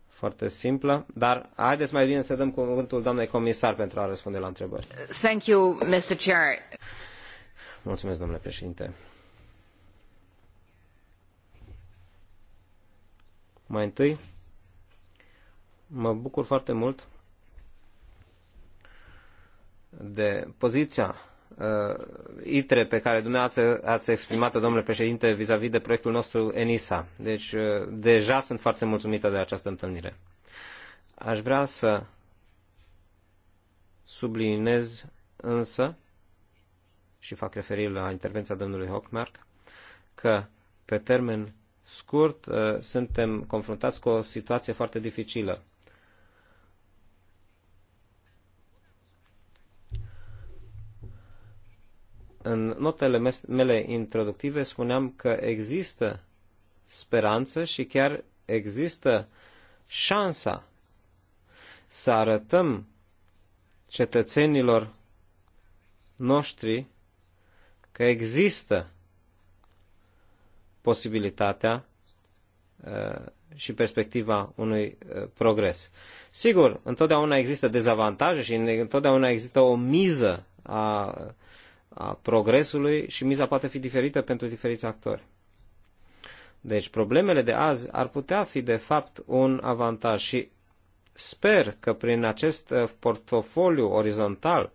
foarte simplă, dar haideți mai bine să dăm cuvântul doamnei comisar pentru a răspunde la întrebări. Thank you, Mr. Chair. Mulțumesc, domnule președinte. Mai întâi, mă bucur foarte mult de poziția uh, ITRE pe care dumneavoastră ați exprimat-o, domnule președinte, vis-a-vis -vis de proiectul nostru ENISA. Deci, uh, deja sunt foarte mulțumită de această întâlnire. Aș vrea să subliniez însă, și fac referire la intervenția domnului Hockmark, că pe termen scurt, uh, suntem confruntați cu o situație foarte dificilă. În notele mele introductive spuneam că există speranță și chiar există șansa să arătăm cetățenilor noștri că există posibilitatea uh, și perspectiva unui uh, progres. Sigur, întotdeauna există dezavantaje și întotdeauna există o miză a, a progresului și miza poate fi diferită pentru diferiți actori. Deci problemele de azi ar putea fi de fapt un avantaj și sper că prin acest uh, portofoliu orizontal,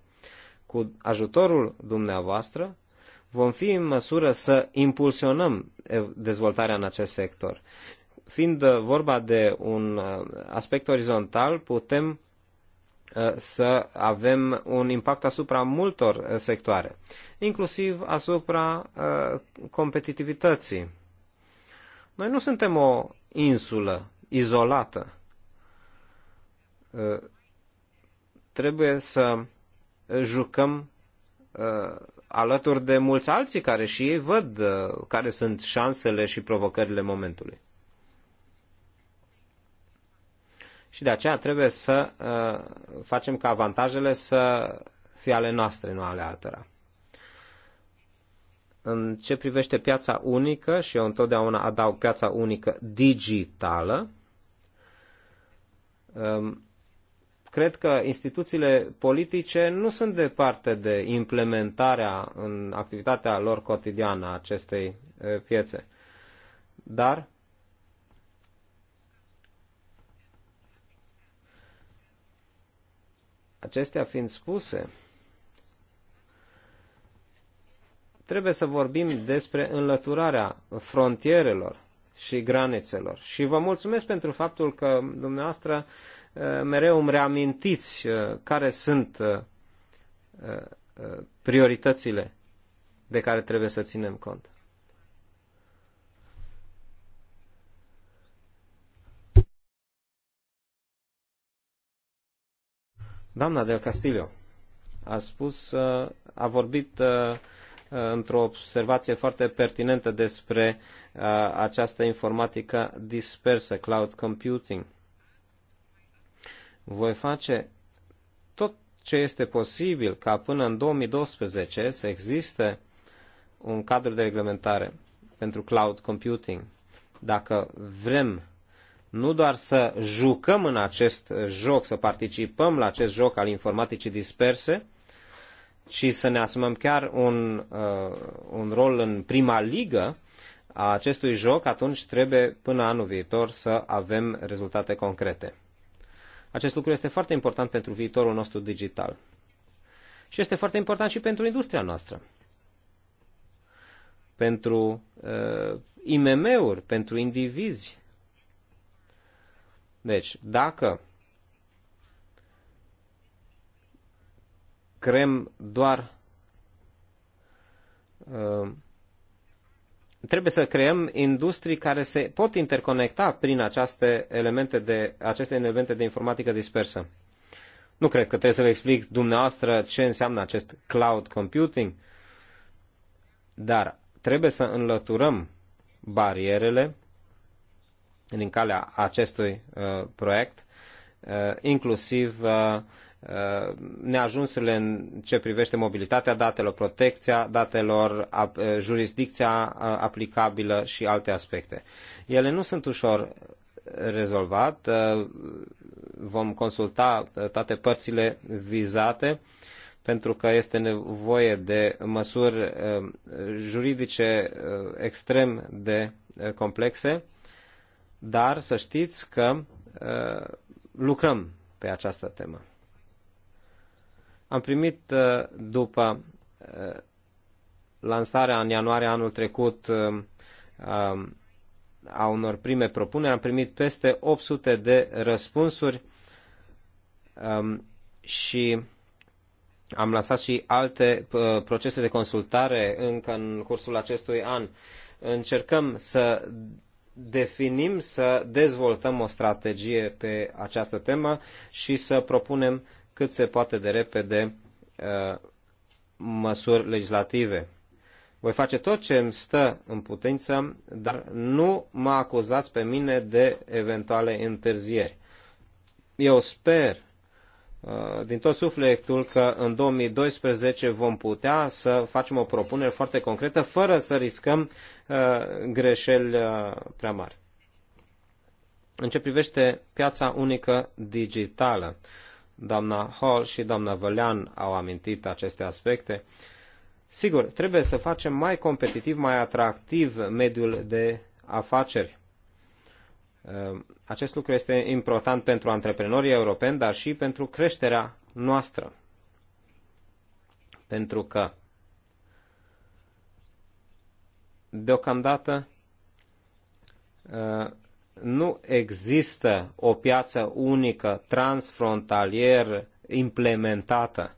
cu ajutorul dumneavoastră, vom fi în măsură să impulsionăm dezvoltarea în acest sector. Fiind uh, vorba de un uh, aspect orizontal, putem uh, să avem un impact asupra multor sectoare, inclusiv asupra competitivității. Noi nu suntem o insulă izolată. Trebuie să jucăm alături de mulți alții care și ei văd uh, care sunt șansele și provocările momentului. Și de aceea trebuie să uh, facem ca avantajele să fie ale noastre, nu ale altora. În ce privește piața unică, și eu întotdeauna adaug piața unică digitală, uh, Cred că instituțiile politice nu sunt departe de implementarea în activitatea lor cotidiană a acestei piețe. Dar acestea fiind spuse, trebuie să vorbim despre înlăturarea frontierelor și granițelor. Și vă mulțumesc pentru faptul că dumneavoastră Eh, mereu îmi reamintiți eh, care sunt eh, prioritățile de care trebuie să ținem cont. Doamna del Castillo a spus, a vorbit într-o observație foarte pertinentă despre această informatică dispersă, cloud computing. Voi face tot ce este posibil ca până în 2012 să existe un cadru de reglementare pentru cloud computing. Dacă vrem nu doar să jucăm în acest joc, să participăm la acest joc al informaticii disperse, ci să ne asumăm chiar un, uh, un rol în prima ligă a acestui joc, atunci trebuie până anul viitor să avem rezultate concrete. Acest lucru este foarte important pentru viitorul nostru digital. Și este foarte important și pentru industria noastră. Pentru uh, IMM-uri, pentru indivizi. Deci, dacă creăm doar uh, trebuie să creăm industrii care se pot interconecta prin aceste elemente de, aceste elemente de informatică dispersă. Nu cred că trebuie să vă explic dumneavoastră ce înseamnă acest cloud computing, dar trebuie să înlăturăm barierele din calea acestui uh, proiect, uh, inclusiv uh, Uh, neajunsurile în ce privește mobilitatea datelor, protecția datelor, uh, jurisdicția uh, aplicabilă și alte aspecte. Ele nu sunt ușor rezolvat. Vom consulta toate părțile vizate pentru că este nevoie de măsuri juridice extrem de complexe, dar să știți că lucrăm pe această temă. Am primit uh, după uh, lansarea în ianuarie anul trecut uh, um, a unor prime propuneri, am primit peste 800 de răspunsuri um, și am lansat și alte procese de consultare încă în cursul acestui an. Încercăm să definim, să dezvoltăm o strategie pe această temă și să propunem cât se poate de repede uh, măsuri legislative. Voi face tot ce îmi stă în putință, dar nu mă acuzați pe mine de eventuale întârzieri. Eu sper uh, din tot sufletul că în 2012 vom putea să facem o propunere foarte concretă fără să riscăm uh, greșeli prea mari. În ce privește piața unică digitală, uh, Doamna Hall și doamna Vălean au amintit aceste aspecte. Sigur, trebuie să facem mai competitiv, mai atractiv mediul de afaceri. Ehm, acest lucru este important pentru antreprenorii europeni, dar și pentru creșterea noastră. Pentru că deocamdată ehm, nu există o piață unică transfrontalier implementată,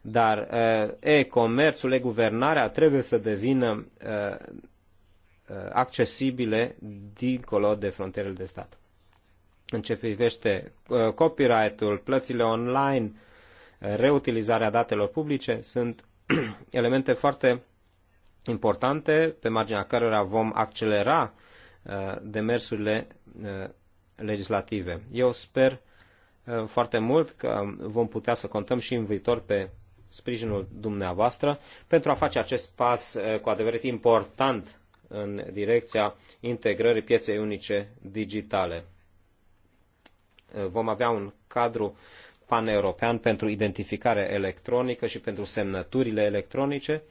dar uh, e-comerțul, e-guvernarea trebuie să devină uh, uh, accesibile dincolo de frontierele de stat. În ce privește copyright-ul, plățile online, reutilizarea datelor publice, sunt elemente foarte importante pe marginea cărora vom accelera Uh, demersurile uh, legislative. Eu sper uh, foarte mult că vom putea să contăm și în viitor pe sprijinul dumneavoastră pentru a face acest pas cu adevărat important în direcția integrării pieței unice digitale. Vom avea un cadru paneuropean pentru identificare electronică și pentru semnăturile electronice.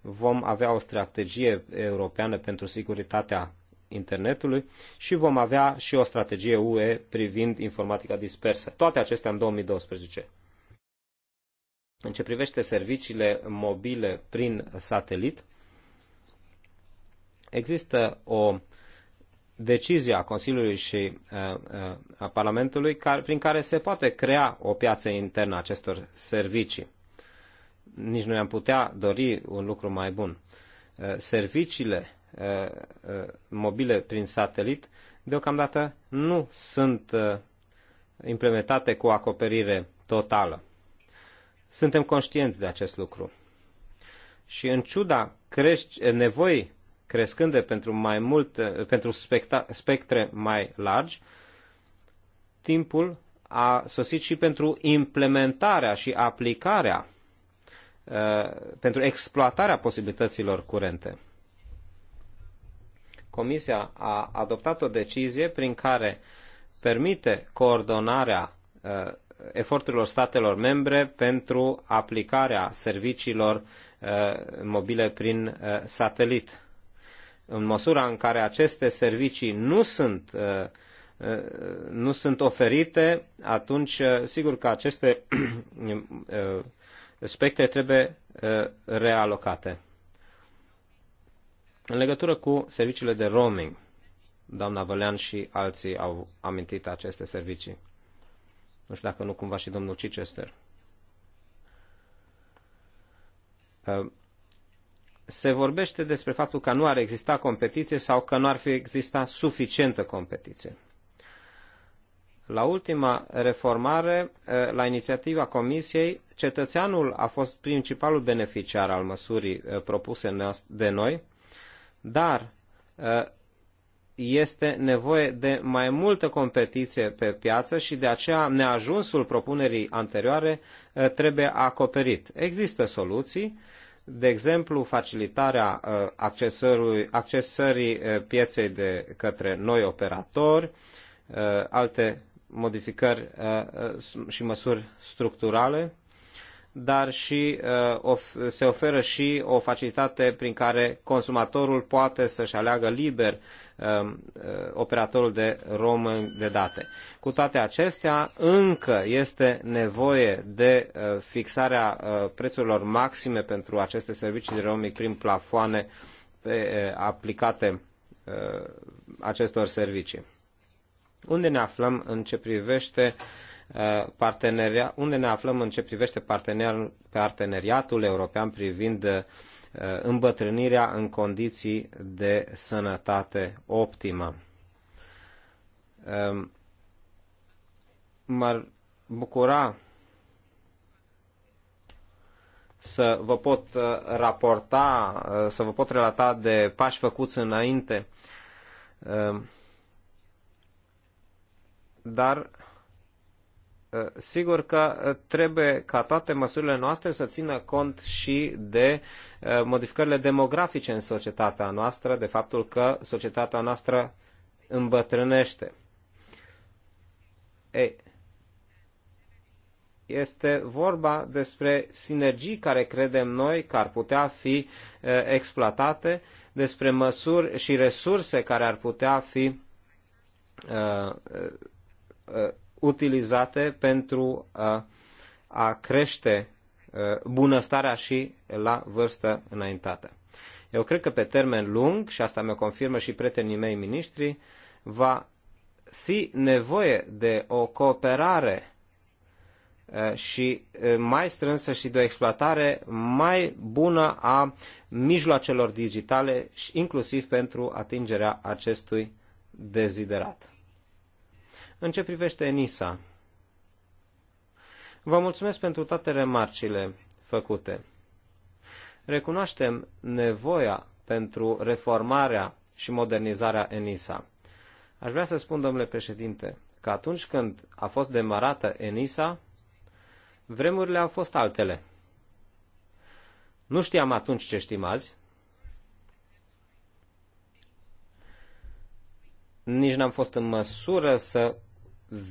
Vom avea o strategie europeană pentru securitatea internetului și vom avea și o strategie UE privind informatica dispersă. Toate acestea în 2012. În ce privește serviciile mobile prin satelit, există o decizie a Consiliului și uh, uh, a Parlamentului prin care se poate crea o piață internă a acestor servicii. Nici noi am putea dori un lucru mai bun. Uh, serviciile mobile prin satelit, deocamdată nu sunt implementate cu acoperire totală. Suntem conștienți de acest lucru. Și în ciuda crești, nevoi crescânde pentru, mai mult, pentru spectre mai largi, timpul a sosit și pentru implementarea și aplicarea, pentru exploatarea posibilităților curente. Comisia a adoptat o decizie prin care permite coordonarea uh, eforturilor statelor membre pentru aplicarea serviciilor uh, mobile prin uh, satelit. În măsura în care aceste servicii nu sunt, nu sunt oferite, atunci sigur că aceste spectre trebuie realocate. În legătură cu serviciile de roaming, doamna Vălean și alții au amintit aceste servicii. Nu știu dacă nu cumva și domnul Chichester. Ă, se vorbește despre faptul că nu ar exista competiție sau că nu ar fi exista suficientă competiție. La ultima reformare, ă, la inițiativa Comisiei, cetățeanul a fost principalul beneficiar al măsurii ă, propuse de noi, dar uh, este nevoie de mai multă competiție pe piață și de aceea neajunsul propunerii anterioare uh, trebuie acoperit. Există soluții, de exemplu facilitarea uh, accesării pieței de către noi operatori, alte modificări și măsuri structurale dar și uh, se oferă și o facilitate prin care consumatorul poate să-și aleagă liber um, uh, operatorul de roaming de date. Cu toate acestea, încă este nevoie de uh, fixarea prețurilor maxime pentru aceste servicii de roaming prin plafoane aplicate acestor servicii. Unde ne aflăm în ce privește uh, Uh, parteneria, unde ne aflăm în ce privește partener, parteneriatul european privind uh, îmbătrânirea în condiții de sănătate optimă. Um, m-ar bucura să vă pot uh, raporta, să vă pot relata de pași făcuți înainte, um, dar Eh, sigur că eh, trebuie ca toate măsurile noastre să țină cont și de eh, modificările demografice în societatea noastră, de faptul că societatea noastră îmbătrânește. Ei, este vorba despre sinergii care credem noi că ar putea fi exploatate, despre măsuri și resurse care ar putea fi utilizate pentru uh, a crește uh, bunăstarea și la vârstă înaintată. Eu cred că pe termen lung, și asta mă confirmă și prietenii mei miniștri, va fi nevoie de o cooperare uh, și mai strânsă și de o exploatare mai bună a mijloacelor digitale, inclusiv pentru atingerea acestui deziderat. În ce privește ENISA, vă mulțumesc pentru toate remarcile făcute. Recunoaștem nevoia pentru reformarea și modernizarea ENISA. Aș vrea să spun, domnule președinte, că atunci când a fost demarată ENISA, vremurile au fost altele. Nu știam atunci ce știm azi. Nici n-am fost în măsură să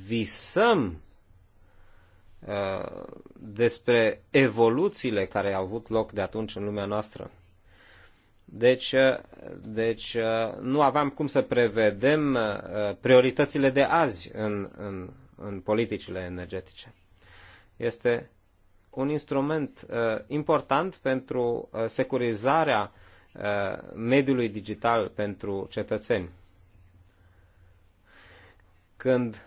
visăm uh, despre evoluțiile care au avut loc de atunci în lumea noastră. Deci, uh, deci uh, nu aveam cum să prevedem prioritățile de azi în, în, în politicile energetice. Este un instrument important pentru securizarea mediului digital pentru cetățeni. Când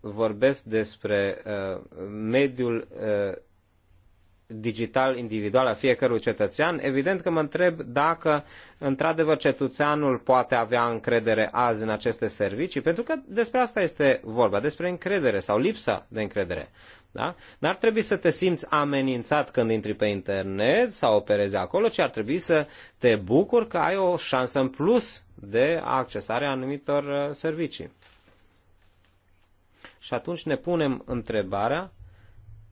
vorbesc despre uh, mediul uh, digital individual a fiecărui cetățean, evident că mă întreb dacă într-adevăr cetățeanul poate avea încredere azi în aceste servicii, pentru că despre asta este vorba, despre încredere sau lipsa de încredere. Da? N-ar trebui să te simți amenințat când intri pe internet sau operezi acolo, ci ar trebui să te bucuri că ai o șansă în plus de accesare a anumitor uh, servicii. Și atunci ne punem întrebarea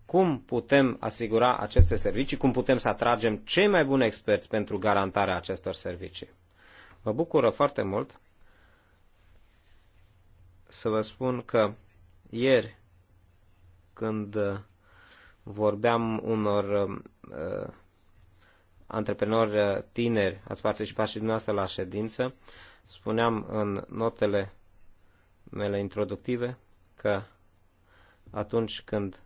cum putem asigura aceste servicii, cum putem să atragem cei mai buni experți pentru garantarea acestor servicii. Mă bucură foarte mult să vă spun că ieri când uh, vorbeam unor uh, antreprenori uh, tineri, ați participat și dumneavoastră la ședință, spuneam în notele mele introductive că atunci când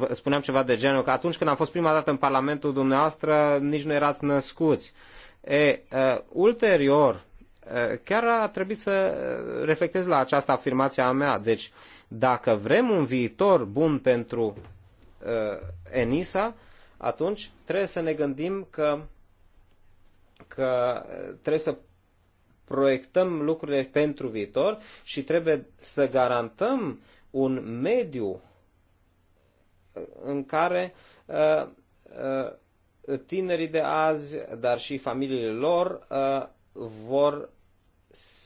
uh, spuneam ceva de genul că atunci când am fost prima dată în Parlamentul dumneavoastră, nici nu erați născuți. E, uh, ulterior, uh, chiar a trebuit să reflectez la această afirmație a mea. Deci, dacă vrem un viitor bun pentru ENISA, atunci trebuie să ne gândim că, că trebuie să proiectăm lucrurile pentru viitor și trebuie să garantăm un mediu uh, în care uh, uh, tinerii de azi, dar și familiile lor, uh, vor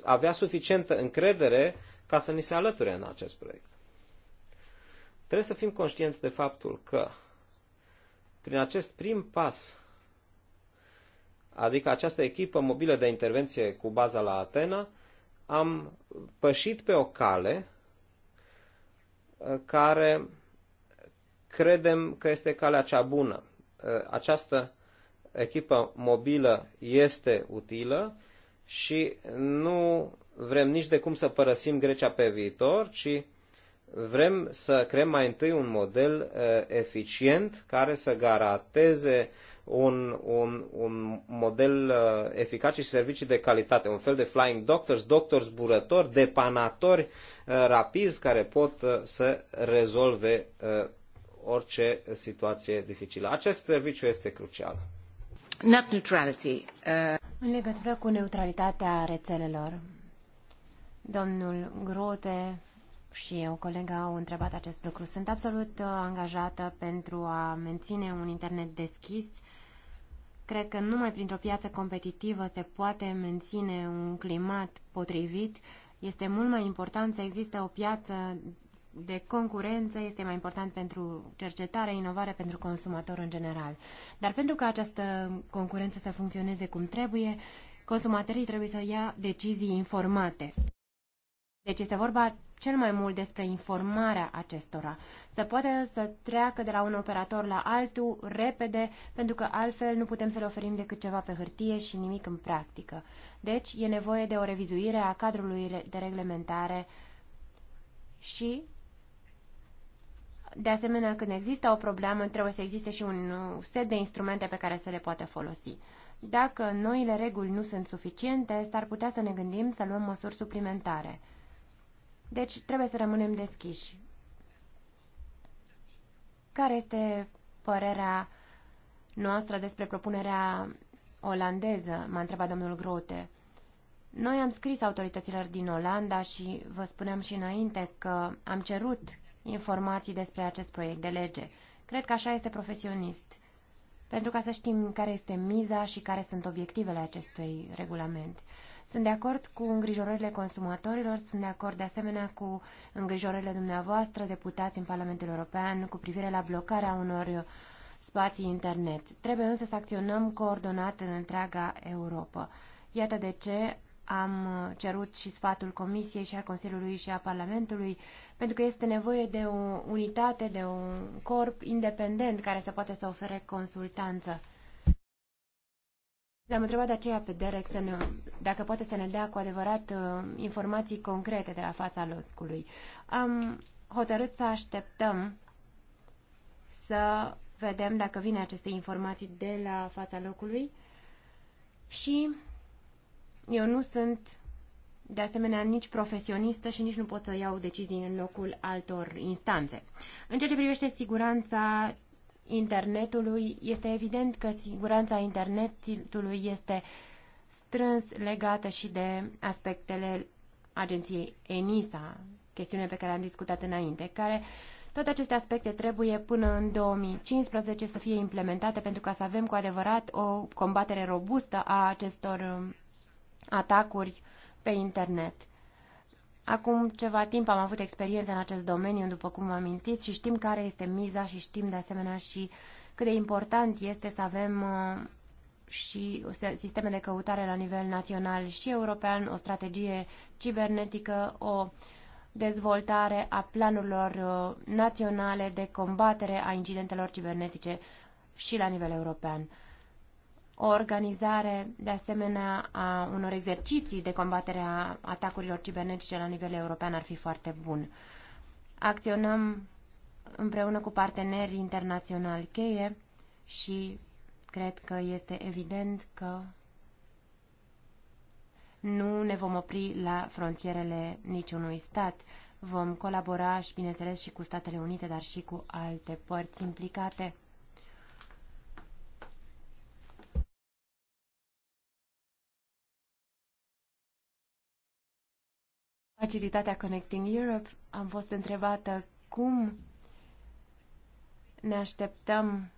avea suficientă încredere ca să ni se alăture în acest proiect. Trebuie să fim conștienți de faptul că prin acest prim pas adică această echipă mobilă de intervenție cu baza la Atena, am pășit pe o cale uh, care credem că este calea cea bună. Uh, această echipă mobilă este utilă și nu vrem nici de cum să părăsim Grecia pe viitor, ci vrem să creăm mai întâi un model uh, eficient care să garanteze un, un, un model uh, eficace și servicii de calitate, un fel de flying doctors, doctori zburători, depanatori uh, rapizi care pot uh, să rezolve orice situație dificilă. Acest serviciu este crucial. Not neutrality. Uh... În legătură cu neutralitatea rețelelor, domnul Grote și eu, colega, au întrebat acest lucru. Sunt absolut angajată pentru a menține un internet deschis Cred că numai printr-o piață competitivă se poate menține un climat potrivit. Este mult mai important să existe o piață de concurență este mai important pentru cercetare, inovare, pentru consumator în general. Dar pentru ca această concurență să funcționeze cum trebuie, consumatorii trebuie să ia decizii informate. Deci este vorba cel mai mult despre informarea acestora. Să poate să treacă de la un operator la altul repede, pentru că altfel nu putem să le oferim decât ceva pe hârtie și nimic în practică. Deci e nevoie de o revizuire a cadrului de reglementare și de asemenea, când există o problemă, trebuie să existe și un set de instrumente pe care să le poată folosi. Dacă noile reguli nu sunt suficiente, s-ar putea să ne gândim să luăm măsuri suplimentare. Deci trebuie să rămânem deschiși. Care este părerea noastră despre propunerea olandeză? M-a întrebat domnul Grote. Noi am scris autorităților din Olanda și vă spuneam și înainte că am cerut informații despre acest proiect de lege. Cred că așa este profesionist, pentru ca să știm care este miza și care sunt obiectivele acestui regulament. Sunt de acord cu îngrijorările consumatorilor, sunt de acord de asemenea cu îngrijorările dumneavoastră, deputați în Parlamentul European, cu privire la blocarea unor spații internet. Trebuie însă să acționăm coordonat în întreaga Europa. Iată de ce am cerut și sfatul Comisiei și a Consiliului și a Parlamentului, pentru că este nevoie de o unitate, de un corp independent care să poate să ofere consultanță. L-am întrebat de aceea pe Derek să ne, dacă poate să ne dea cu adevărat uh, informații concrete de la fața locului. Am hotărât să așteptăm să vedem dacă vine aceste informații de la fața locului și eu nu sunt de asemenea nici profesionistă și nici nu pot să iau decizii în locul altor instanțe. În ceea ce privește siguranța internetului, este evident că siguranța internetului este strâns legată și de aspectele agenției ENISA, chestiune pe care am discutat înainte, care toate aceste aspecte trebuie până în 2015 să fie implementate pentru ca să avem cu adevărat o combatere robustă a acestor um, atacuri pe internet. Acum ceva timp am avut experiență în acest domeniu, după cum v-am amintiți, și știm care este miza și știm de asemenea și cât de important este să avem uh, și sisteme de căutare la nivel național și european, o strategie cibernetică, o dezvoltare a planurilor uh, naționale de combatere a incidentelor cibernetice și la nivel european o organizare de asemenea a unor exerciții de combatere a atacurilor cibernetice la nivel european ar fi foarte bun. Acționăm împreună cu parteneri internaționali cheie și cred că este evident că nu ne vom opri la frontierele niciunui stat. Vom colabora și, bineînțeles, și cu Statele Unite, dar și cu alte părți implicate. Facilitatea Connecting Europe, am fost întrebată cum ne așteptăm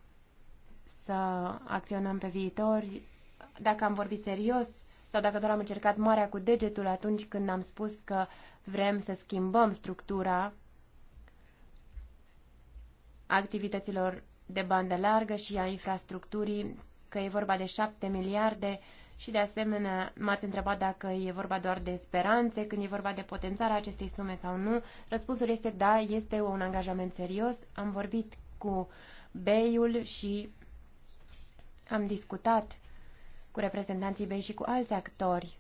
să acționăm pe viitor, dacă am vorbit serios sau dacă doar am încercat marea cu degetul atunci când am spus că vrem să schimbăm structura activităților de bandă largă și a infrastructurii, că e vorba de 7 miliarde și de asemenea, m-ați întrebat dacă e vorba doar de speranțe, când e vorba de potențarea acestei sume sau nu. Răspunsul este da, este un angajament serios. Am vorbit cu Beiul și am discutat cu reprezentanții Bei și cu alți actori.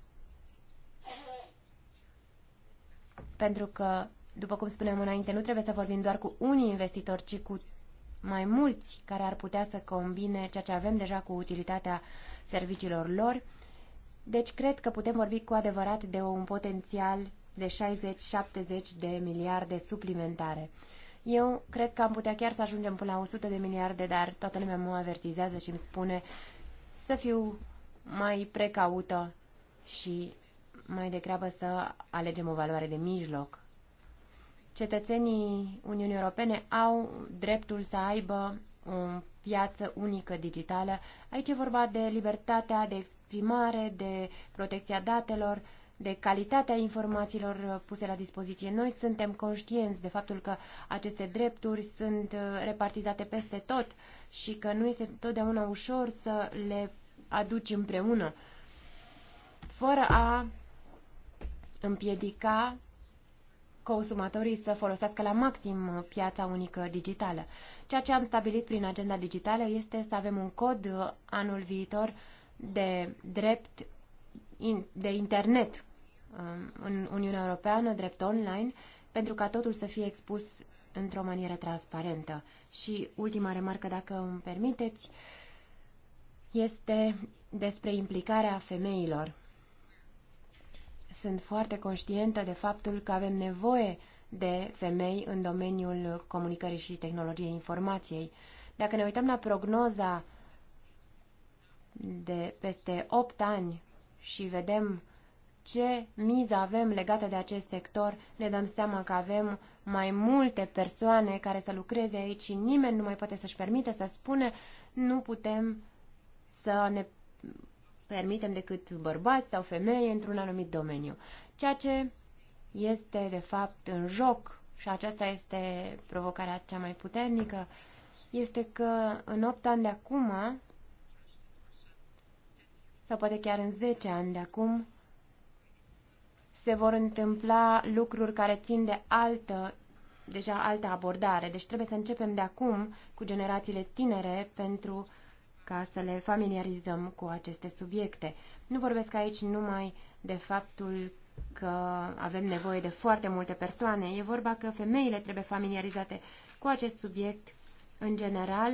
Pentru că, după cum spuneam înainte, nu trebuie să vorbim doar cu unii investitori, ci cu mai mulți care ar putea să combine ceea ce avem deja cu utilitatea serviciilor lor. Deci cred că putem vorbi cu adevărat de un potențial de 60-70 de miliarde suplimentare. Eu cred că am putea chiar să ajungem până la 100 de miliarde, dar toată lumea mă avertizează și îmi spune să fiu mai precaută și mai degrabă să alegem o valoare de mijloc cetățenii Uniunii Europene au dreptul să aibă o piață unică digitală. Aici e vorba de libertatea de exprimare, de protecția datelor, de calitatea informațiilor puse la dispoziție. Noi suntem conștienți de faptul că aceste drepturi sunt uh, repartizate peste tot și că nu este totdeauna ușor să le aduci împreună, fără a împiedica consumatorii să folosească la maxim piața unică digitală. Ceea ce am stabilit prin agenda digitală este să avem un cod anul viitor de drept de internet um, în Uniunea Europeană, drept online, pentru ca totul să fie expus într-o manieră transparentă. Și ultima remarcă, dacă îmi permiteți, este despre implicarea femeilor. Sunt foarte conștientă de faptul că avem nevoie de femei în domeniul comunicării și tehnologiei informației. Dacă ne uităm la prognoza de peste 8 ani și vedem ce miză avem legată de acest sector, ne dăm seama că avem mai multe persoane care să lucreze aici și nimeni nu mai poate să-și permite să spune nu putem să ne permitem decât bărbați sau femei într-un anumit domeniu. Ceea ce este, de fapt, în joc, și aceasta este provocarea cea mai puternică, este că în 8 ani de acum, sau poate chiar în 10 ani de acum, se vor întâmpla lucruri care țin de altă, deja altă abordare. Deci trebuie să începem de acum cu generațiile tinere pentru ca să le familiarizăm cu aceste subiecte. Nu vorbesc aici numai de faptul că avem nevoie de foarte multe persoane. E vorba că femeile trebuie familiarizate cu acest subiect în general.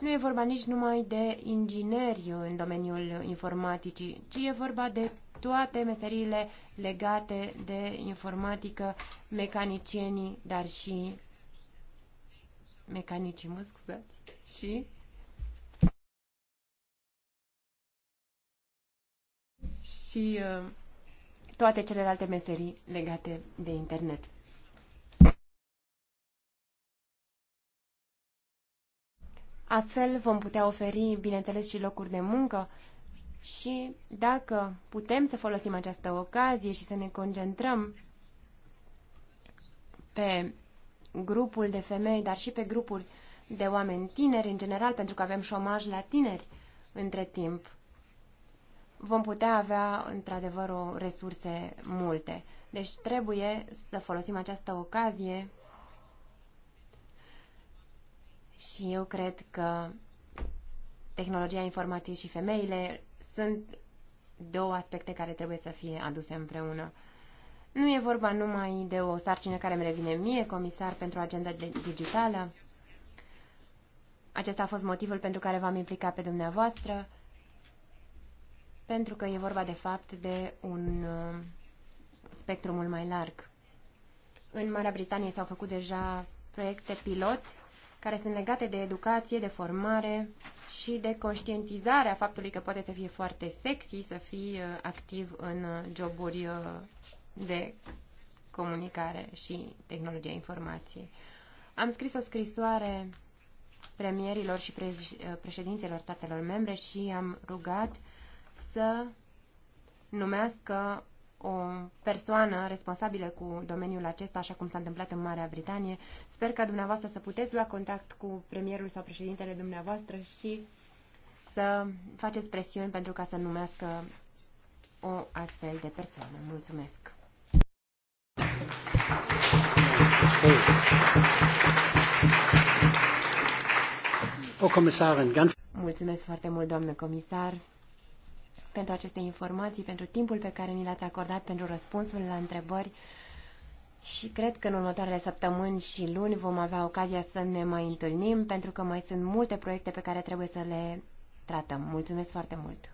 Nu e vorba nici numai de ingineri în domeniul informaticii, ci e vorba de toate meseriile legate de informatică, mecanicienii, dar și mecanicii, mă scuzați, și și uh, toate celelalte meserii legate de internet. Astfel vom putea oferi, bineînțeles, și locuri de muncă și dacă putem să folosim această ocazie și să ne concentrăm pe grupul de femei, dar și pe grupul de oameni tineri în general, pentru că avem șomaj la tineri între timp vom putea avea într-adevăr o resurse multe. Deci trebuie să folosim această ocazie și eu cred că tehnologia informației și femeile sunt două aspecte care trebuie să fie aduse împreună. Nu e vorba numai de o sarcină care îmi revine mie, comisar, pentru agenda digitală. Acesta a fost motivul pentru care v-am implicat pe dumneavoastră pentru că e vorba de fapt de un uh, spectru mult mai larg. În Marea Britanie s-au făcut deja proiecte pilot care sunt legate de educație, de formare și de conștientizarea faptului că poate să fie foarte sexy să fii uh, activ în uh, joburi de comunicare și tehnologia informației. Am scris o scrisoare premierilor și președinților statelor membre și am rugat să numească o persoană responsabilă cu domeniul acesta, așa cum s-a întâmplat în Marea Britanie. Sper ca dumneavoastră să puteți lua contact cu premierul sau președintele dumneavoastră și să faceți presiuni pentru ca să numească o astfel de persoană. Mulțumesc! Mulțumesc foarte mult, doamnă comisar pentru aceste informații, pentru timpul pe care ni l-ați acordat, pentru răspunsul la întrebări și cred că în următoarele săptămâni și luni vom avea ocazia să ne mai întâlnim, pentru că mai sunt multe proiecte pe care trebuie să le tratăm. Mulțumesc foarte mult!